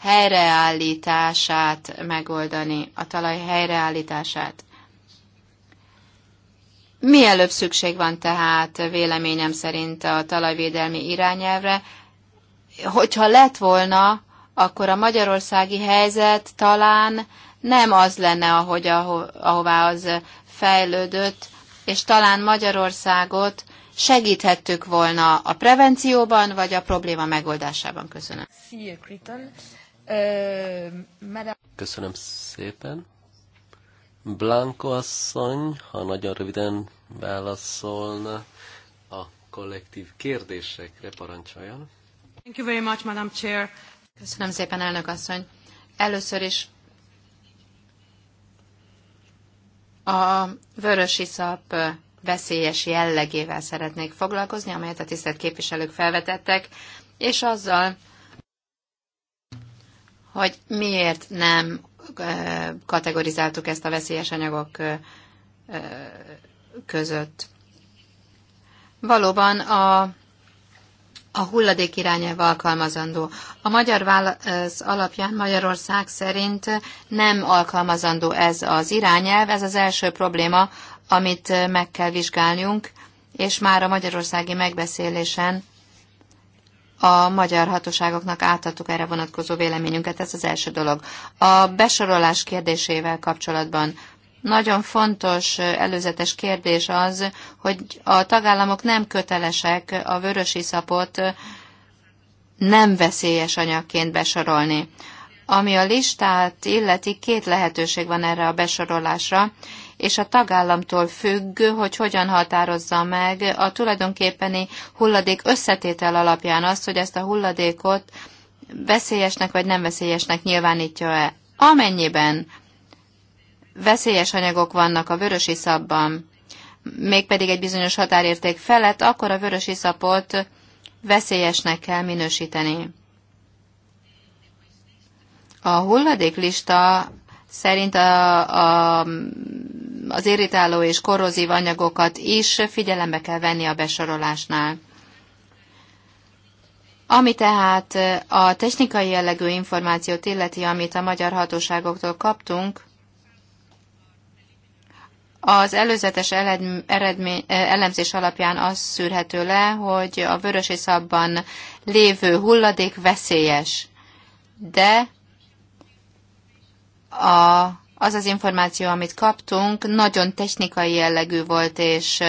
helyreállítását megoldani, a talaj helyreállítását. Mielőbb szükség van tehát véleményem szerint a talajvédelmi irányelvre, hogyha lett volna, akkor a magyarországi helyzet talán nem az lenne, ahogy aho, ahová az fejlődött, és talán Magyarországot segíthettük volna a prevencióban, vagy a probléma megoldásában. Köszönöm. Köszönöm szépen. Blanco asszony, ha nagyon röviden válaszolna a kollektív kérdésekre, parancsoljon. Thank you very much, Madam Chair. Köszönöm szépen, elnök asszony. Először is a vörös iszap veszélyes jellegével szeretnék foglalkozni, amelyet a tisztelt képviselők felvetettek, és azzal, hogy miért nem kategorizáltuk ezt a veszélyes anyagok között. Valóban a, a hulladék irányelv alkalmazandó. A magyar válasz alapján Magyarország szerint nem alkalmazandó ez az irányelv, ez az első probléma, amit meg kell vizsgálnunk, és már a magyarországi megbeszélésen a magyar hatóságoknak átadtuk erre vonatkozó véleményünket, ez az első dolog. A besorolás kérdésével kapcsolatban nagyon fontos előzetes kérdés az, hogy a tagállamok nem kötelesek a vörös iszapot nem veszélyes anyagként besorolni. Ami a listát illeti, két lehetőség van erre a besorolásra, és a tagállamtól függ, hogy hogyan határozza meg a tulajdonképpeni hulladék összetétel alapján azt, hogy ezt a hulladékot veszélyesnek vagy nem veszélyesnek nyilvánítja-e. Amennyiben veszélyes anyagok vannak a vörös iszapban, mégpedig egy bizonyos határérték felett, akkor a vörös iszapot veszélyesnek kell minősíteni. A hulladéklista szerint a, a az irritáló és korrozív anyagokat is figyelembe kell venni a besorolásnál. Ami tehát a technikai jellegű információt illeti, amit a magyar hatóságoktól kaptunk, az előzetes eredmény, elemzés alapján az szűrhető le, hogy a vörös szabban lévő hulladék veszélyes, de a az az információ, amit kaptunk, nagyon technikai jellegű volt és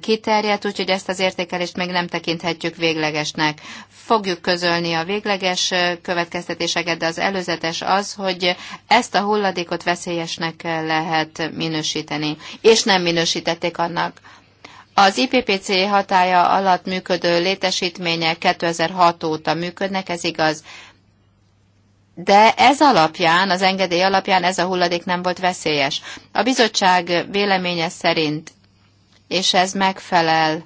kiterjedt, úgyhogy ezt az értékelést még nem tekinthetjük véglegesnek. Fogjuk közölni a végleges következtetéseket, de az előzetes az, hogy ezt a hulladékot veszélyesnek lehet minősíteni, és nem minősítették annak. Az IPPC hatája alatt működő létesítmények 2006 óta működnek, ez igaz de ez alapján, az engedély alapján ez a hulladék nem volt veszélyes. A bizottság véleménye szerint, és ez megfelel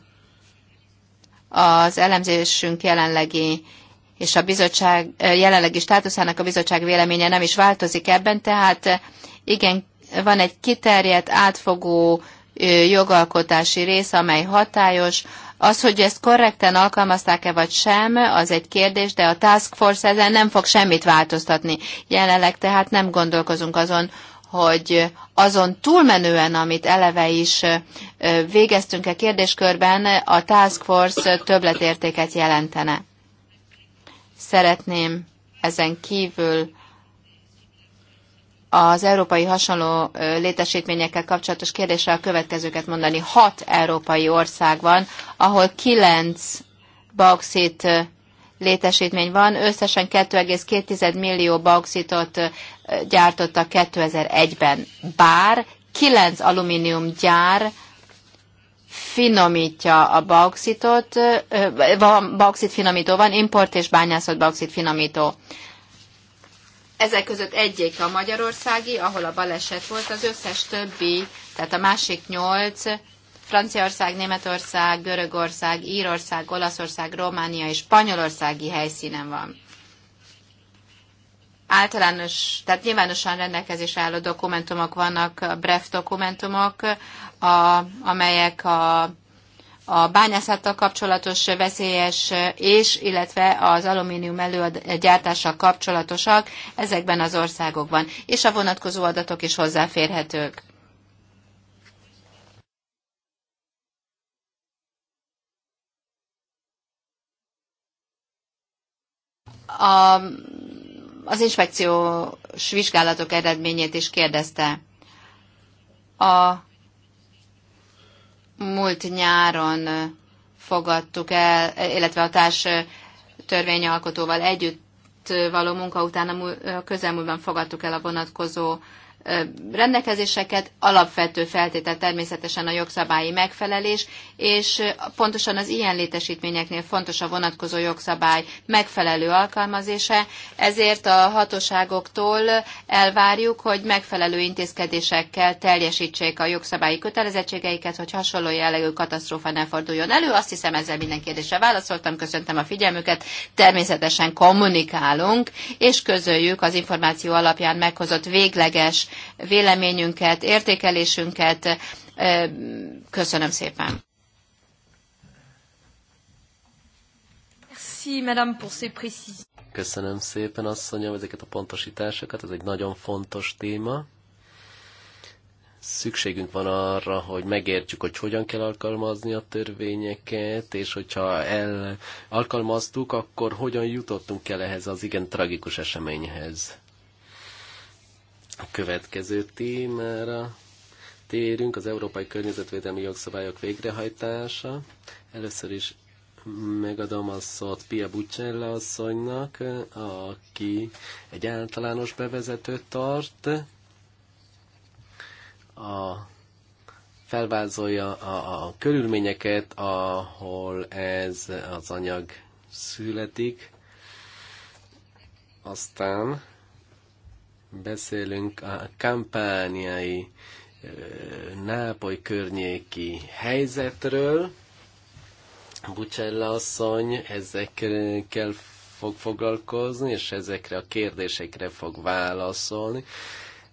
az elemzésünk jelenlegi és a bizottság jelenlegi státuszának a bizottság véleménye nem is változik ebben, tehát igen, van egy kiterjedt, átfogó jogalkotási rész, amely hatályos, az, hogy ezt korrekten alkalmazták-e vagy sem, az egy kérdés, de a Task Force ezen nem fog semmit változtatni. Jelenleg tehát nem gondolkozunk azon, hogy azon túlmenően, amit eleve is végeztünk a kérdéskörben, a Task Force többletértéket jelentene. Szeretném ezen kívül az európai hasonló létesítményekkel kapcsolatos kérdésre a következőket mondani. Hat európai ország van, ahol kilenc bauxit létesítmény van, összesen 2,2 millió bauxitot gyártottak 2001-ben. Bár kilenc alumíniumgyár finomítja a bauxitot, van bauxit finomító, van import és bányászott bauxit finomító ezek között egyik a magyarországi, ahol a baleset volt, az összes többi, tehát a másik nyolc, Franciaország, Németország, Görögország, Írország, Olaszország, Románia és Spanyolországi helyszínen van. Általános, tehát nyilvánosan rendelkezésre álló dokumentumok vannak, a BREF dokumentumok, a, amelyek a a bányászattal kapcsolatos veszélyes és, illetve az alumínium előgyártással kapcsolatosak ezekben az országokban, és a vonatkozó adatok is hozzáférhetők. A, az inspekciós vizsgálatok eredményét is kérdezte. A múlt nyáron fogadtuk el, illetve a társ törvényalkotóval együtt való munka után a közelmúltban fogadtuk el a vonatkozó rendelkezéseket, alapvető feltétel természetesen a jogszabályi megfelelés, és pontosan az ilyen létesítményeknél fontos a vonatkozó jogszabály megfelelő alkalmazése, ezért a hatóságoktól elvárjuk, hogy megfelelő intézkedésekkel teljesítsék a jogszabályi kötelezettségeiket, hogy hasonló jellegű katasztrófa ne forduljon elő. Azt hiszem ezzel minden kérdésre válaszoltam, köszöntem a figyelmüket, természetesen kommunikálunk, és közöljük az információ alapján meghozott végleges véleményünket, értékelésünket. Köszönöm szépen. Köszönöm szépen, asszonyom, ezeket a pontosításokat, ez egy nagyon fontos téma. Szükségünk van arra, hogy megértsük, hogy hogyan kell alkalmazni a törvényeket, és hogyha el alkalmaztuk, akkor hogyan jutottunk el ehhez az igen tragikus eseményhez. A következő témára térünk, az Európai Környezetvédelmi Jogszabályok végrehajtása. Először is megadom a szót Pia Buccella asszonynak, aki egy általános bevezetőt tart. A felvázolja a, a körülményeket, ahol ez az anyag születik. Aztán beszélünk a kampániai Nápoly környéki helyzetről. Bucsella asszony ezekkel fog foglalkozni, és ezekre a kérdésekre fog válaszolni.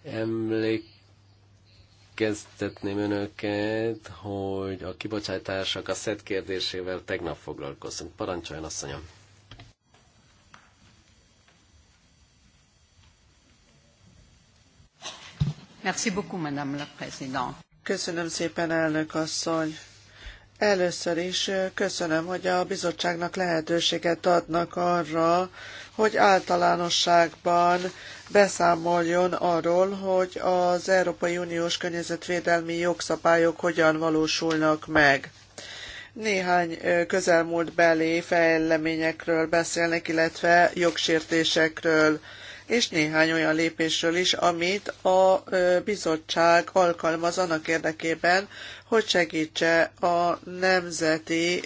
Emlékeztetném önöket, hogy a kibocsátások a szed kérdésével tegnap foglalkoztunk. Parancsoljon, asszonyom! Merci beaucoup, Madame la Présidente. Köszönöm szépen, elnök asszony. Először is köszönöm, hogy a bizottságnak lehetőséget adnak arra, hogy általánosságban beszámoljon arról, hogy az Európai Uniós környezetvédelmi jogszabályok hogyan valósulnak meg. Néhány közelmúlt belé fejleményekről beszélnek, illetve jogsértésekről és néhány olyan lépésről is, amit a bizottság alkalmaz annak érdekében, hogy segítse a nemzeti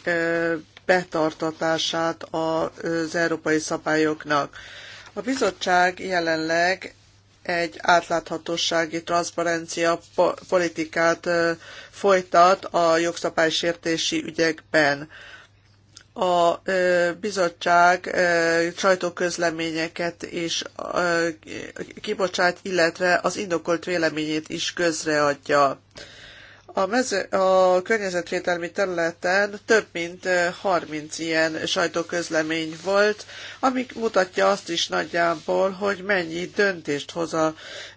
betartatását az európai szabályoknak. A bizottság jelenleg egy átláthatósági transzparencia politikát folytat a jogszabálysértési ügyekben a bizottság sajtóközleményeket is kibocsát, illetve az indokolt véleményét is közreadja. A, mező, a környezetvédelmi területen több mint 30 ilyen sajtóközlemény volt, amik mutatja azt is nagyjából, hogy mennyi döntést hoz a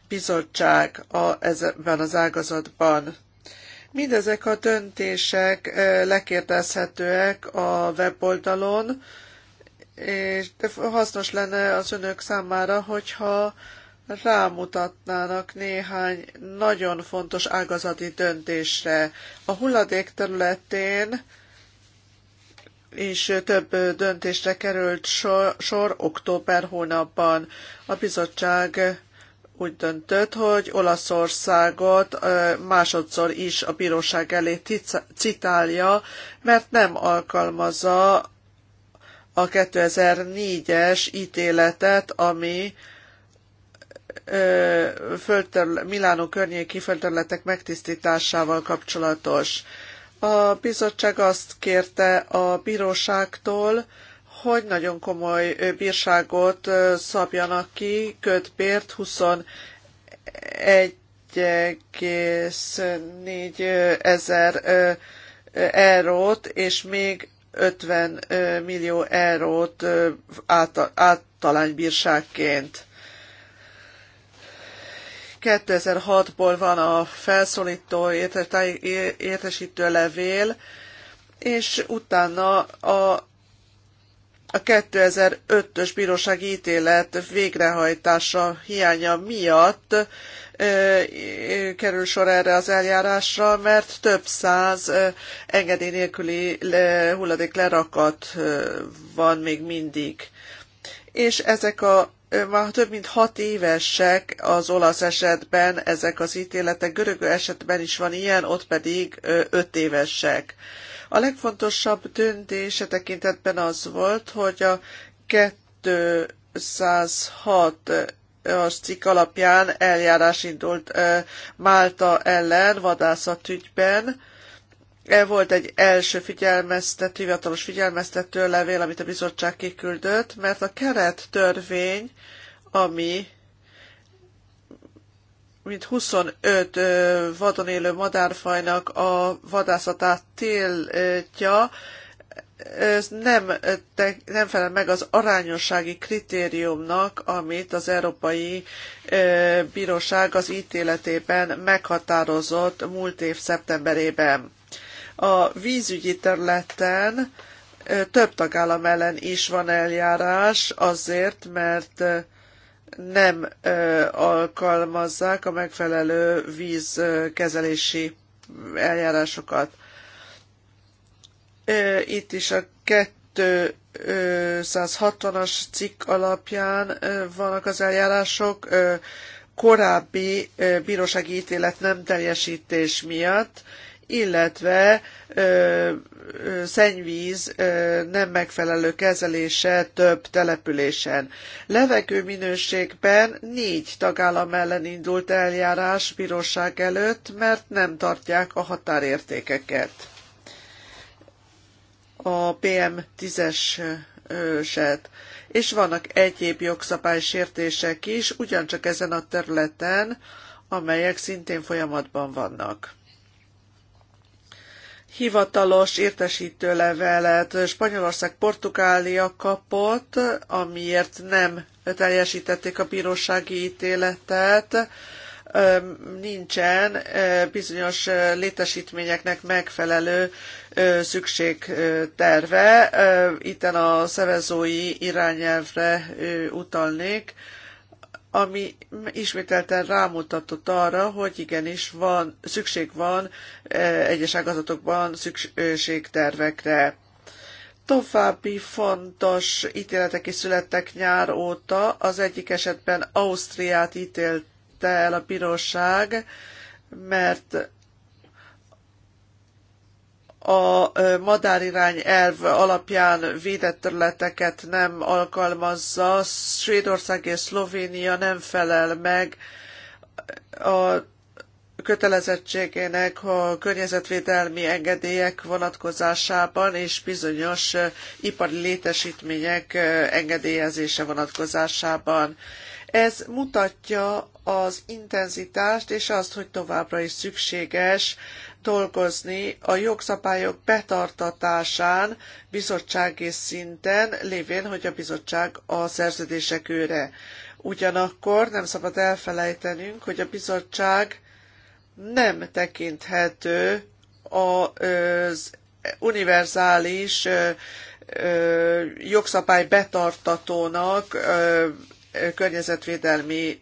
bizottság a, ezben az ágazatban Mindezek a döntések lekérdezhetőek a weboldalon, és hasznos lenne az önök számára, hogyha rámutatnának néhány nagyon fontos ágazati döntésre. A hulladék területén és több döntésre került sor, sor október hónapban. A bizottság úgy döntött, hogy Olaszországot másodszor is a bíróság elé citálja, mert nem alkalmazza a 2004-es ítéletet, ami Milánó környéki földterületek megtisztításával kapcsolatos. A bizottság azt kérte a bíróságtól, hogy nagyon komoly bírságot szabjanak ki, kötbért 21,4 ezer eurót, és még 50 millió eurót általánybírságként. 2006-ból van a felszólító értesítő levél, és utána a a 2005-ös bírósági ítélet végrehajtása hiánya miatt kerül sor erre az eljárásra, mert több száz engedély nélküli hulladék lerakat van még mindig. És ezek a már több mint hat évesek az olasz esetben ezek az ítéletek, görög esetben is van ilyen, ott pedig öt évesek. A legfontosabb döntés tekintetben az volt, hogy a 206 az cikk alapján eljárás indult Málta ellen vadászatügyben. E volt egy első figyelmeztető, hivatalos figyelmeztető levél, amit a bizottság kiküldött, mert a keret törvény, ami mint 25 vadon élő madárfajnak a vadászatát tiltja, ez nem, nem felel meg az arányossági kritériumnak, amit az Európai Bíróság az ítéletében meghatározott múlt év szeptemberében. A vízügyi területen több tagállam ellen is van eljárás azért, mert nem alkalmazzák a megfelelő vízkezelési eljárásokat. Itt is a 260-as cikk alapján vannak az eljárások korábbi bírósági ítélet nem teljesítés miatt, illetve ö, ö, szennyvíz ö, nem megfelelő kezelése több településen. Levegő minőségben négy tagállam ellen indult eljárás bíróság előtt, mert nem tartják a határértékeket. A PM10-eset és vannak egyéb jogszabálysértések is, ugyancsak ezen a területen, amelyek szintén folyamatban vannak hivatalos értesítő levelet Spanyolország Portugália kapott, amiért nem teljesítették a bírósági ítéletet, nincsen bizonyos létesítményeknek megfelelő szükségterve. Itten a szevezói irányelvre utalnék, ami ismételten rámutatott arra, hogy igenis van, szükség van eh, egyes ágazatokban szükségtervekre. További fontos ítéletek is születtek nyár óta. Az egyik esetben Ausztriát ítélte el a bíróság, mert a madárirány elv alapján védett területeket nem alkalmazza, Svédország és Szlovénia nem felel meg a kötelezettségének a környezetvédelmi engedélyek vonatkozásában és bizonyos ipari létesítmények engedélyezése vonatkozásában. Ez mutatja az intenzitást és azt, hogy továbbra is szükséges dolgozni a jogszabályok betartatásán bizottsági szinten, lévén, hogy a bizottság a szerződések őre. Ugyanakkor nem szabad elfelejtenünk, hogy a bizottság nem tekinthető az univerzális jogszabály betartatónak környezetvédelmi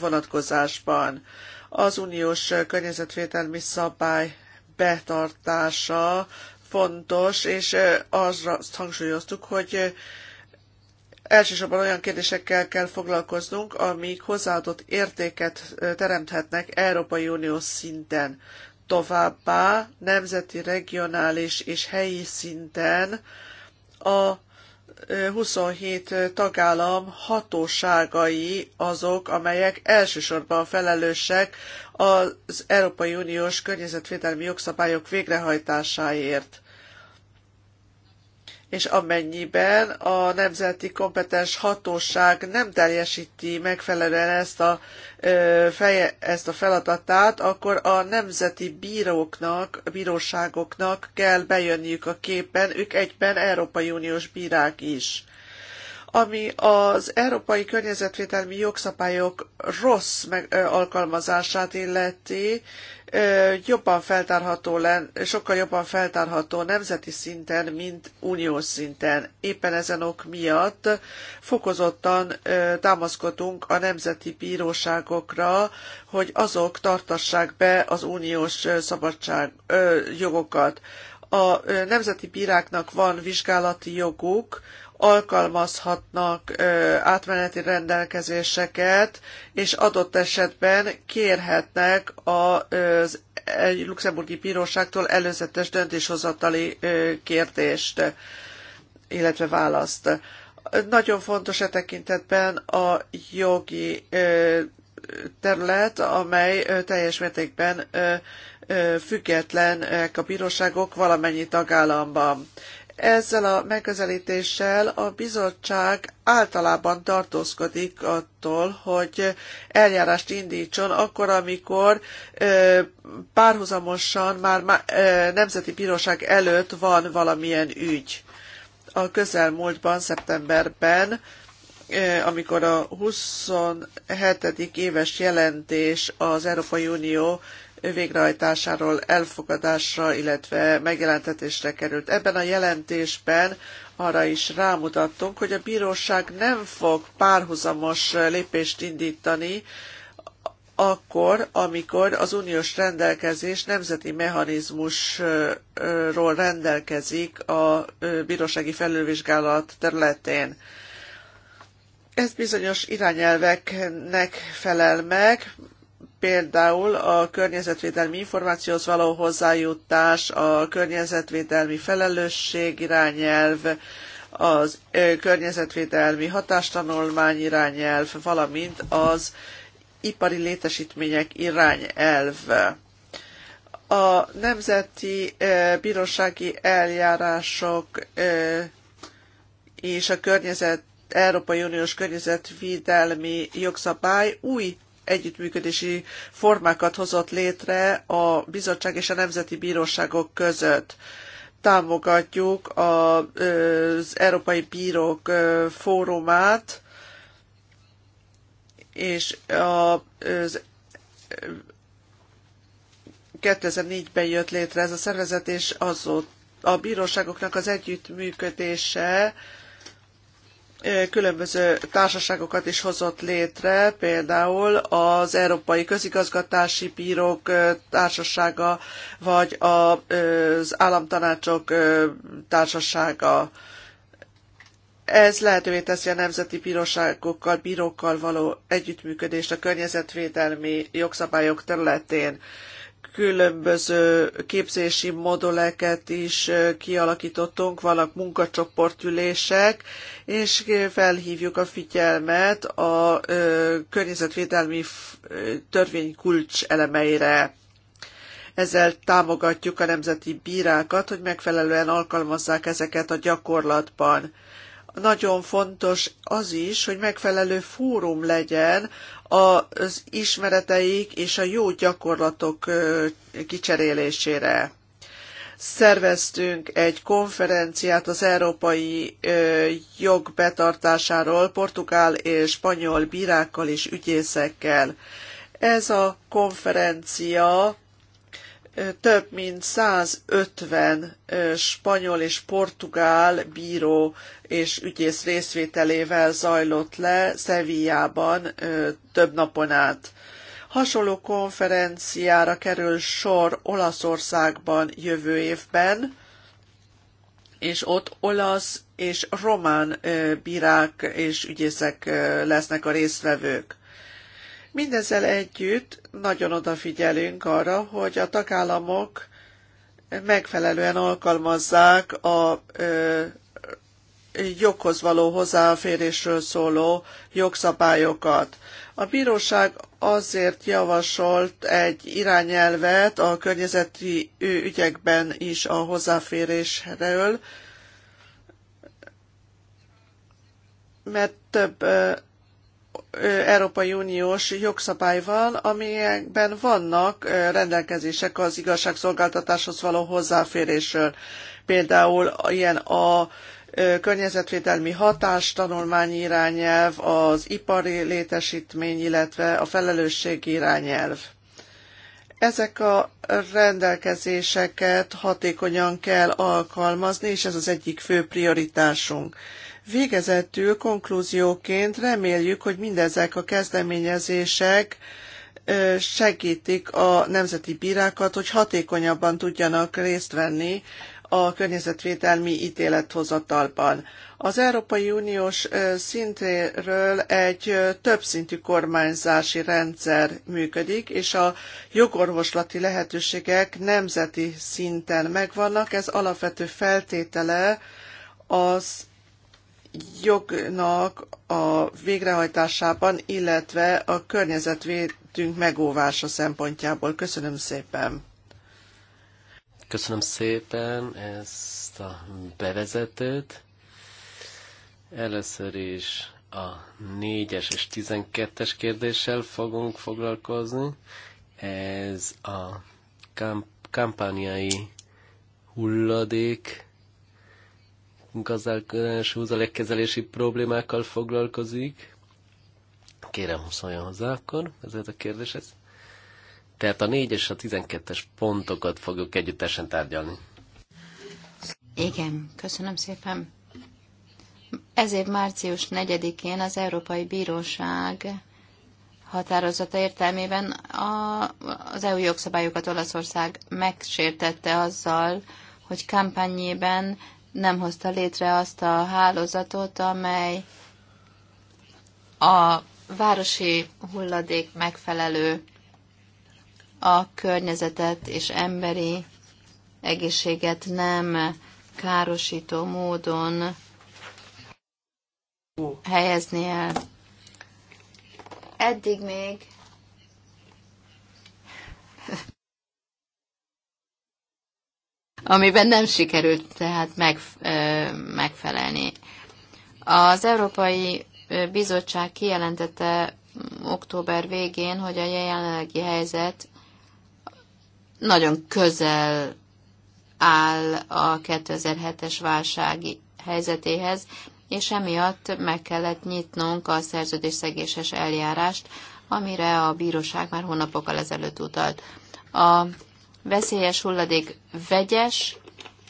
vonatkozásban. Az uniós környezetvédelmi szabály betartása fontos, és arra hangsúlyoztuk, hogy elsősorban olyan kérdésekkel kell foglalkoznunk, amik hozzáadott értéket teremthetnek Európai Unió szinten. Továbbá nemzeti, regionális és helyi szinten a 27 tagállam hatóságai azok, amelyek elsősorban felelősek az Európai Uniós környezetvédelmi jogszabályok végrehajtásáért és amennyiben a nemzeti kompetens hatóság nem teljesíti megfelelően ezt a, feje, ezt a feladatát, akkor a nemzeti bíróknak, bíróságoknak kell bejönniük a képen, ők egyben Európai Uniós bírák is ami az európai környezetvédelmi jogszabályok rossz meg, alkalmazását illeti, jobban feltárható len, sokkal jobban feltárható nemzeti szinten, mint uniós szinten. Éppen ezen ok miatt fokozottan támaszkodunk a nemzeti bíróságokra, hogy azok tartassák be az uniós szabadság jogokat. A nemzeti bíráknak van vizsgálati joguk, alkalmazhatnak átmeneti rendelkezéseket, és adott esetben kérhetnek az luxemburgi bíróságtól előzetes döntéshozatali kérdést, illetve választ. Nagyon fontos e tekintetben a jogi terület, amely teljes mértékben függetlenek a bíróságok valamennyi tagállamban. Ezzel a megközelítéssel a bizottság általában tartózkodik attól, hogy eljárást indítson akkor, amikor párhuzamosan már nemzeti bíróság előtt van valamilyen ügy. A közelmúltban, szeptemberben amikor a 27. éves jelentés az Európai Unió végrehajtásáról elfogadásra, illetve megjelentetésre került. Ebben a jelentésben arra is rámutattunk, hogy a bíróság nem fog párhuzamos lépést indítani, akkor, amikor az uniós rendelkezés nemzeti mechanizmusról rendelkezik a bírósági felülvizsgálat területén. Ez bizonyos irányelveknek felel meg, például a környezetvédelmi információhoz való hozzájutás, a környezetvédelmi felelősség irányelv, az környezetvédelmi hatástanulmány irányelv, valamint az ipari létesítmények irányelv. A nemzeti bírósági eljárások és a környezet, Európai Uniós környezetvédelmi jogszabály új együttműködési formákat hozott létre a bizottság és a nemzeti bíróságok között. Támogatjuk az Európai Bírók Fórumát, és az 2004-ben jött létre ez a szervezet, és azóta a bíróságoknak az együttműködése különböző társaságokat is hozott létre, például az Európai Közigazgatási Bírók Társasága, vagy az Államtanácsok Társasága. Ez lehetővé teszi a nemzeti bíróságokkal, bírókkal való együttműködést a környezetvédelmi jogszabályok területén különböző képzési moduleket is kialakítottunk, vannak munkacsoportülések, és felhívjuk a figyelmet a környezetvédelmi törvény kulcs elemeire. Ezzel támogatjuk a nemzeti bírákat, hogy megfelelően alkalmazzák ezeket a gyakorlatban. Nagyon fontos az is, hogy megfelelő fórum legyen, az ismereteik és a jó gyakorlatok kicserélésére. Szerveztünk egy konferenciát az európai jog betartásáról portugál és spanyol bírákkal és ügyészekkel. Ez a konferencia több mint 150 spanyol és portugál bíró és ügyész részvételével zajlott le Szevijában több napon át. Hasonló konferenciára kerül sor Olaszországban jövő évben, és ott olasz és román bírák és ügyészek lesznek a résztvevők. Mindezzel együtt nagyon odafigyelünk arra, hogy a tagállamok megfelelően alkalmazzák a joghoz való hozzáférésről szóló jogszabályokat. A bíróság azért javasolt egy irányelvet a környezeti ügyekben is a hozzáférésről, mert több Európai Uniós jogszabály van, amelyekben vannak rendelkezések az igazságszolgáltatáshoz való hozzáférésről. Például ilyen a környezetvédelmi hatás, tanulmány irányelv, az ipari létesítmény, illetve a felelősség irányelv. Ezek a rendelkezéseket hatékonyan kell alkalmazni, és ez az egyik fő prioritásunk. Végezetül konklúzióként reméljük, hogy mindezek a kezdeményezések segítik a nemzeti bírákat, hogy hatékonyabban tudjanak részt venni a környezetvédelmi ítélethozatalban. Az Európai Uniós szintéről egy többszintű kormányzási rendszer működik, és a jogorvoslati lehetőségek nemzeti szinten megvannak. Ez alapvető feltétele az jognak a végrehajtásában, illetve a környezetvédünk megóvása szempontjából. Köszönöm szépen! Köszönöm szépen ezt a bevezetőt. Először is a 4-es és 12-es kérdéssel fogunk foglalkozni. Ez a kamp- kampányai hulladék gazdálkodás húzalékkezelési problémákkal foglalkozik. Kérem, szóljon hozzá akkor, ez a kérdés ez. Tehát a 4 és a 12-es pontokat fogjuk együttesen tárgyalni. Igen, köszönöm szépen. Ez év március 4-én az Európai Bíróság határozata értelmében a, az EU jogszabályokat Olaszország megsértette azzal, hogy kampányében nem hozta létre azt a hálózatot, amely a városi hulladék megfelelő a környezetet és emberi egészséget nem károsító módon helyezni el. Eddig még amiben nem sikerült tehát meg, megfelelni. Az Európai Bizottság kijelentette október végén, hogy a jelenlegi helyzet nagyon közel áll a 2007-es válsági helyzetéhez, és emiatt meg kellett nyitnunk a szerződésszegéses eljárást, amire a bíróság már hónapokkal ezelőtt utalt. A veszélyes hulladék vegyes,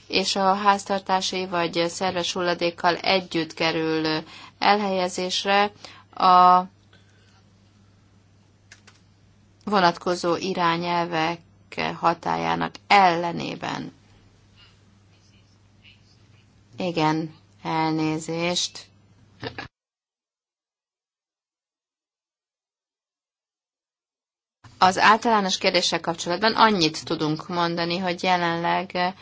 és a háztartási vagy szerves hulladékkal együtt kerül elhelyezésre a vonatkozó irányelvek hatájának ellenében. Igen, elnézést. az általános kérdéssel kapcsolatban annyit tudunk mondani, hogy jelenleg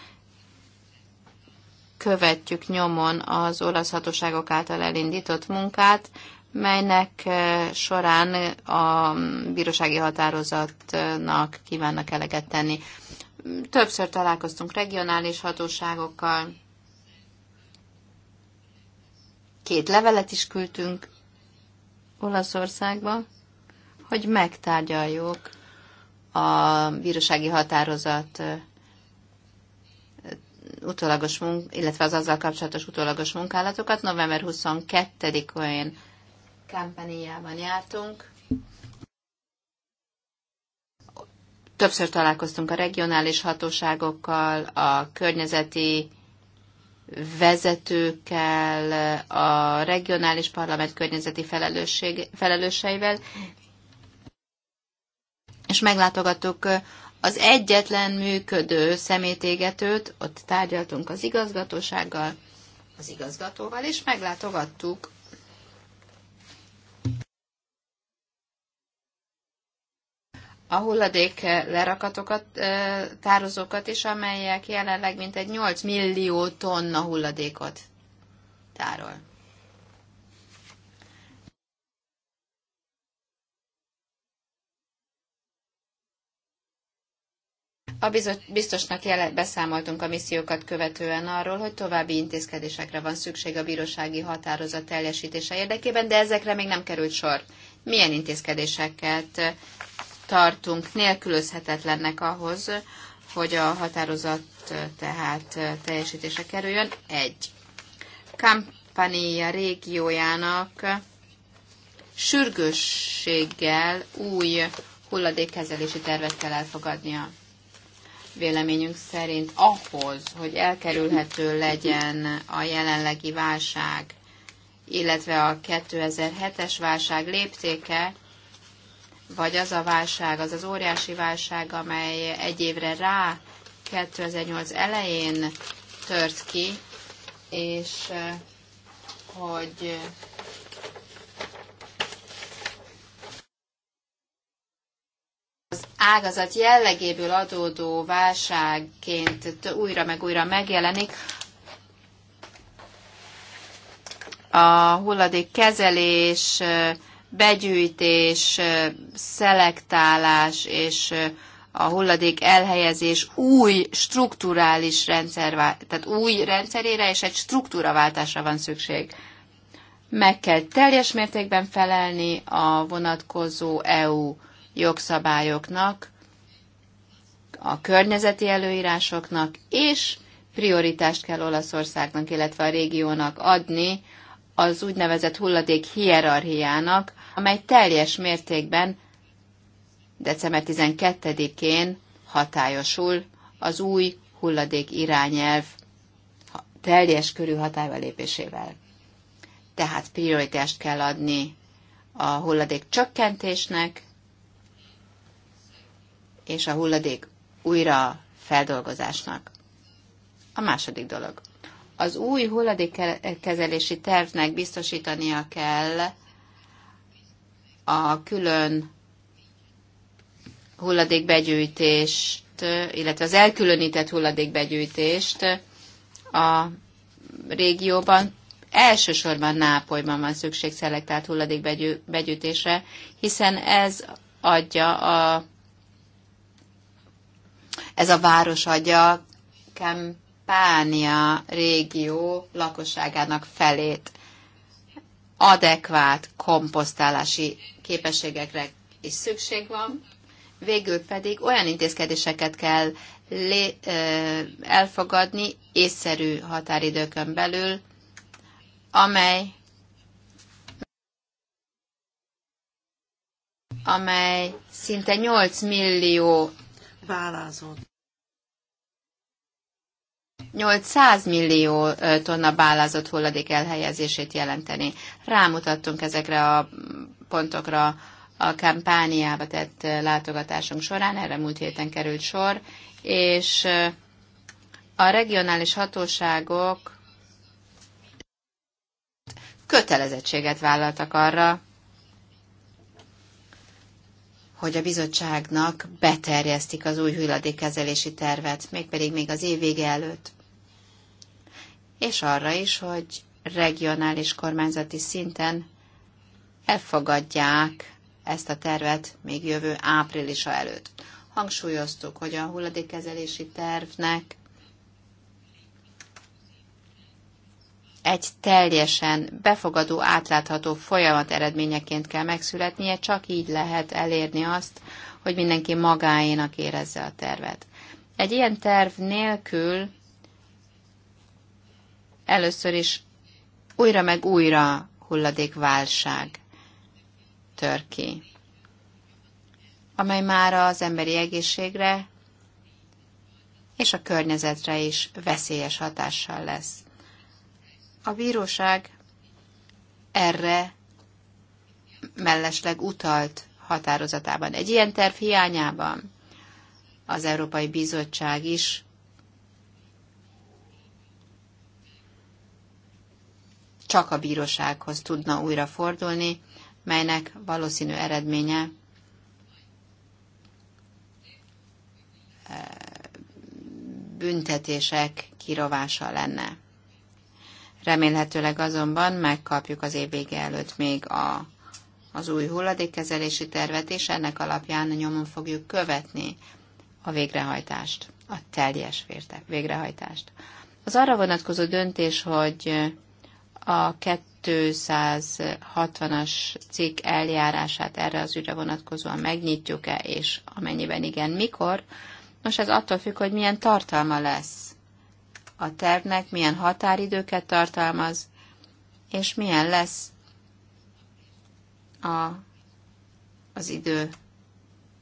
követjük nyomon az olasz hatóságok által elindított munkát, melynek eh, során a bírósági határozatnak kívánnak eleget tenni. Többször találkoztunk regionális hatóságokkal, két levelet is küldtünk Olaszországba hogy megtárgyaljuk a bírósági határozat utolagos munk, illetve az azzal kapcsolatos utolagos munkálatokat. November 22-én Kampaniában jártunk. Többször találkoztunk a regionális hatóságokkal, a környezeti vezetőkkel, a regionális parlament környezeti felelősség, felelőseivel, és meglátogattuk az egyetlen működő szemétégetőt, ott tárgyaltunk az igazgatósággal, az igazgatóval, és meglátogattuk a hulladék lerakatokat, tározókat is, amelyek jelenleg mintegy 8 millió tonna hulladékot tárol. A biztosnak jele, beszámoltunk a missziókat követően arról, hogy további intézkedésekre van szükség a bírósági határozat teljesítése érdekében, de ezekre még nem került sor. Milyen intézkedéseket tartunk nélkülözhetetlennek ahhoz, hogy a határozat tehát teljesítése kerüljön? Egy. Kampania régiójának sürgősséggel új hulladékkezelési tervet kell elfogadnia véleményünk szerint ahhoz, hogy elkerülhető legyen a jelenlegi válság, illetve a 2007-es válság léptéke, vagy az a válság, az az óriási válság, amely egy évre rá 2008 elején tört ki, és eh, hogy az ágazat jellegéből adódó válságként újra meg újra megjelenik. A hulladék kezelés, begyűjtés, szelektálás és a hulladék elhelyezés új strukturális rendszer, tehát új rendszerére és egy struktúraváltásra van szükség. Meg kell teljes mértékben felelni a vonatkozó EU jogszabályoknak, a környezeti előírásoknak, és prioritást kell Olaszországnak, illetve a régiónak adni az úgynevezett hulladék hierarchiának, amely teljes mértékben december 12-én hatályosul az új hulladék irányelv teljes körű hatályba lépésével. Tehát prioritást kell adni a hulladék csökkentésnek, és a hulladék újra feldolgozásnak. A második dolog. Az új hulladékkezelési tervnek biztosítania kell a külön hulladékbegyűjtést, illetve az elkülönített hulladékbegyűjtést a régióban. Elsősorban Nápolyban van szükség szelektált hulladékbegyűjtésre, hiszen ez adja a ez a város adja Kempánia régió lakosságának felét adekvát komposztálási képességekre is szükség van, végül pedig olyan intézkedéseket kell lé, elfogadni észszerű határidőkön belül, amely amely szinte 8 millió vállázott 800 millió tonna bálázott hulladék elhelyezését jelenteni. Rámutattunk ezekre a pontokra a kampániába tett látogatásunk során, erre múlt héten került sor, és a regionális hatóságok kötelezettséget vállaltak arra, hogy a bizottságnak beterjesztik az új hulladékkezelési tervet, mégpedig még az év vége előtt és arra is, hogy regionális kormányzati szinten elfogadják ezt a tervet még jövő áprilisa előtt. Hangsúlyoztuk, hogy a hulladékkezelési tervnek egy teljesen befogadó, átlátható folyamat eredményeként kell megszületnie, csak így lehet elérni azt, hogy mindenki magáénak érezze a tervet. Egy ilyen terv nélkül először is újra meg újra hulladékválság tör ki, amely már az emberi egészségre és a környezetre is veszélyes hatással lesz. A víróság erre mellesleg utalt határozatában. Egy ilyen terv hiányában az Európai Bizottság is csak a bírósághoz tudna újra fordulni, melynek valószínű eredménye e, büntetések kirovása lenne. Remélhetőleg azonban megkapjuk az év vége előtt még a, az új hulladékkezelési tervet, és ennek alapján nyomon fogjuk követni a végrehajtást, a teljes végrehajtást. Az arra vonatkozó döntés, hogy a 260-as cikk eljárását erre az ügyre vonatkozóan megnyitjuk-e, és amennyiben igen, mikor. Nos, ez attól függ, hogy milyen tartalma lesz a tervnek, milyen határidőket tartalmaz, és milyen lesz a, az idő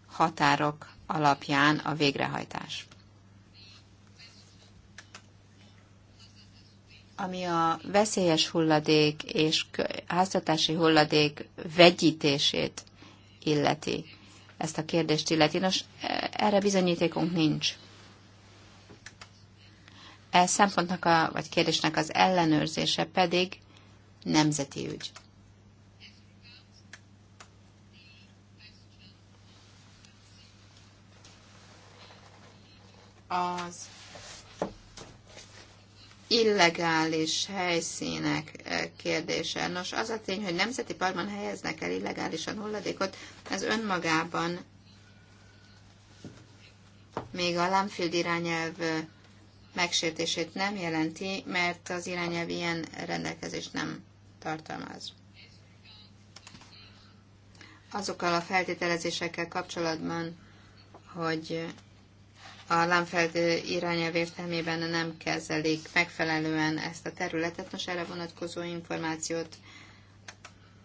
határok alapján a végrehajtás. ami a veszélyes hulladék és háztartási hulladék vegyítését illeti, ezt a kérdést illeti. Nos, e- erre bizonyítékunk nincs. E szempontnak a, vagy kérdésnek az ellenőrzése pedig nemzeti ügy. Az illegális helyszínek eh, kérdése. Nos, az a tény, hogy nemzeti parkban helyeznek el illegálisan hulladékot, ez önmagában még a Lamfield irányelv eh, megsértését nem jelenti, mert az irányelv ilyen rendelkezést nem tartalmaz. Azokkal a feltételezésekkel kapcsolatban, hogy a Lámfeld irányelv értelmében nem kezelik megfelelően ezt a területet. Nos, erre vonatkozó információt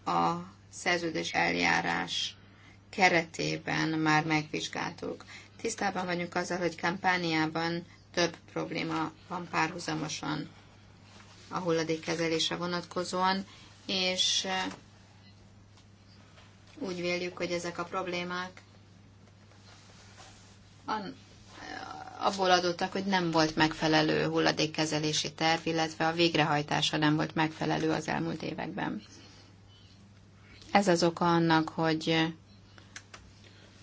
a szerződés eljárás keretében már megvizsgáltuk. Tisztában vagyunk azzal, hogy kampániában több probléma van párhuzamosan a hulladékkezelésre vonatkozóan, és eh, úgy véljük, hogy ezek a problémák abból adottak, hogy nem volt megfelelő hulladékkezelési terv, illetve a végrehajtása nem volt megfelelő az elmúlt években. Ez az oka annak, hogy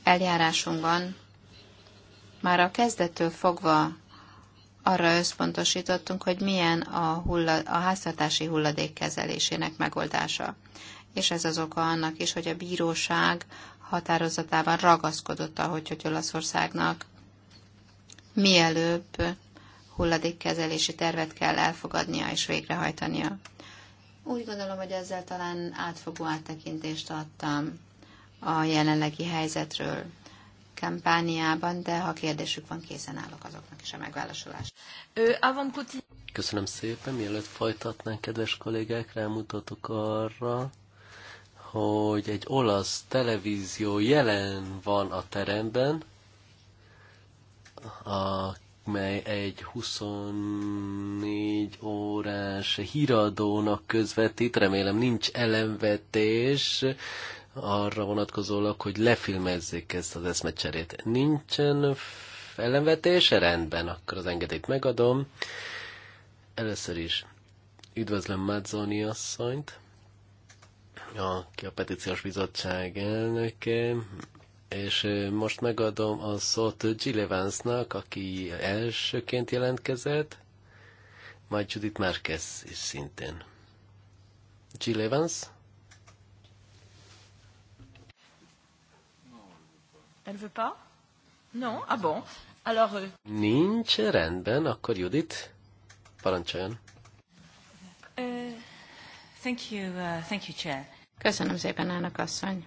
eljárásunkban már a kezdettől fogva arra összpontosítottunk, hogy milyen a, hulla, a háztartási hulladékkezelésének megoldása. És ez az oka annak is, hogy a bíróság határozatában ragaszkodott, ahogy hogy Olaszországnak mielőbb hulladékkezelési tervet kell elfogadnia és végrehajtania. Úgy gondolom, hogy ezzel talán átfogó áttekintést adtam a jelenlegi helyzetről kampániában, de ha kérdésük van, készen állok azoknak is a megválaszolás. Köszönöm szépen, mielőtt folytatnánk, kedves kollégák, rámutatok arra, hogy egy olasz televízió jelen van a teremben, amely egy 24 órás híradónak közvetít, remélem nincs ellenvetés, arra vonatkozólag, hogy lefilmezzék ezt az eszmecserét. Nincsen ellenvetése? Rendben, akkor az engedélyt megadom. Először is üdvözlöm Mazzoni asszonyt, aki a petíciós bizottság elnöke, és most megadom a szót Jill aki elsőként jelentkezett, majd Judith Márquez is szintén. Jill Elle veut pas? Non? Ah bon? Alors... Euh... Nincs rendben, akkor Judit, parancsoljon. Uh, thank you, uh, thank you, Chair. Köszönöm szépen, elnök asszony.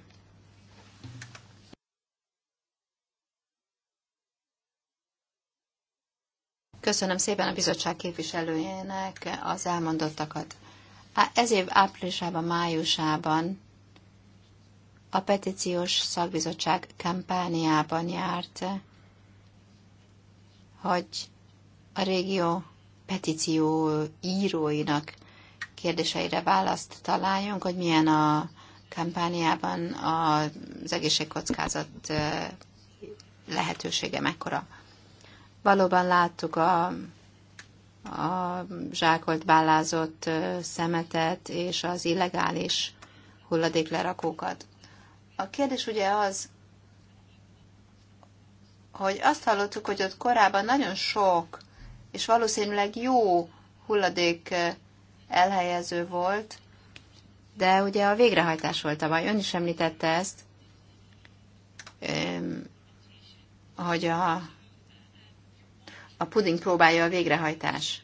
Köszönöm szépen a bizottság képviselőjének az elmondottakat. Ez év áprilisában, májusában a petíciós szakbizottság kampániában járt, hogy a régió petíció íróinak kérdéseire választ találjunk, hogy milyen a kampániában az egészségkockázat lehetősége mekkora. Valóban láttuk a, a zsákolt bálázott szemetet és az illegális hulladéklerakókat. A kérdés ugye az, hogy azt hallottuk, hogy ott korábban nagyon sok, és valószínűleg jó hulladék elhelyező volt, de ugye a végrehajtás volt a baj. Ön is említette ezt, hogy a a puding próbálja a végrehajtás.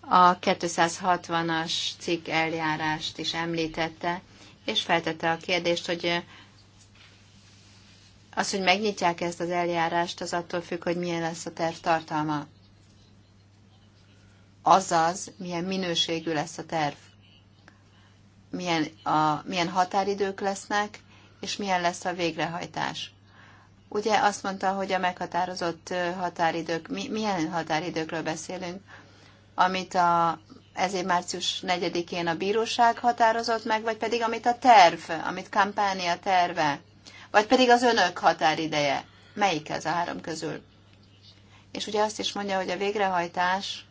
A 260-as cikk eljárást is említette, és feltette a kérdést, hogy eh, az, hogy megnyitják ezt az eljárást, az attól függ, hogy milyen lesz a terv tartalma. Azaz, milyen minőségű lesz a terv. Milyen, a, milyen határidők lesznek, és milyen lesz a végrehajtás. Ugye azt mondta, hogy a meghatározott határidők, mi, milyen határidőkről beszélünk, amit a, ezért március 4-én a bíróság határozott meg, vagy pedig amit a terv, amit kampánia terve, vagy pedig az önök határideje. Melyik ez a három közül? És ugye azt is mondja, hogy a végrehajtás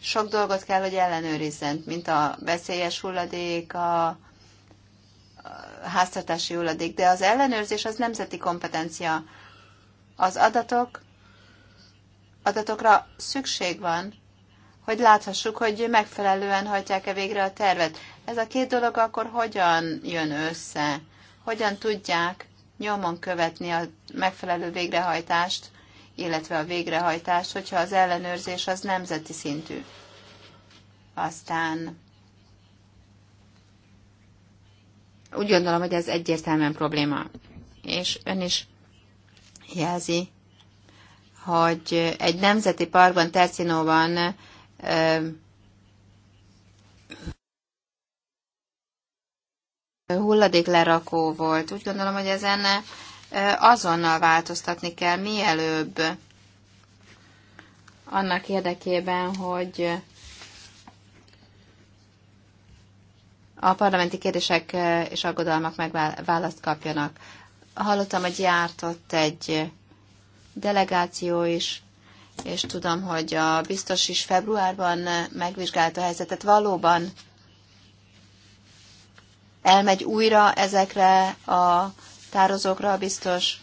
sok dolgot kell, hogy ellenőrizzen, mint a veszélyes hulladék, a, háztartási hulladék, de az ellenőrzés az nemzeti kompetencia. Az adatok, adatokra szükség van, hogy láthassuk, hogy megfelelően hajtják-e végre a tervet. Ez a két dolog akkor hogyan jön össze? Hogyan tudják nyomon követni a megfelelő végrehajtást, illetve a végrehajtást, hogyha az ellenőrzés az nemzeti szintű? Aztán Úgy gondolom, hogy ez egyértelműen probléma. És ön is jelzi, hogy egy nemzeti parkban, Tercinóban hulladéklerakó volt. Úgy gondolom, hogy ezen azonnal változtatni kell, mielőbb annak érdekében, hogy a parlamenti kérdések és aggodalmak megválaszt kapjanak. Hallottam, hogy járt ott egy delegáció is, és tudom, hogy a biztos is februárban megvizsgálta a helyzetet. Valóban elmegy újra ezekre a tározókra a biztos,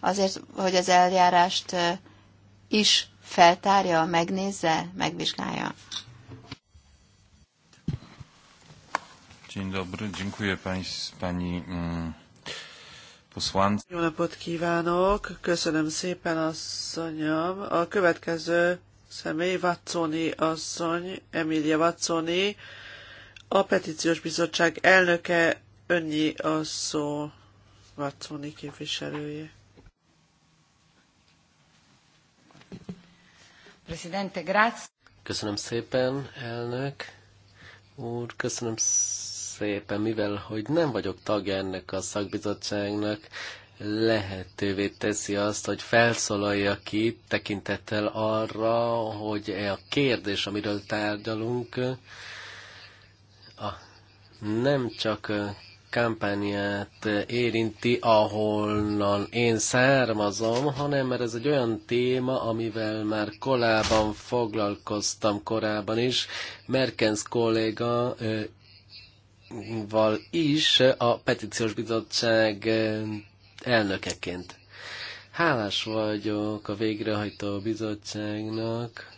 azért, hogy az eljárást is feltárja, megnézze, megvizsgálja. Dzień dobry, dziękuję pani, pani mm, posłance. Jó napot kívánok, köszönöm szépen asszonyom. A következő személy Vacconi asszony, Emilia Vacconi, a petíciós bizottság elnöke, önnyi a szó Vacconi képviselője. Presidente, Köszönöm szépen, elnök úr, köszönöm szépen éppen, mivel hogy nem vagyok tagja ennek a szakbizottságnak, lehetővé teszi azt, hogy felszólaljak itt tekintettel arra, hogy e a kérdés, amiről tárgyalunk, a, nem csak kampányát érinti, ahonnan én származom, hanem mert ez egy olyan téma, amivel már korábban foglalkoztam korábban is. Merkens kolléga val is a petíciós bizottság elnökeként. Hálás vagyok a végrehajtó bizottságnak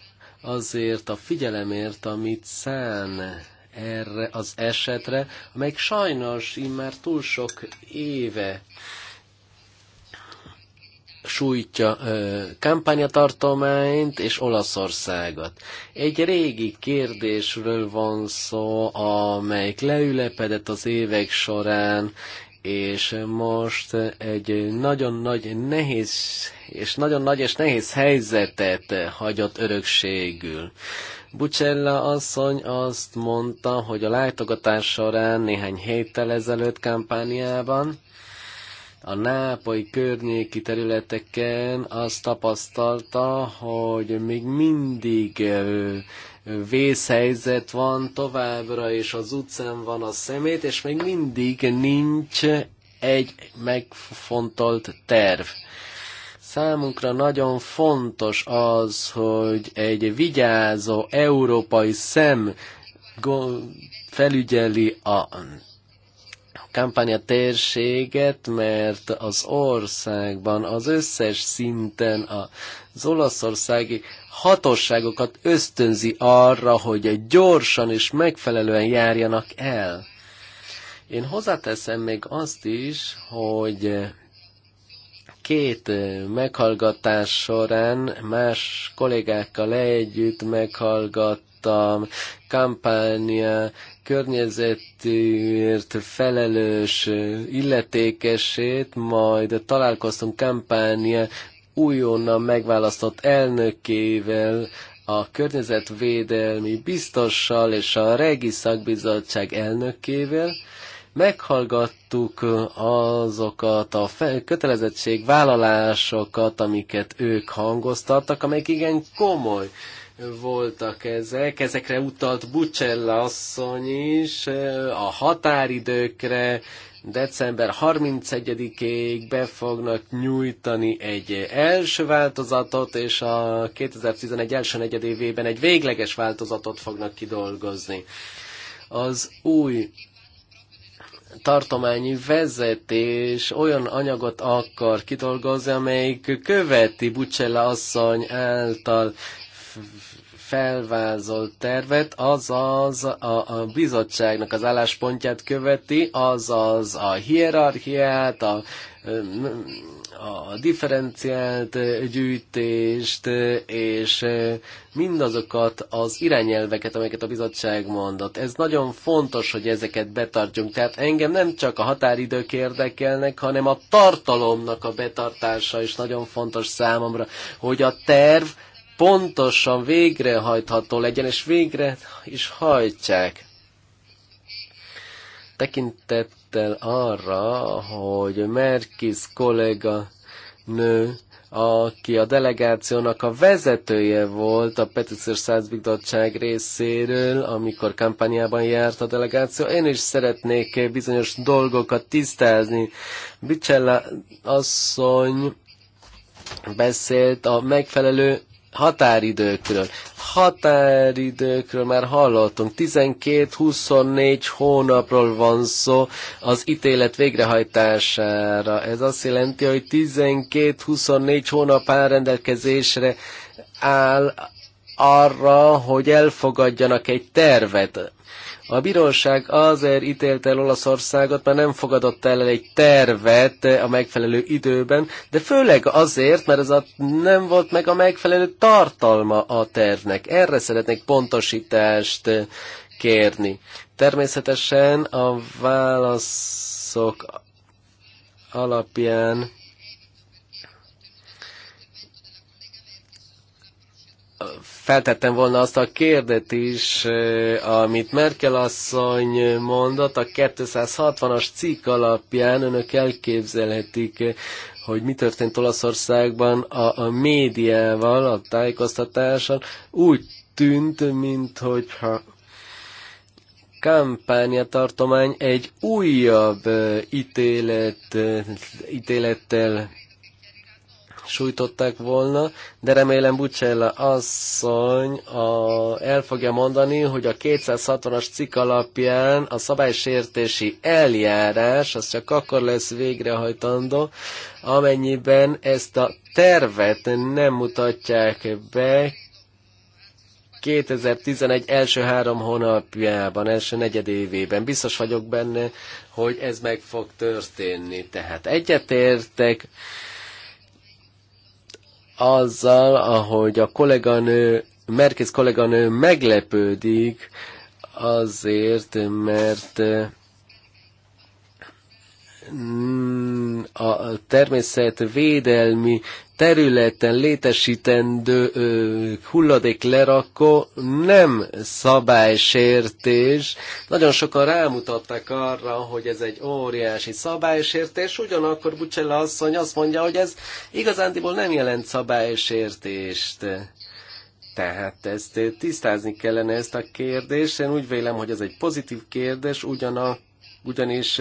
azért a figyelemért, amit szán erre az esetre, amely sajnos immár túl sok éve sújtja kampányatartományt és Olaszországot. Egy régi kérdésről van szó, amelyik leülepedett az évek során, és most egy nagyon nagy nehéz és nagyon nagy és nehéz helyzetet hagyott örökségül. Bucella asszony azt mondta, hogy a látogatás során néhány héttel ezelőtt kampányában a nápai környéki területeken azt tapasztalta, hogy még mindig vészhelyzet van továbbra, és az utcán van a szemét, és még mindig nincs egy megfontolt terv. Számunkra nagyon fontos az, hogy egy vigyázó európai szem felügyeli a kampánya térséget, mert az országban az összes szinten az olaszországi hatóságokat ösztönzi arra, hogy gyorsan és megfelelően járjanak el. Én hozzáteszem még azt is, hogy két meghallgatás során más kollégákkal együtt meghallgattam kampánya környezetért felelős illetékesét, majd találkoztunk kampánya újonnan megválasztott elnökével, a környezetvédelmi biztossal és a Regi Szakbizottság elnökével. Meghallgattuk azokat a kötelezettségvállalásokat, amiket ők hangoztattak, amelyek igen komoly voltak ezek. Ezekre utalt Bucella asszony is, a határidőkre, december 31-ig be fognak nyújtani egy első változatot, és a 2011 első negyedévében egy végleges változatot fognak kidolgozni. Az új tartományi vezetés olyan anyagot akar kidolgozni, amelyik követi Bucella asszony által felvázolt tervet, azaz a, a bizottságnak az álláspontját követi, azaz a hierarchiát, a, a differenciált gyűjtést, és mindazokat az irányelveket, amelyeket a bizottság mondott. Ez nagyon fontos, hogy ezeket betartjunk. Tehát engem nem csak a határidők érdekelnek, hanem a tartalomnak a betartása is nagyon fontos számomra, hogy a terv pontosan végrehajtható legyen, és végre is hajtják. Tekintettel arra, hogy Merkis kollega nő, aki a delegációnak a vezetője volt a Petíciós százbigdottság részéről, amikor kampányában járt a delegáció. Én is szeretnék bizonyos dolgokat tisztázni. Bicella asszony beszélt a megfelelő Határidőkről. Határidőkről már hallottunk. 12-24 hónapról van szó az ítélet végrehajtására. Ez azt jelenti, hogy 12-24 hónap áll rendelkezésre áll arra, hogy elfogadjanak egy tervet. A bíróság azért ítélte el Olaszországot, mert nem fogadott el egy tervet a megfelelő időben, de főleg azért, mert ez a, nem volt meg a megfelelő tartalma a tervnek. Erre szeretnék pontosítást kérni. Természetesen a válaszok alapján feltettem volna azt a kérdet is, amit Merkel asszony mondott, a 260-as cikk alapján önök elképzelhetik, hogy mi történt Olaszországban a, a médiával, a tájékoztatással. Úgy tűnt, mint hogyha kampányatartomány egy újabb ítélet, ítélettel sújtották volna, de remélem Bucella asszony a, el fogja mondani, hogy a 260-as cikk alapján a szabálysértési eljárás az csak akkor lesz végrehajtandó, amennyiben ezt a tervet nem mutatják be 2011 első három hónapjában, első negyedévében. Biztos vagyok benne, hogy ez meg fog történni. Tehát egyetértek azzal, ahogy a kolléganő, Merkész kolléganő meglepődik azért, mert Mm, a természetvédelmi területen létesítendő hulladék lerakó nem szabálysértés. Nagyon sokan rámutattak arra, hogy ez egy óriási szabálysértés, ugyanakkor Bucsella asszony azt mondja, hogy ez igazándiból nem jelent szabálysértést. Tehát ezt tisztázni kellene ezt a kérdést. Én úgy vélem, hogy ez egy pozitív kérdés, ugyanak, ugyanis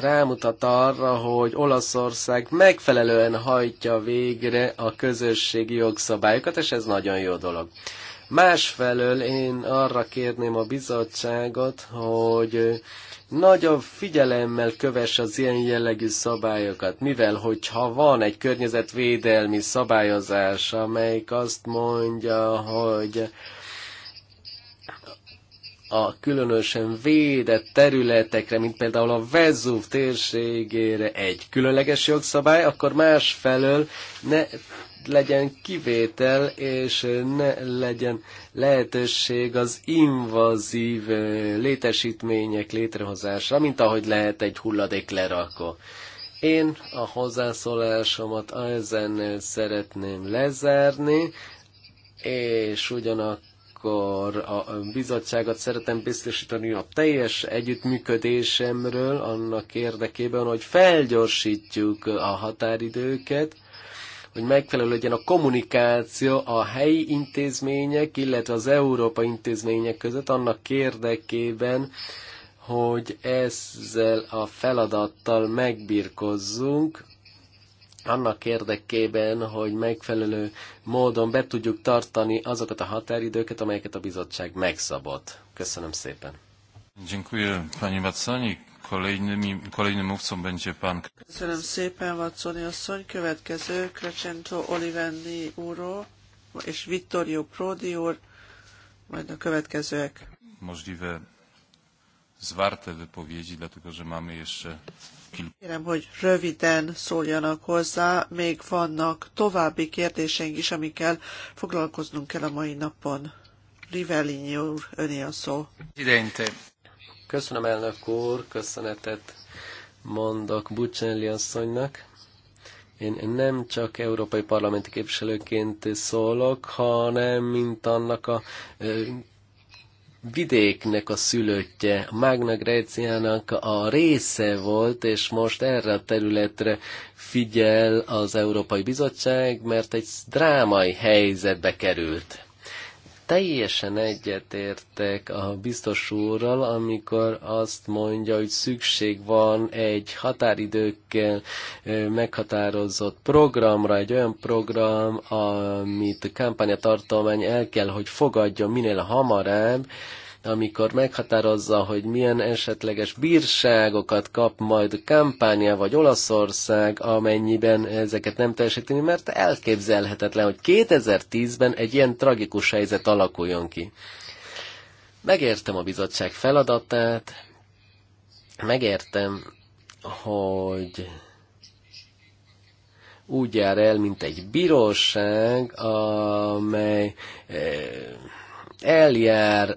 rámutat arra, hogy Olaszország megfelelően hajtja végre a közösségi jogszabályokat, és ez nagyon jó dolog. Másfelől én arra kérném a bizottságot, hogy nagyobb figyelemmel köves az ilyen jellegű szabályokat, mivel hogyha van egy környezetvédelmi szabályozás, amelyik azt mondja, hogy a különösen védett területekre, mint például a Vezúv térségére egy különleges jogszabály, akkor másfelől ne legyen kivétel, és ne legyen lehetőség az invazív létesítmények létrehozásra, mint ahogy lehet egy hulladék lerakó. Én a hozzászólásomat ezen szeretném lezárni, és ugyanakkor akkor a bizottságot szeretem biztosítani a teljes együttműködésemről annak érdekében, hogy felgyorsítjuk a határidőket, hogy megfelelő legyen a kommunikáció a helyi intézmények, illetve az Európa intézmények között annak érdekében, hogy ezzel a feladattal megbirkozzunk, annak érdekében, hogy megfelelő módon be tudjuk tartani azokat a határidőket, amelyeket a bizottság megszabott. Köszönöm szépen. Köszönöm szépen, Watsoni asszony. Következő Crescento Olivenni úró és Vittorio Prodi úr, majd a következőek. Możliwe zwarte wypowiedzi, dlatego że mamy jeszcze Kérem, hogy röviden szóljanak hozzá, még vannak további kérdéseink is, amikkel foglalkoznunk kell a mai napon. Rivellini úr, öné a szó. Köszönöm elnök úr, köszönetet mondok Bucsenli asszonynak. Én nem csak európai parlamenti képviselőként szólok, hanem mint annak a vidéknek a szülöttje, Magna Greciának a része volt, és most erre a területre figyel az Európai Bizottság, mert egy drámai helyzetbe került teljesen egyetértek a biztos úrral, amikor azt mondja, hogy szükség van egy határidőkkel meghatározott programra, egy olyan program, amit a kampányatartomány el kell, hogy fogadja minél hamarabb, amikor meghatározza, hogy milyen esetleges bírságokat kap majd Kampánia vagy Olaszország, amennyiben ezeket nem teljesíteni, mert elképzelhetetlen, hogy 2010-ben egy ilyen tragikus helyzet alakuljon ki. Megértem a bizottság feladatát, megértem, hogy úgy jár el, mint egy bíróság, amely eh, eljár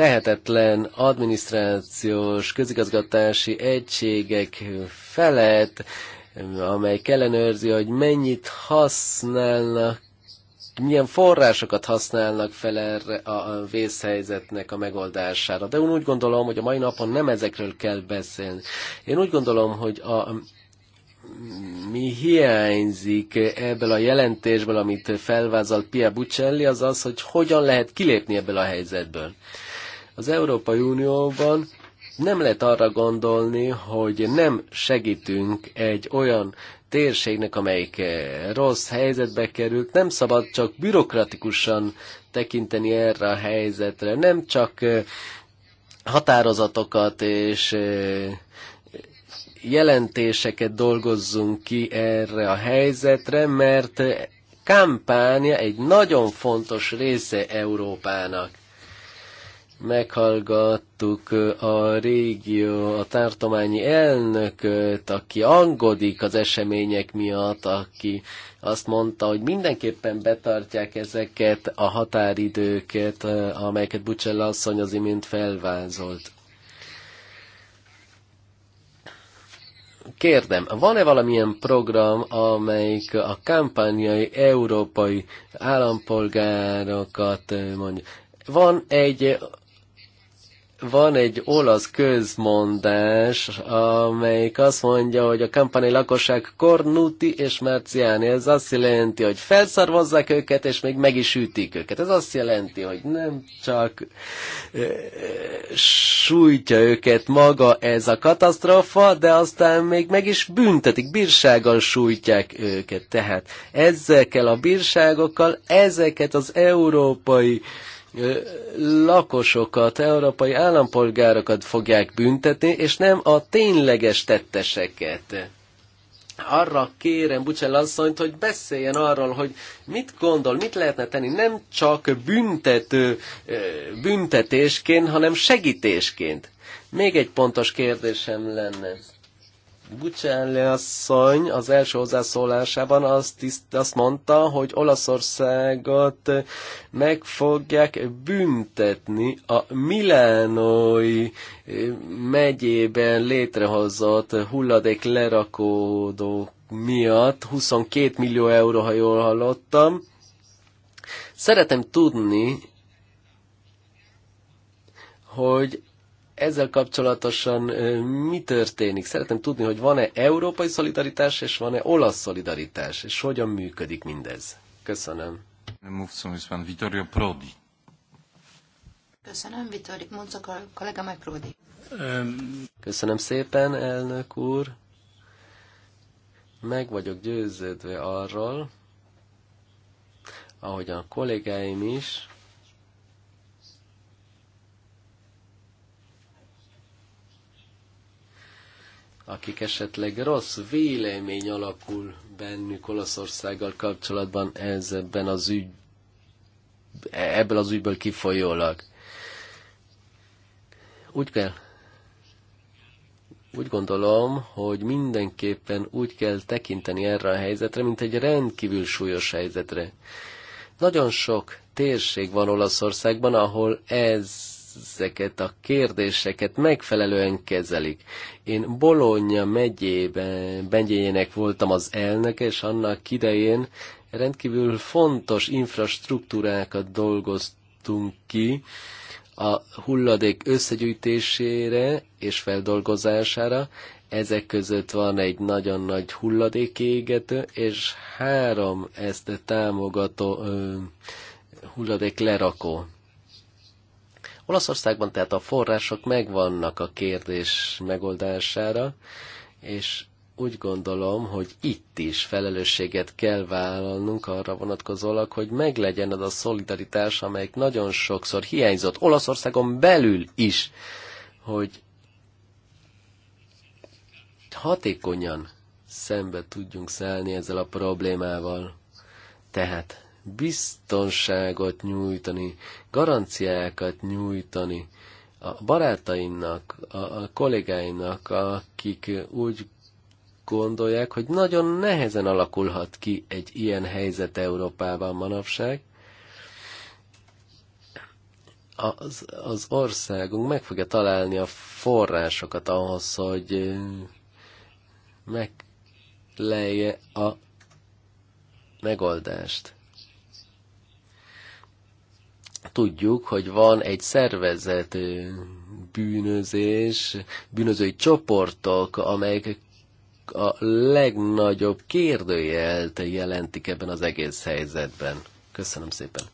tehetetlen adminisztrációs, közigazgatási egységek felett, amely ellenőrzi, hogy mennyit használnak milyen forrásokat használnak fel erre a vészhelyzetnek a megoldására. De én úgy gondolom, hogy a mai napon nem ezekről kell beszélni. Én úgy gondolom, hogy a, mi hiányzik ebből a jelentésből, amit felvázolt Pia Bucelli, az az, hogy hogyan lehet kilépni ebből a helyzetből. Az Európai Unióban nem lehet arra gondolni, hogy nem segítünk egy olyan térségnek, amelyik rossz helyzetbe került, nem szabad csak bürokratikusan tekinteni erre a helyzetre, nem csak határozatokat és jelentéseket dolgozzunk ki erre a helyzetre, mert kampánya egy nagyon fontos része Európának meghallgattuk a régió, a tartományi elnököt, aki angodik az események miatt, aki azt mondta, hogy mindenképpen betartják ezeket a határidőket, amelyeket Bucsella asszony az imént felvázolt. Kérdem, van-e valamilyen program, amelyik a kampányai európai állampolgárokat mondja, van egy van egy olasz közmondás, amelyik azt mondja, hogy a kampani lakosság Cornuti és Marciani. Ez azt jelenti, hogy felszarvozzák őket, és még meg is ütik őket. Ez azt jelenti, hogy nem csak e, sújtja őket maga ez a katasztrofa, de aztán még meg is büntetik, bírsággal sújtják őket. Tehát ezekkel a bírságokkal ezeket az európai lakosokat, európai állampolgárokat fogják büntetni, és nem a tényleges tetteseket. Arra kérem Bucsel asszonyt, hogy beszéljen arról, hogy mit gondol, mit lehetne tenni, nem csak büntető, büntetésként, hanem segítésként. Még egy pontos kérdésem lenne. Gucelli asszony az első hozzászólásában azt, tiszt, azt mondta, hogy Olaszországot meg fogják büntetni a Milánói megyében létrehozott hulladék lerakódók miatt 22 millió euró, ha jól hallottam. Szeretem tudni, hogy ezzel kapcsolatosan mi történik? Szeretném tudni, hogy van-e európai szolidaritás, és van-e olasz szolidaritás, és hogyan működik mindez? Köszönöm. Mówcą jest pan Vittorio Prodi. Köszönöm, Vittorio. Mondsz a kollégám Prodi. Köszönöm szépen, elnök úr. Meg vagyok győződve arról, ahogy a kollégáim is, akik esetleg rossz vélemény alakul bennük Olaszországgal kapcsolatban ezben az ügy, ebből az ügyből kifolyólag. Úgy kell úgy gondolom, hogy mindenképpen úgy kell tekinteni erre a helyzetre, mint egy rendkívül súlyos helyzetre. Nagyon sok térség van Olaszországban, ahol ez ezeket a kérdéseket megfelelően kezelik. Én Bologna megyében, megyének voltam az elnöke, és annak idején rendkívül fontos infrastruktúrákat dolgoztunk ki a hulladék összegyűjtésére és feldolgozására. Ezek között van egy nagyon nagy hulladékégető, és három ezt támogató ö, hulladék lerakó. Olaszországban tehát a források megvannak a kérdés megoldására, és úgy gondolom, hogy itt is felelősséget kell vállalnunk arra vonatkozólag, hogy meglegyen az a szolidaritás, amelyik nagyon sokszor hiányzott Olaszországon belül is, hogy hatékonyan szembe tudjunk szállni ezzel a problémával. Tehát biztonságot nyújtani, garanciákat nyújtani a barátainak, a, kollégáinak, akik úgy gondolják, hogy nagyon nehezen alakulhat ki egy ilyen helyzet Európában manapság, az, az országunk meg fogja találni a forrásokat ahhoz, hogy meglelje a megoldást. Tudjuk, hogy van egy szervezet bűnözés, bűnözői csoportok, amelyek a legnagyobb kérdőjelt jelentik ebben az egész helyzetben. Köszönöm szépen.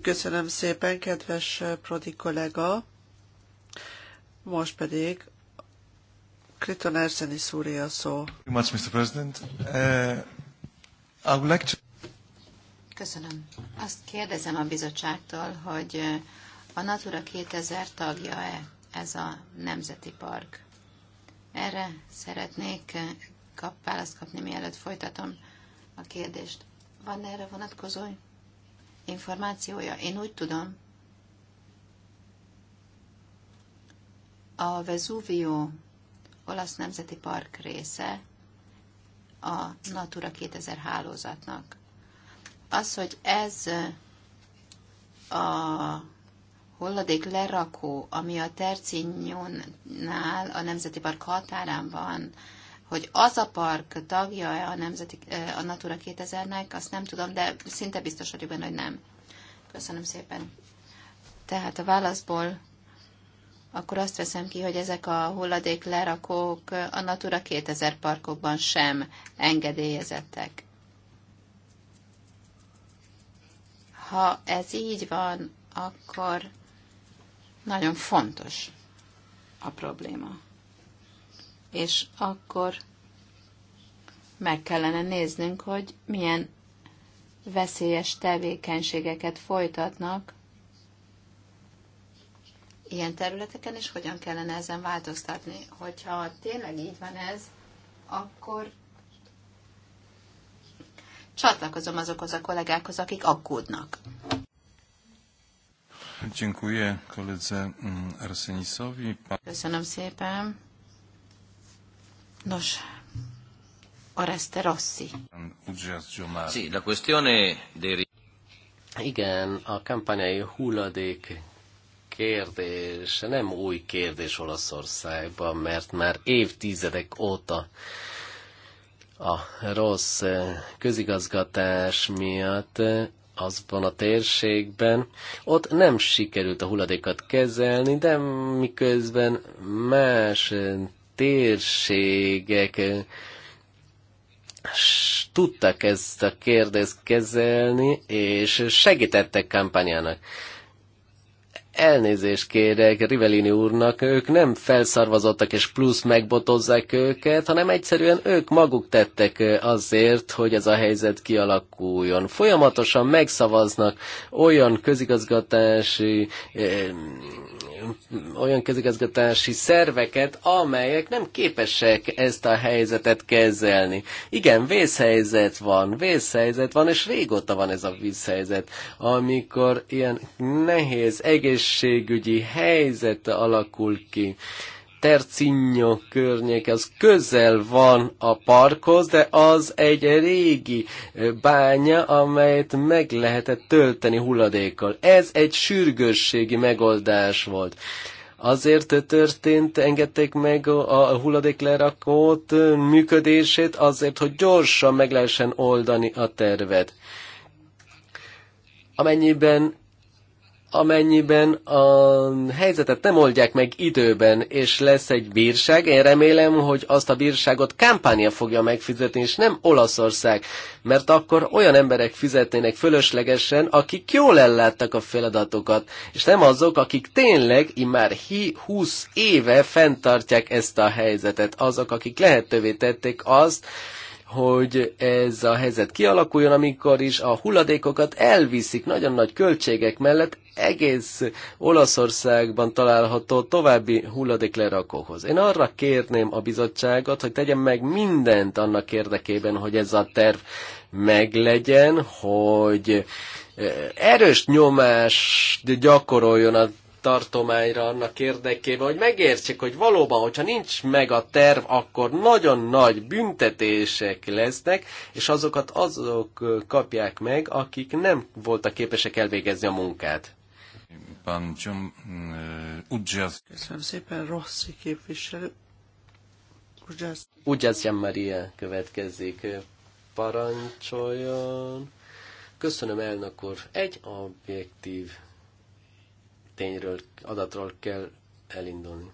Köszönöm szépen, kedves Prodi kollega. Most pedig Kriton Erzeni szúri a szó. Much, Mr. President. Uh, I would like to... Köszönöm. Azt kérdezem a bizottságtól, hogy eh, a Natura 2000 tagja-e ez a nemzeti park? Erre szeretnék eh, kap, választ kapni, mielőtt folytatom a kérdést. Van erre vonatkozó információja? Én úgy tudom, a Vesuvio olasz nemzeti park része, a Natura 2000 hálózatnak. Az, hogy ez a holladék lerakó, ami a Tercinyónál a Nemzeti Park határán van, hogy az a park tagja -e a, Nemzeti, a Natura 2000-nek, azt nem tudom, de szinte biztos vagyok benne, hogy nem. Köszönöm szépen. Tehát a válaszból akkor azt veszem ki, hogy ezek a hulladék lerakók a Natura 2000 parkokban sem engedélyezettek. Ha ez így van, akkor nagyon fontos a probléma. És akkor meg kellene néznünk, hogy milyen veszélyes tevékenységeket folytatnak ilyen területeken, és hogyan kellene ezen változtatni. Hogyha tényleg így van ez, akkor csatlakozom azokhoz a kollégákhoz, akik aggódnak. Mm, Köszönöm szépen. Nos, Oreste Rossi. Sì, la questione dei... Igen, a kampányai hulladék kérdés nem új kérdés Olaszországban, mert már évtizedek óta a rossz eh, közigazgatás miatt eh, azban a térségben, ott nem sikerült a hulladékat kezelni, de miközben más eh, térségek tudtak ezt a kérdést kezelni, és segítettek kampányának elnézést kérek Rivelini úrnak, ők nem felszarvazottak és plusz megbotozzák őket, hanem egyszerűen ők maguk tettek azért, hogy ez a helyzet kialakuljon. Folyamatosan megszavaznak olyan közigazgatási olyan közigazgatási szerveket, amelyek nem képesek ezt a helyzetet kezelni. Igen, vészhelyzet van, vészhelyzet van, és régóta van ez a vízhelyzet, amikor ilyen nehéz egészségügyi helyzet alakul ki Tercinyó környék, az közel van a parkhoz, de az egy régi eh, bánya, amelyet meg lehetett tölteni hulladékkal. Ez egy sürgősségi megoldás volt. Azért történt, engedték meg a hulladéklerakót eh, működését, azért, hogy gyorsan meg lehessen oldani a tervet. Amennyiben amennyiben a helyzetet nem oldják meg időben, és lesz egy bírság, én remélem, hogy azt a bírságot kampánya fogja megfizetni, és nem Olaszország, mert akkor olyan emberek fizetnének fölöslegesen, akik jól elláttak a feladatokat, és nem azok, akik tényleg immár 20 éve fenntartják ezt a helyzetet, azok, akik lehetővé tették azt, hogy ez a helyzet kialakuljon, amikor is a hulladékokat elviszik nagyon nagy költségek mellett egész Olaszországban található további hulladéklerakóhoz. Én arra kérném a bizottságot, hogy tegyen meg mindent annak érdekében, hogy ez a terv meglegyen, hogy eh, erős nyomást gyakoroljon a tartományra annak érdekében, hogy megértsék, hogy valóban, hogyha nincs meg a terv, akkor nagyon nagy büntetések lesznek, és azokat azok kapják meg, akik nem voltak képesek elvégezni a munkát. Eh, Köszönöm szépen, Rossi képviselő. Ugyaz Jan Maria következik. Parancsoljon. Köszönöm, elnök úr. Egy objektív tényről, adatról kell elindulni.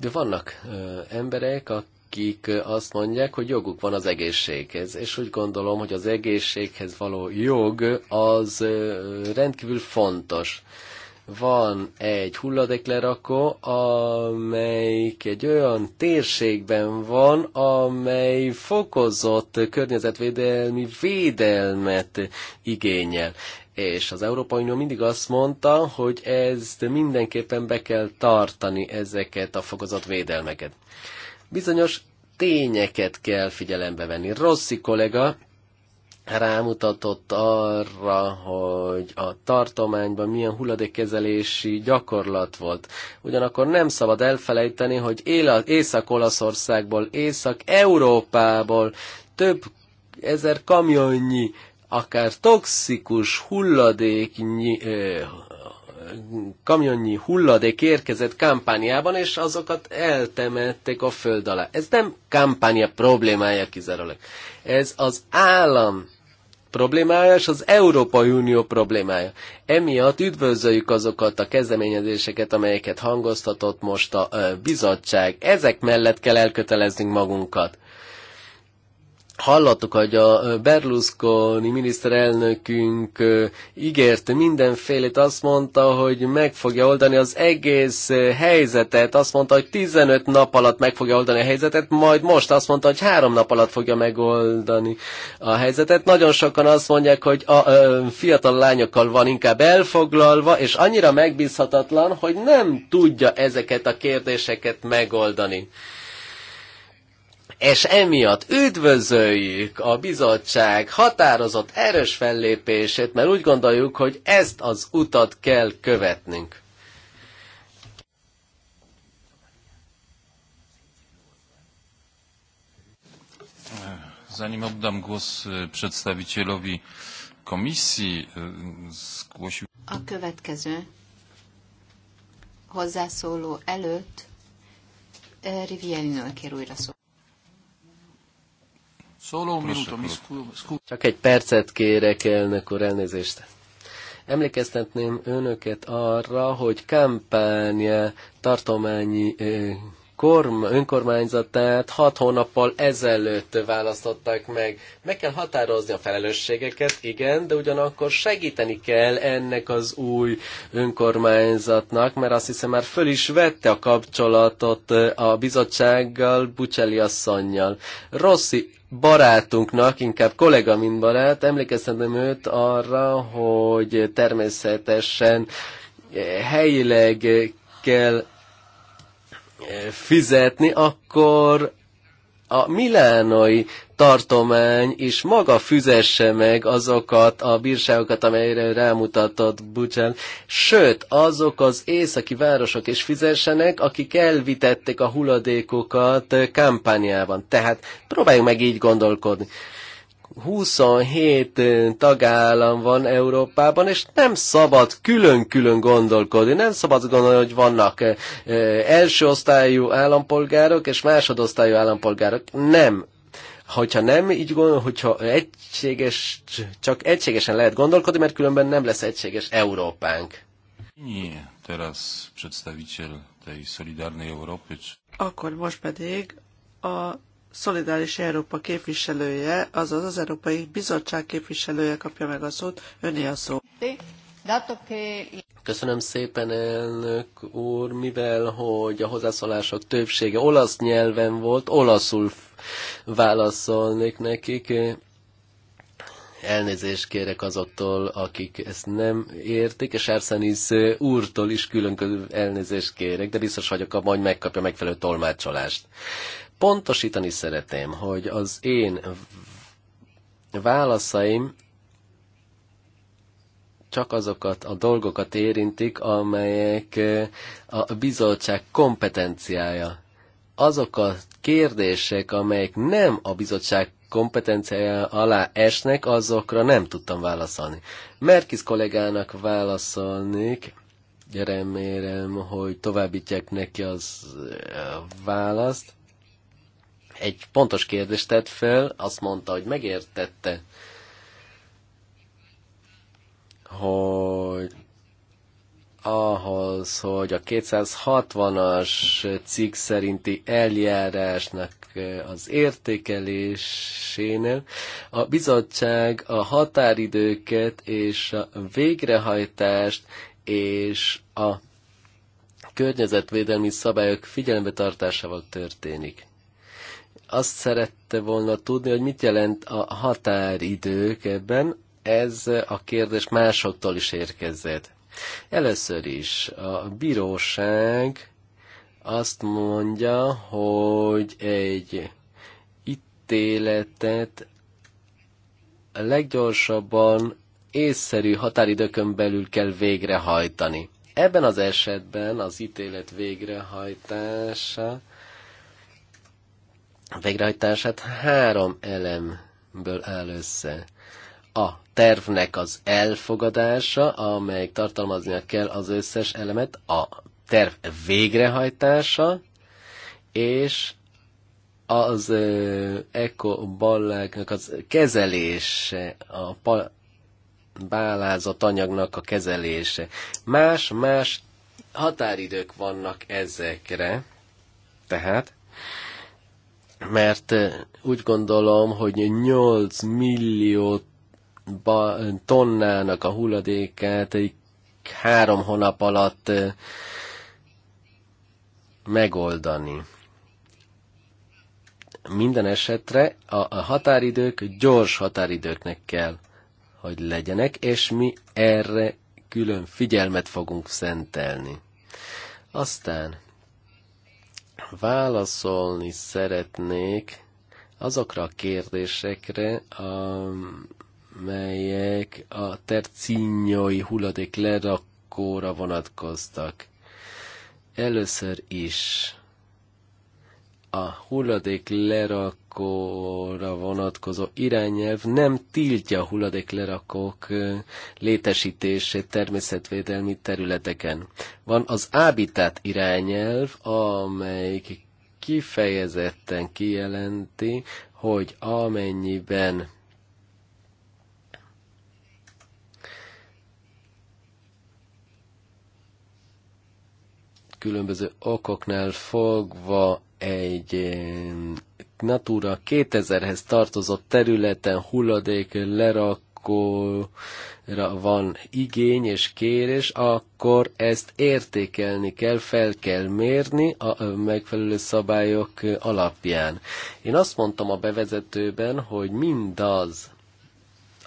De vannak ö, emberek, akik azt mondják, hogy joguk van az egészséghez, és úgy gondolom, hogy az egészséghez való jog az ö, rendkívül fontos van egy hulladéklerakó, amelyik egy olyan térségben van, amely fokozott környezetvédelmi védelmet igényel és az Európai Unió mindig azt mondta, hogy ezt mindenképpen be kell tartani ezeket a fokozott védelmeket. Bizonyos tényeket kell figyelembe venni. Rossi kollega rámutatott arra, hogy a tartományban milyen hulladékkezelési gyakorlat volt. Ugyanakkor nem szabad elfelejteni, hogy Észak-Olaszországból, Észak-Európából több ezer kamionnyi akár toxikus hulladék kamionnyi hulladék érkezett kampányában, és azokat eltemették a föld alá. Ez nem kampánya problémája kizárólag. Ez az állam problémája, és az Európai Unió problémája. Emiatt üdvözöljük azokat a kezdeményezéseket, amelyeket hangoztatott most a bizottság. Ezek mellett kell elköteleznünk magunkat. Hallottuk, hogy a Berlusconi miniszterelnökünk ígérte mindenfélét, azt mondta, hogy meg fogja oldani az egész helyzetet, azt mondta, hogy 15 nap alatt meg fogja oldani a helyzetet, majd most azt mondta, hogy három nap alatt fogja megoldani a helyzetet. Nagyon sokan azt mondják, hogy a, a fiatal lányokkal van inkább elfoglalva, és annyira megbízhatatlan, hogy nem tudja ezeket a kérdéseket megoldani és emiatt üdvözöljük a bizottság határozott erős fellépését, mert úgy gondoljuk, hogy ezt az utat kell követnünk. Zanim oddam głos e, przedstawicielowi komisji, e, zgłosił... A következő hozzászóló előtt e, Rivielinől kér újra szó. Solo un minuto, mi scuso. Csak egy percet kérek, elnök úr, elnézést. Emlékeztetném önöket arra, hogy kampánya eh, tartományi eh, korm, önkormányzatát hat hónappal ezelőtt választották meg. Meg kell határozni a felelősségeket, igen, de ugyanakkor segíteni kell ennek az új önkormányzatnak, mert azt hiszem már föl is vette a kapcsolatot a bizottsággal, Bucseli asszonynal. Rossi barátunknak, inkább kollega, mint barát, emlékeztetem őt arra, hogy természetesen eh, helyileg kell fizetni, akkor a milánoi tartomány is maga Füzesse meg azokat a bírságokat, amelyre rámutatott Bucsán, sőt, azok az északi városok is fizessenek, akik elvitették a hulladékokat kampányában. Tehát próbáljunk meg így gondolkodni. 27 tagállam van Európában, és nem szabad külön-külön gondolkodni, nem szabad gondolni, hogy vannak első osztályú állampolgárok és másodosztályú állampolgárok. Nem. Hogyha nem így gondol, hogyha egységes, csak egységesen lehet gondolkodni, mert különben nem lesz egységes Európánk. Nie, teraz przedstawiciel tej Solidarnej Europy. Akkor most pedig a Szolidáris Európa képviselője, azaz az Európai Bizottság képviselője kapja meg a szót. Öné a szó. Köszönöm szépen, elnök úr, mivel hogy a hozzászólások többsége olasz nyelven volt, olaszul válaszolnék nekik. Elnézést kérek azoktól, akik ezt nem értik, és Arsenis úrtól is külön elnézést kérek, de biztos vagyok abban, hogy megkapja megfelelő tolmácsolást pontosítani szeretném, hogy az én válaszaim csak azokat a dolgokat érintik, amelyek eh, a bizottság kompetenciája. Azok a kérdések, amelyek nem a bizottság kompetenciája alá esnek, azokra nem tudtam válaszolni. Merkis kollégának válaszolnék, remélem, hogy továbbítják neki az eh, választ egy pontos kérdést tett fel, azt mondta, hogy megértette, hogy ahhoz, hogy a 260-as cikk szerinti eljárásnak az értékelésénél a bizottság a határidőket és a végrehajtást és a környezetvédelmi szabályok figyelembe tartásával történik azt szerette volna tudni, hogy mit jelent a határidők ebben, ez a kérdés másoktól is érkezett. Először is a bíróság azt mondja, hogy egy ítéletet a leggyorsabban észszerű határidőkön belül kell végrehajtani. Ebben az esetben az ítélet végrehajtása végrehajtását három elemből áll össze. A tervnek az elfogadása, amely tartalmaznia kell az összes elemet, a terv végrehajtása, és az ekoballáknak az kezelése, a bálázat anyagnak a kezelése. Más-más határidők vannak ezekre, tehát mert eh, úgy gondolom, hogy 8 millió tonnának a hulladékát egy három hónap alatt eh, megoldani. Minden esetre a határidők gyors határidőknek kell, hogy legyenek, és mi erre külön figyelmet fogunk szentelni. Aztán válaszolni szeretnék azokra a kérdésekre, amelyek a tercinyói hulladék lerakóra vonatkoztak. Először is a hulladék lerak hulladékokra vonatkozó irányelv nem tiltja a hulladéklerakók létesítését természetvédelmi területeken. Van az ábitát irányelv, amelyik kifejezetten kijelenti, hogy amennyiben különböző okoknál fogva egy Natura 2000-hez tartozó területen hulladék lerakóra van igény és kérés, akkor ezt értékelni kell, fel kell mérni a megfelelő szabályok alapján. Én azt mondtam a bevezetőben, hogy mindaz,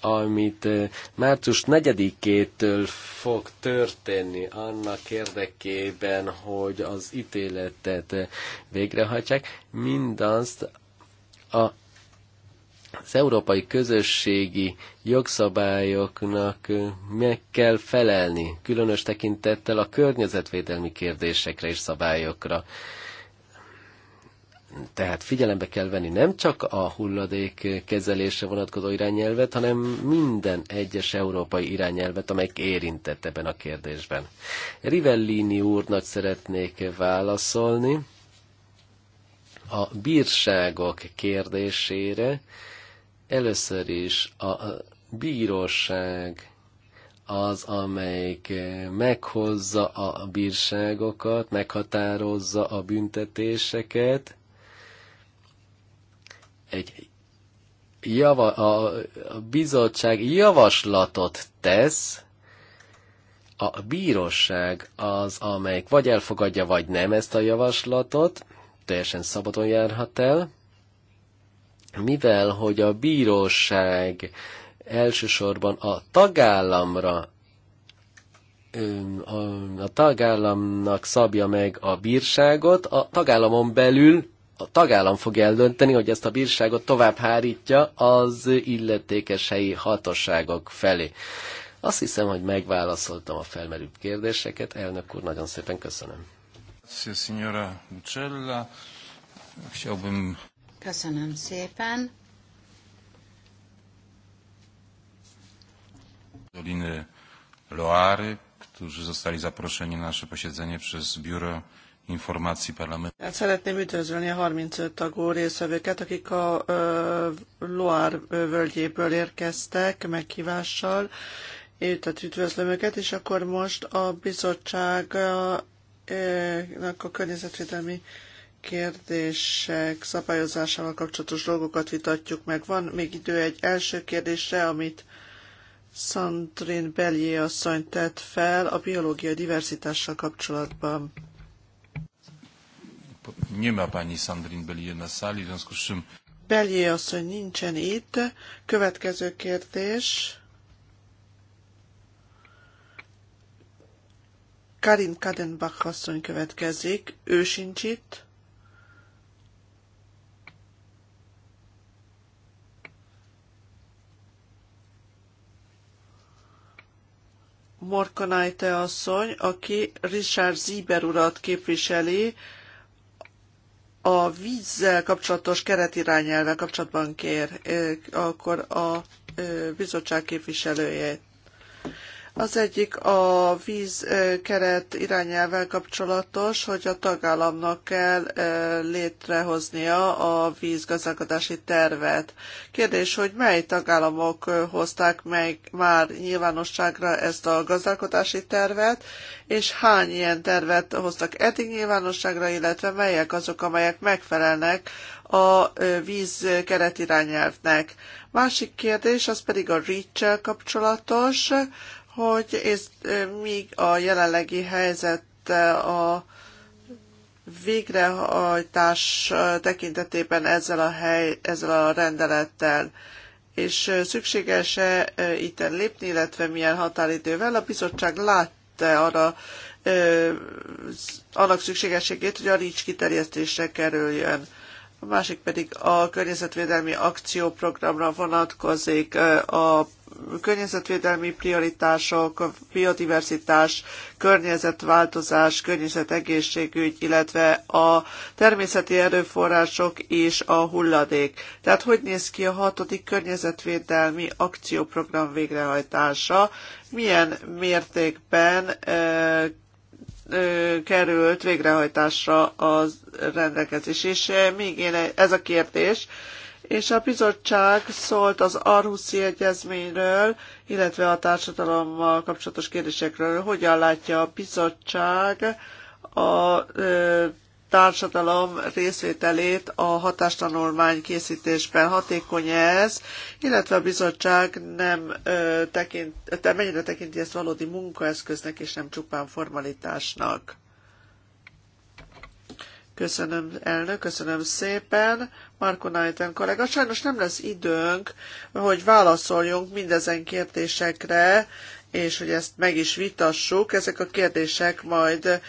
amit március 4-től fog történni annak érdekében, hogy az ítéletet végrehajtsák, mindazt a az európai közösségi jogszabályoknak meg kell felelni, különös tekintettel a környezetvédelmi kérdésekre és szabályokra. Tehát figyelembe kell venni nem csak a hulladék kezelésre vonatkozó irányelvet, hanem minden egyes európai irányelvet, amely érintett ebben a kérdésben. Rivellini úrnak szeretnék válaszolni a bírságok kérdésére. Először is a bíróság az, amelyik meghozza a bírságokat, meghatározza a büntetéseket. Egy java, a, bizottság javaslatot tesz, a bíróság az, amelyik vagy elfogadja, vagy nem ezt a javaslatot, teljesen szabadon járhat el, mivel hogy a bíróság elsősorban a tagállamra a tagállamnak szabja meg a bírságot, a tagállamon belül a tagállam fog eldönteni, hogy ezt a bírságot tovább hárítja az illetékes helyi hatóságok felé. Azt hiszem, hogy megválaszoltam a felmerült kérdéseket. Elnök úr, nagyon szépen köszönöm. Grazie, signora Nucella. Chciałbym... Köszönöm szépen. Doliny Loary, którzy zostali zaproszeni na nasze posiedzenie przez Biuro Informacji Parlamentu. Szeretném üdvözölni a 30 tagú részvevőket, akik a uh, Loire völgyéből érkeztek meghívással, tehát üdvözlöm őket, és akkor most a bizottság a környezetvédelmi kérdések szabályozásával kapcsolatos dolgokat vitatjuk meg. Van még idő egy első kérdésre, amit Sandrine Bellier asszony tett fel a biológiai diversitással kapcsolatban. Nie ma pani Sandrin Bellier na sali, w związku z czym... asszony nincsen itt. Következő kérdés. Karin Kadenbach asszony következik, ő sincs itt. Morkonájte asszony, aki Richard Zieber urat képviseli, a vízzel kapcsolatos keretirányelvvel kapcsolatban kér, akkor a bizottság képviselőjét. Az egyik a vízkeret irányelvvel kapcsolatos, hogy a tagállamnak kell létrehoznia a vízgazdálkodási tervet. Kérdés, hogy mely tagállamok hozták meg már nyilvánosságra ezt a gazdálkodási tervet, és hány ilyen tervet hoztak eddig nyilvánosságra, illetve melyek azok, amelyek megfelelnek a vízkeret irányelvnek. Másik kérdés, az pedig a reach kapcsolatos, hogy és míg a jelenlegi helyzet a végrehajtás tekintetében ezzel a, hely, ezzel a rendelettel, és szükséges-e itt lépni, illetve milyen határidővel. A bizottság látta arra annak szükségességét, hogy a rics kiterjesztésre kerüljön a másik pedig a környezetvédelmi akcióprogramra vonatkozik a környezetvédelmi prioritások, a biodiversitás, környezetváltozás, környezetegészségügy, illetve a természeti erőforrások és a hulladék. Tehát hogy néz ki a hatodik környezetvédelmi akcióprogram végrehajtása, milyen mértékben került végrehajtásra az rendelkezés. És még én ez a kérdés, és a bizottság szólt az Arhuszi Egyezményről, illetve a társadalommal kapcsolatos kérdésekről. Hogyan látja a bizottság a társadalom részvételét a hatástanulmány készítésben. Hatékony ez, illetve a bizottság nem ö, tekint, te mennyire tekinti ezt valódi munkaeszköznek és nem csupán formalitásnak. Köszönöm, elnök, köszönöm szépen. Marko Naiten kollega, sajnos nem lesz időnk, hogy válaszoljunk mindezen kérdésekre, és hogy ezt meg is vitassuk. Ezek a kérdések majd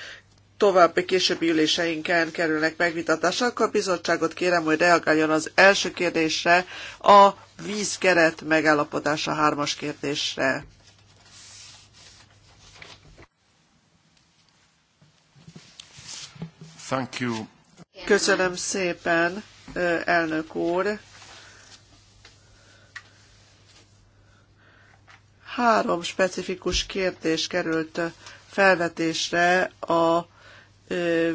további későbbi üléseinken kerülnek megvitatásra, akkor a bizottságot kérem, hogy reagáljon az első kérdésre, a vízkeret megállapodása hármas kérdésre. Thank you. Köszönöm szépen, elnök úr. Három specifikus kérdés került felvetésre a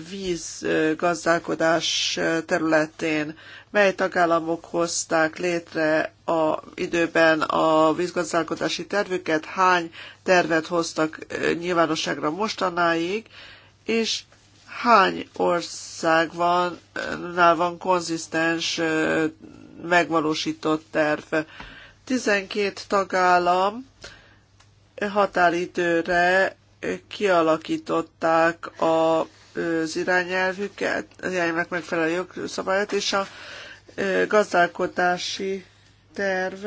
vízgazdálkodás területén, mely tagállamok hozták létre a időben a vízgazdálkodási tervüket, hány tervet hoztak nyilvánosságra mostanáig, és hány ország van konzisztens megvalósított terv. 12 tagállam határidőre kialakították a az irányelvüket, az irányelvek megfelelő jogszabályt, és a gazdálkodási terv.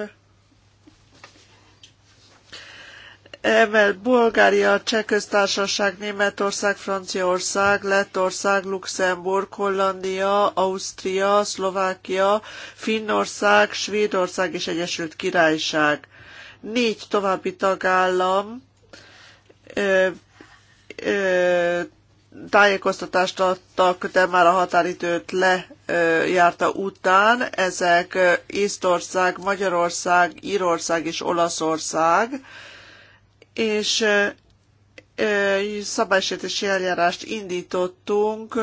Emel Bulgária, Cseh Köztársaság, Németország, Franciaország, Lettország, Luxemburg, Hollandia, Ausztria, Szlovákia, Finnország, Svédország és Egyesült Királyság. Négy további tagállam ö, ö, tájékoztatást adtak, de már a határidőt lejárta után. Ezek Észtország, Magyarország, Írország és Olaszország, és szabálysértési eljárást indítottunk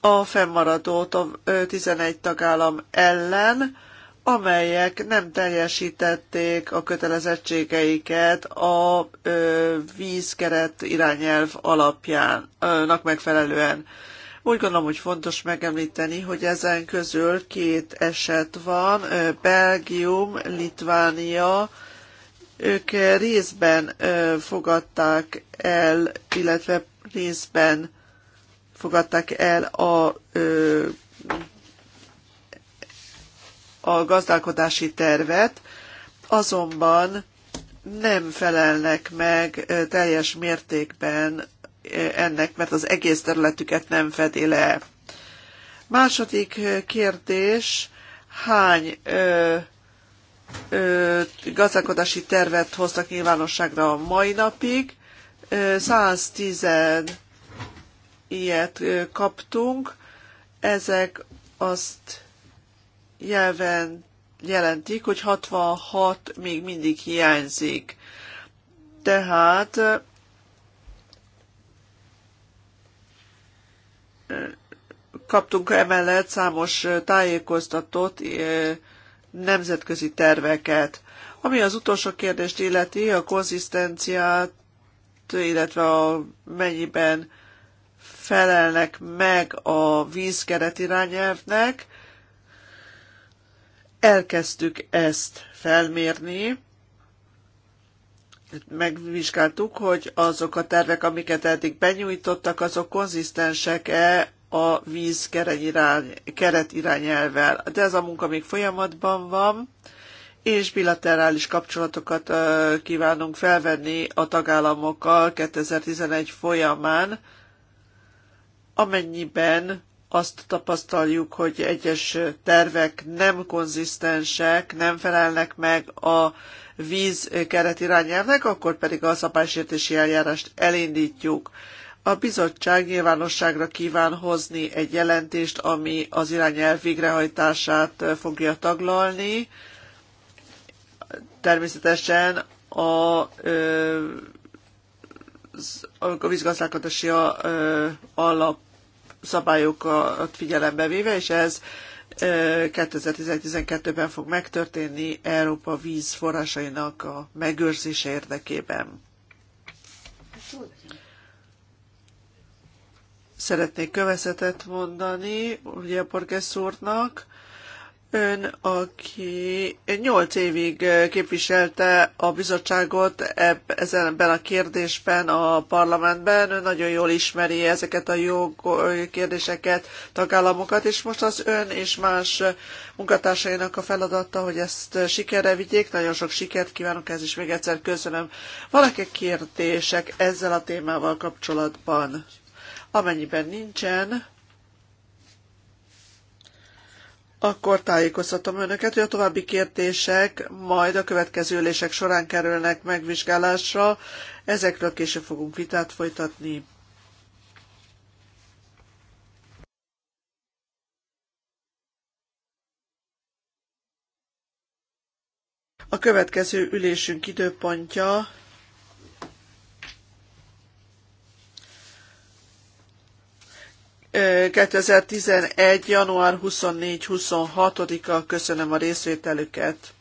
a fennmaradót a 11 tagállam ellen, amelyek nem teljesítették a kötelezettségeiket a ö, vízkeret irányelv alapjának megfelelően. Úgy gondolom, hogy fontos megemlíteni, hogy ezen közül két eset van, Belgium, Litvánia, ők részben fogadták el, illetve részben fogadták el a a gazdálkodási tervet, azonban nem felelnek meg teljes mértékben ennek, mert az egész területüket nem fedi le. Második kérdés, hány ö, ö, gazdálkodási tervet hoztak nyilvánosságra a mai napig? 110 ilyet kaptunk, ezek azt jelven, jelentik, hogy 66 még mindig hiányzik. Tehát kaptunk emellett számos tájékoztatót, nemzetközi terveket. Ami az utolsó kérdést illeti, a konzisztenciát, illetve a mennyiben felelnek meg a vízkeret irányelvnek, elkezdtük ezt felmérni, megvizsgáltuk, hogy azok a tervek, amiket eddig benyújtottak, azok konzisztensek-e a víz keret irányelvel. De ez a munka még folyamatban van, és bilaterális kapcsolatokat kívánunk felvenni a tagállamokkal 2011 folyamán, amennyiben azt tapasztaljuk, hogy egyes tervek nem konzisztensek, nem felelnek meg a víz keretirányelvnek, akkor pedig a szabálysértési eljárást elindítjuk. A bizottság nyilvánosságra kíván hozni egy jelentést, ami az irányelv végrehajtását fogja taglalni. Természetesen a a vízgazdálkodási alap szabályokat figyelembe véve, és ez 2012-ben fog megtörténni Európa víz forrásainak a megőrzése érdekében. Szeretnék kövezetet mondani ugye a Borges úrnak, Ön, aki nyolc évig képviselte a bizottságot ebben a kérdésben a parlamentben, ön nagyon jól ismeri ezeket a jog kérdéseket, tagállamokat, és most az ön és más munkatársainak a feladata, hogy ezt sikerre vigyék. Nagyon sok sikert kívánok, ez is még egyszer köszönöm. Vannak-e kérdések ezzel a témával kapcsolatban? Amennyiben nincsen, akkor tájékoztatom önöket, hogy a további kérdések majd a következő ülések során kerülnek megvizsgálásra. Ezekről később fogunk vitát folytatni. A következő ülésünk időpontja 2011. január 24-26-a. Köszönöm a részvételüket.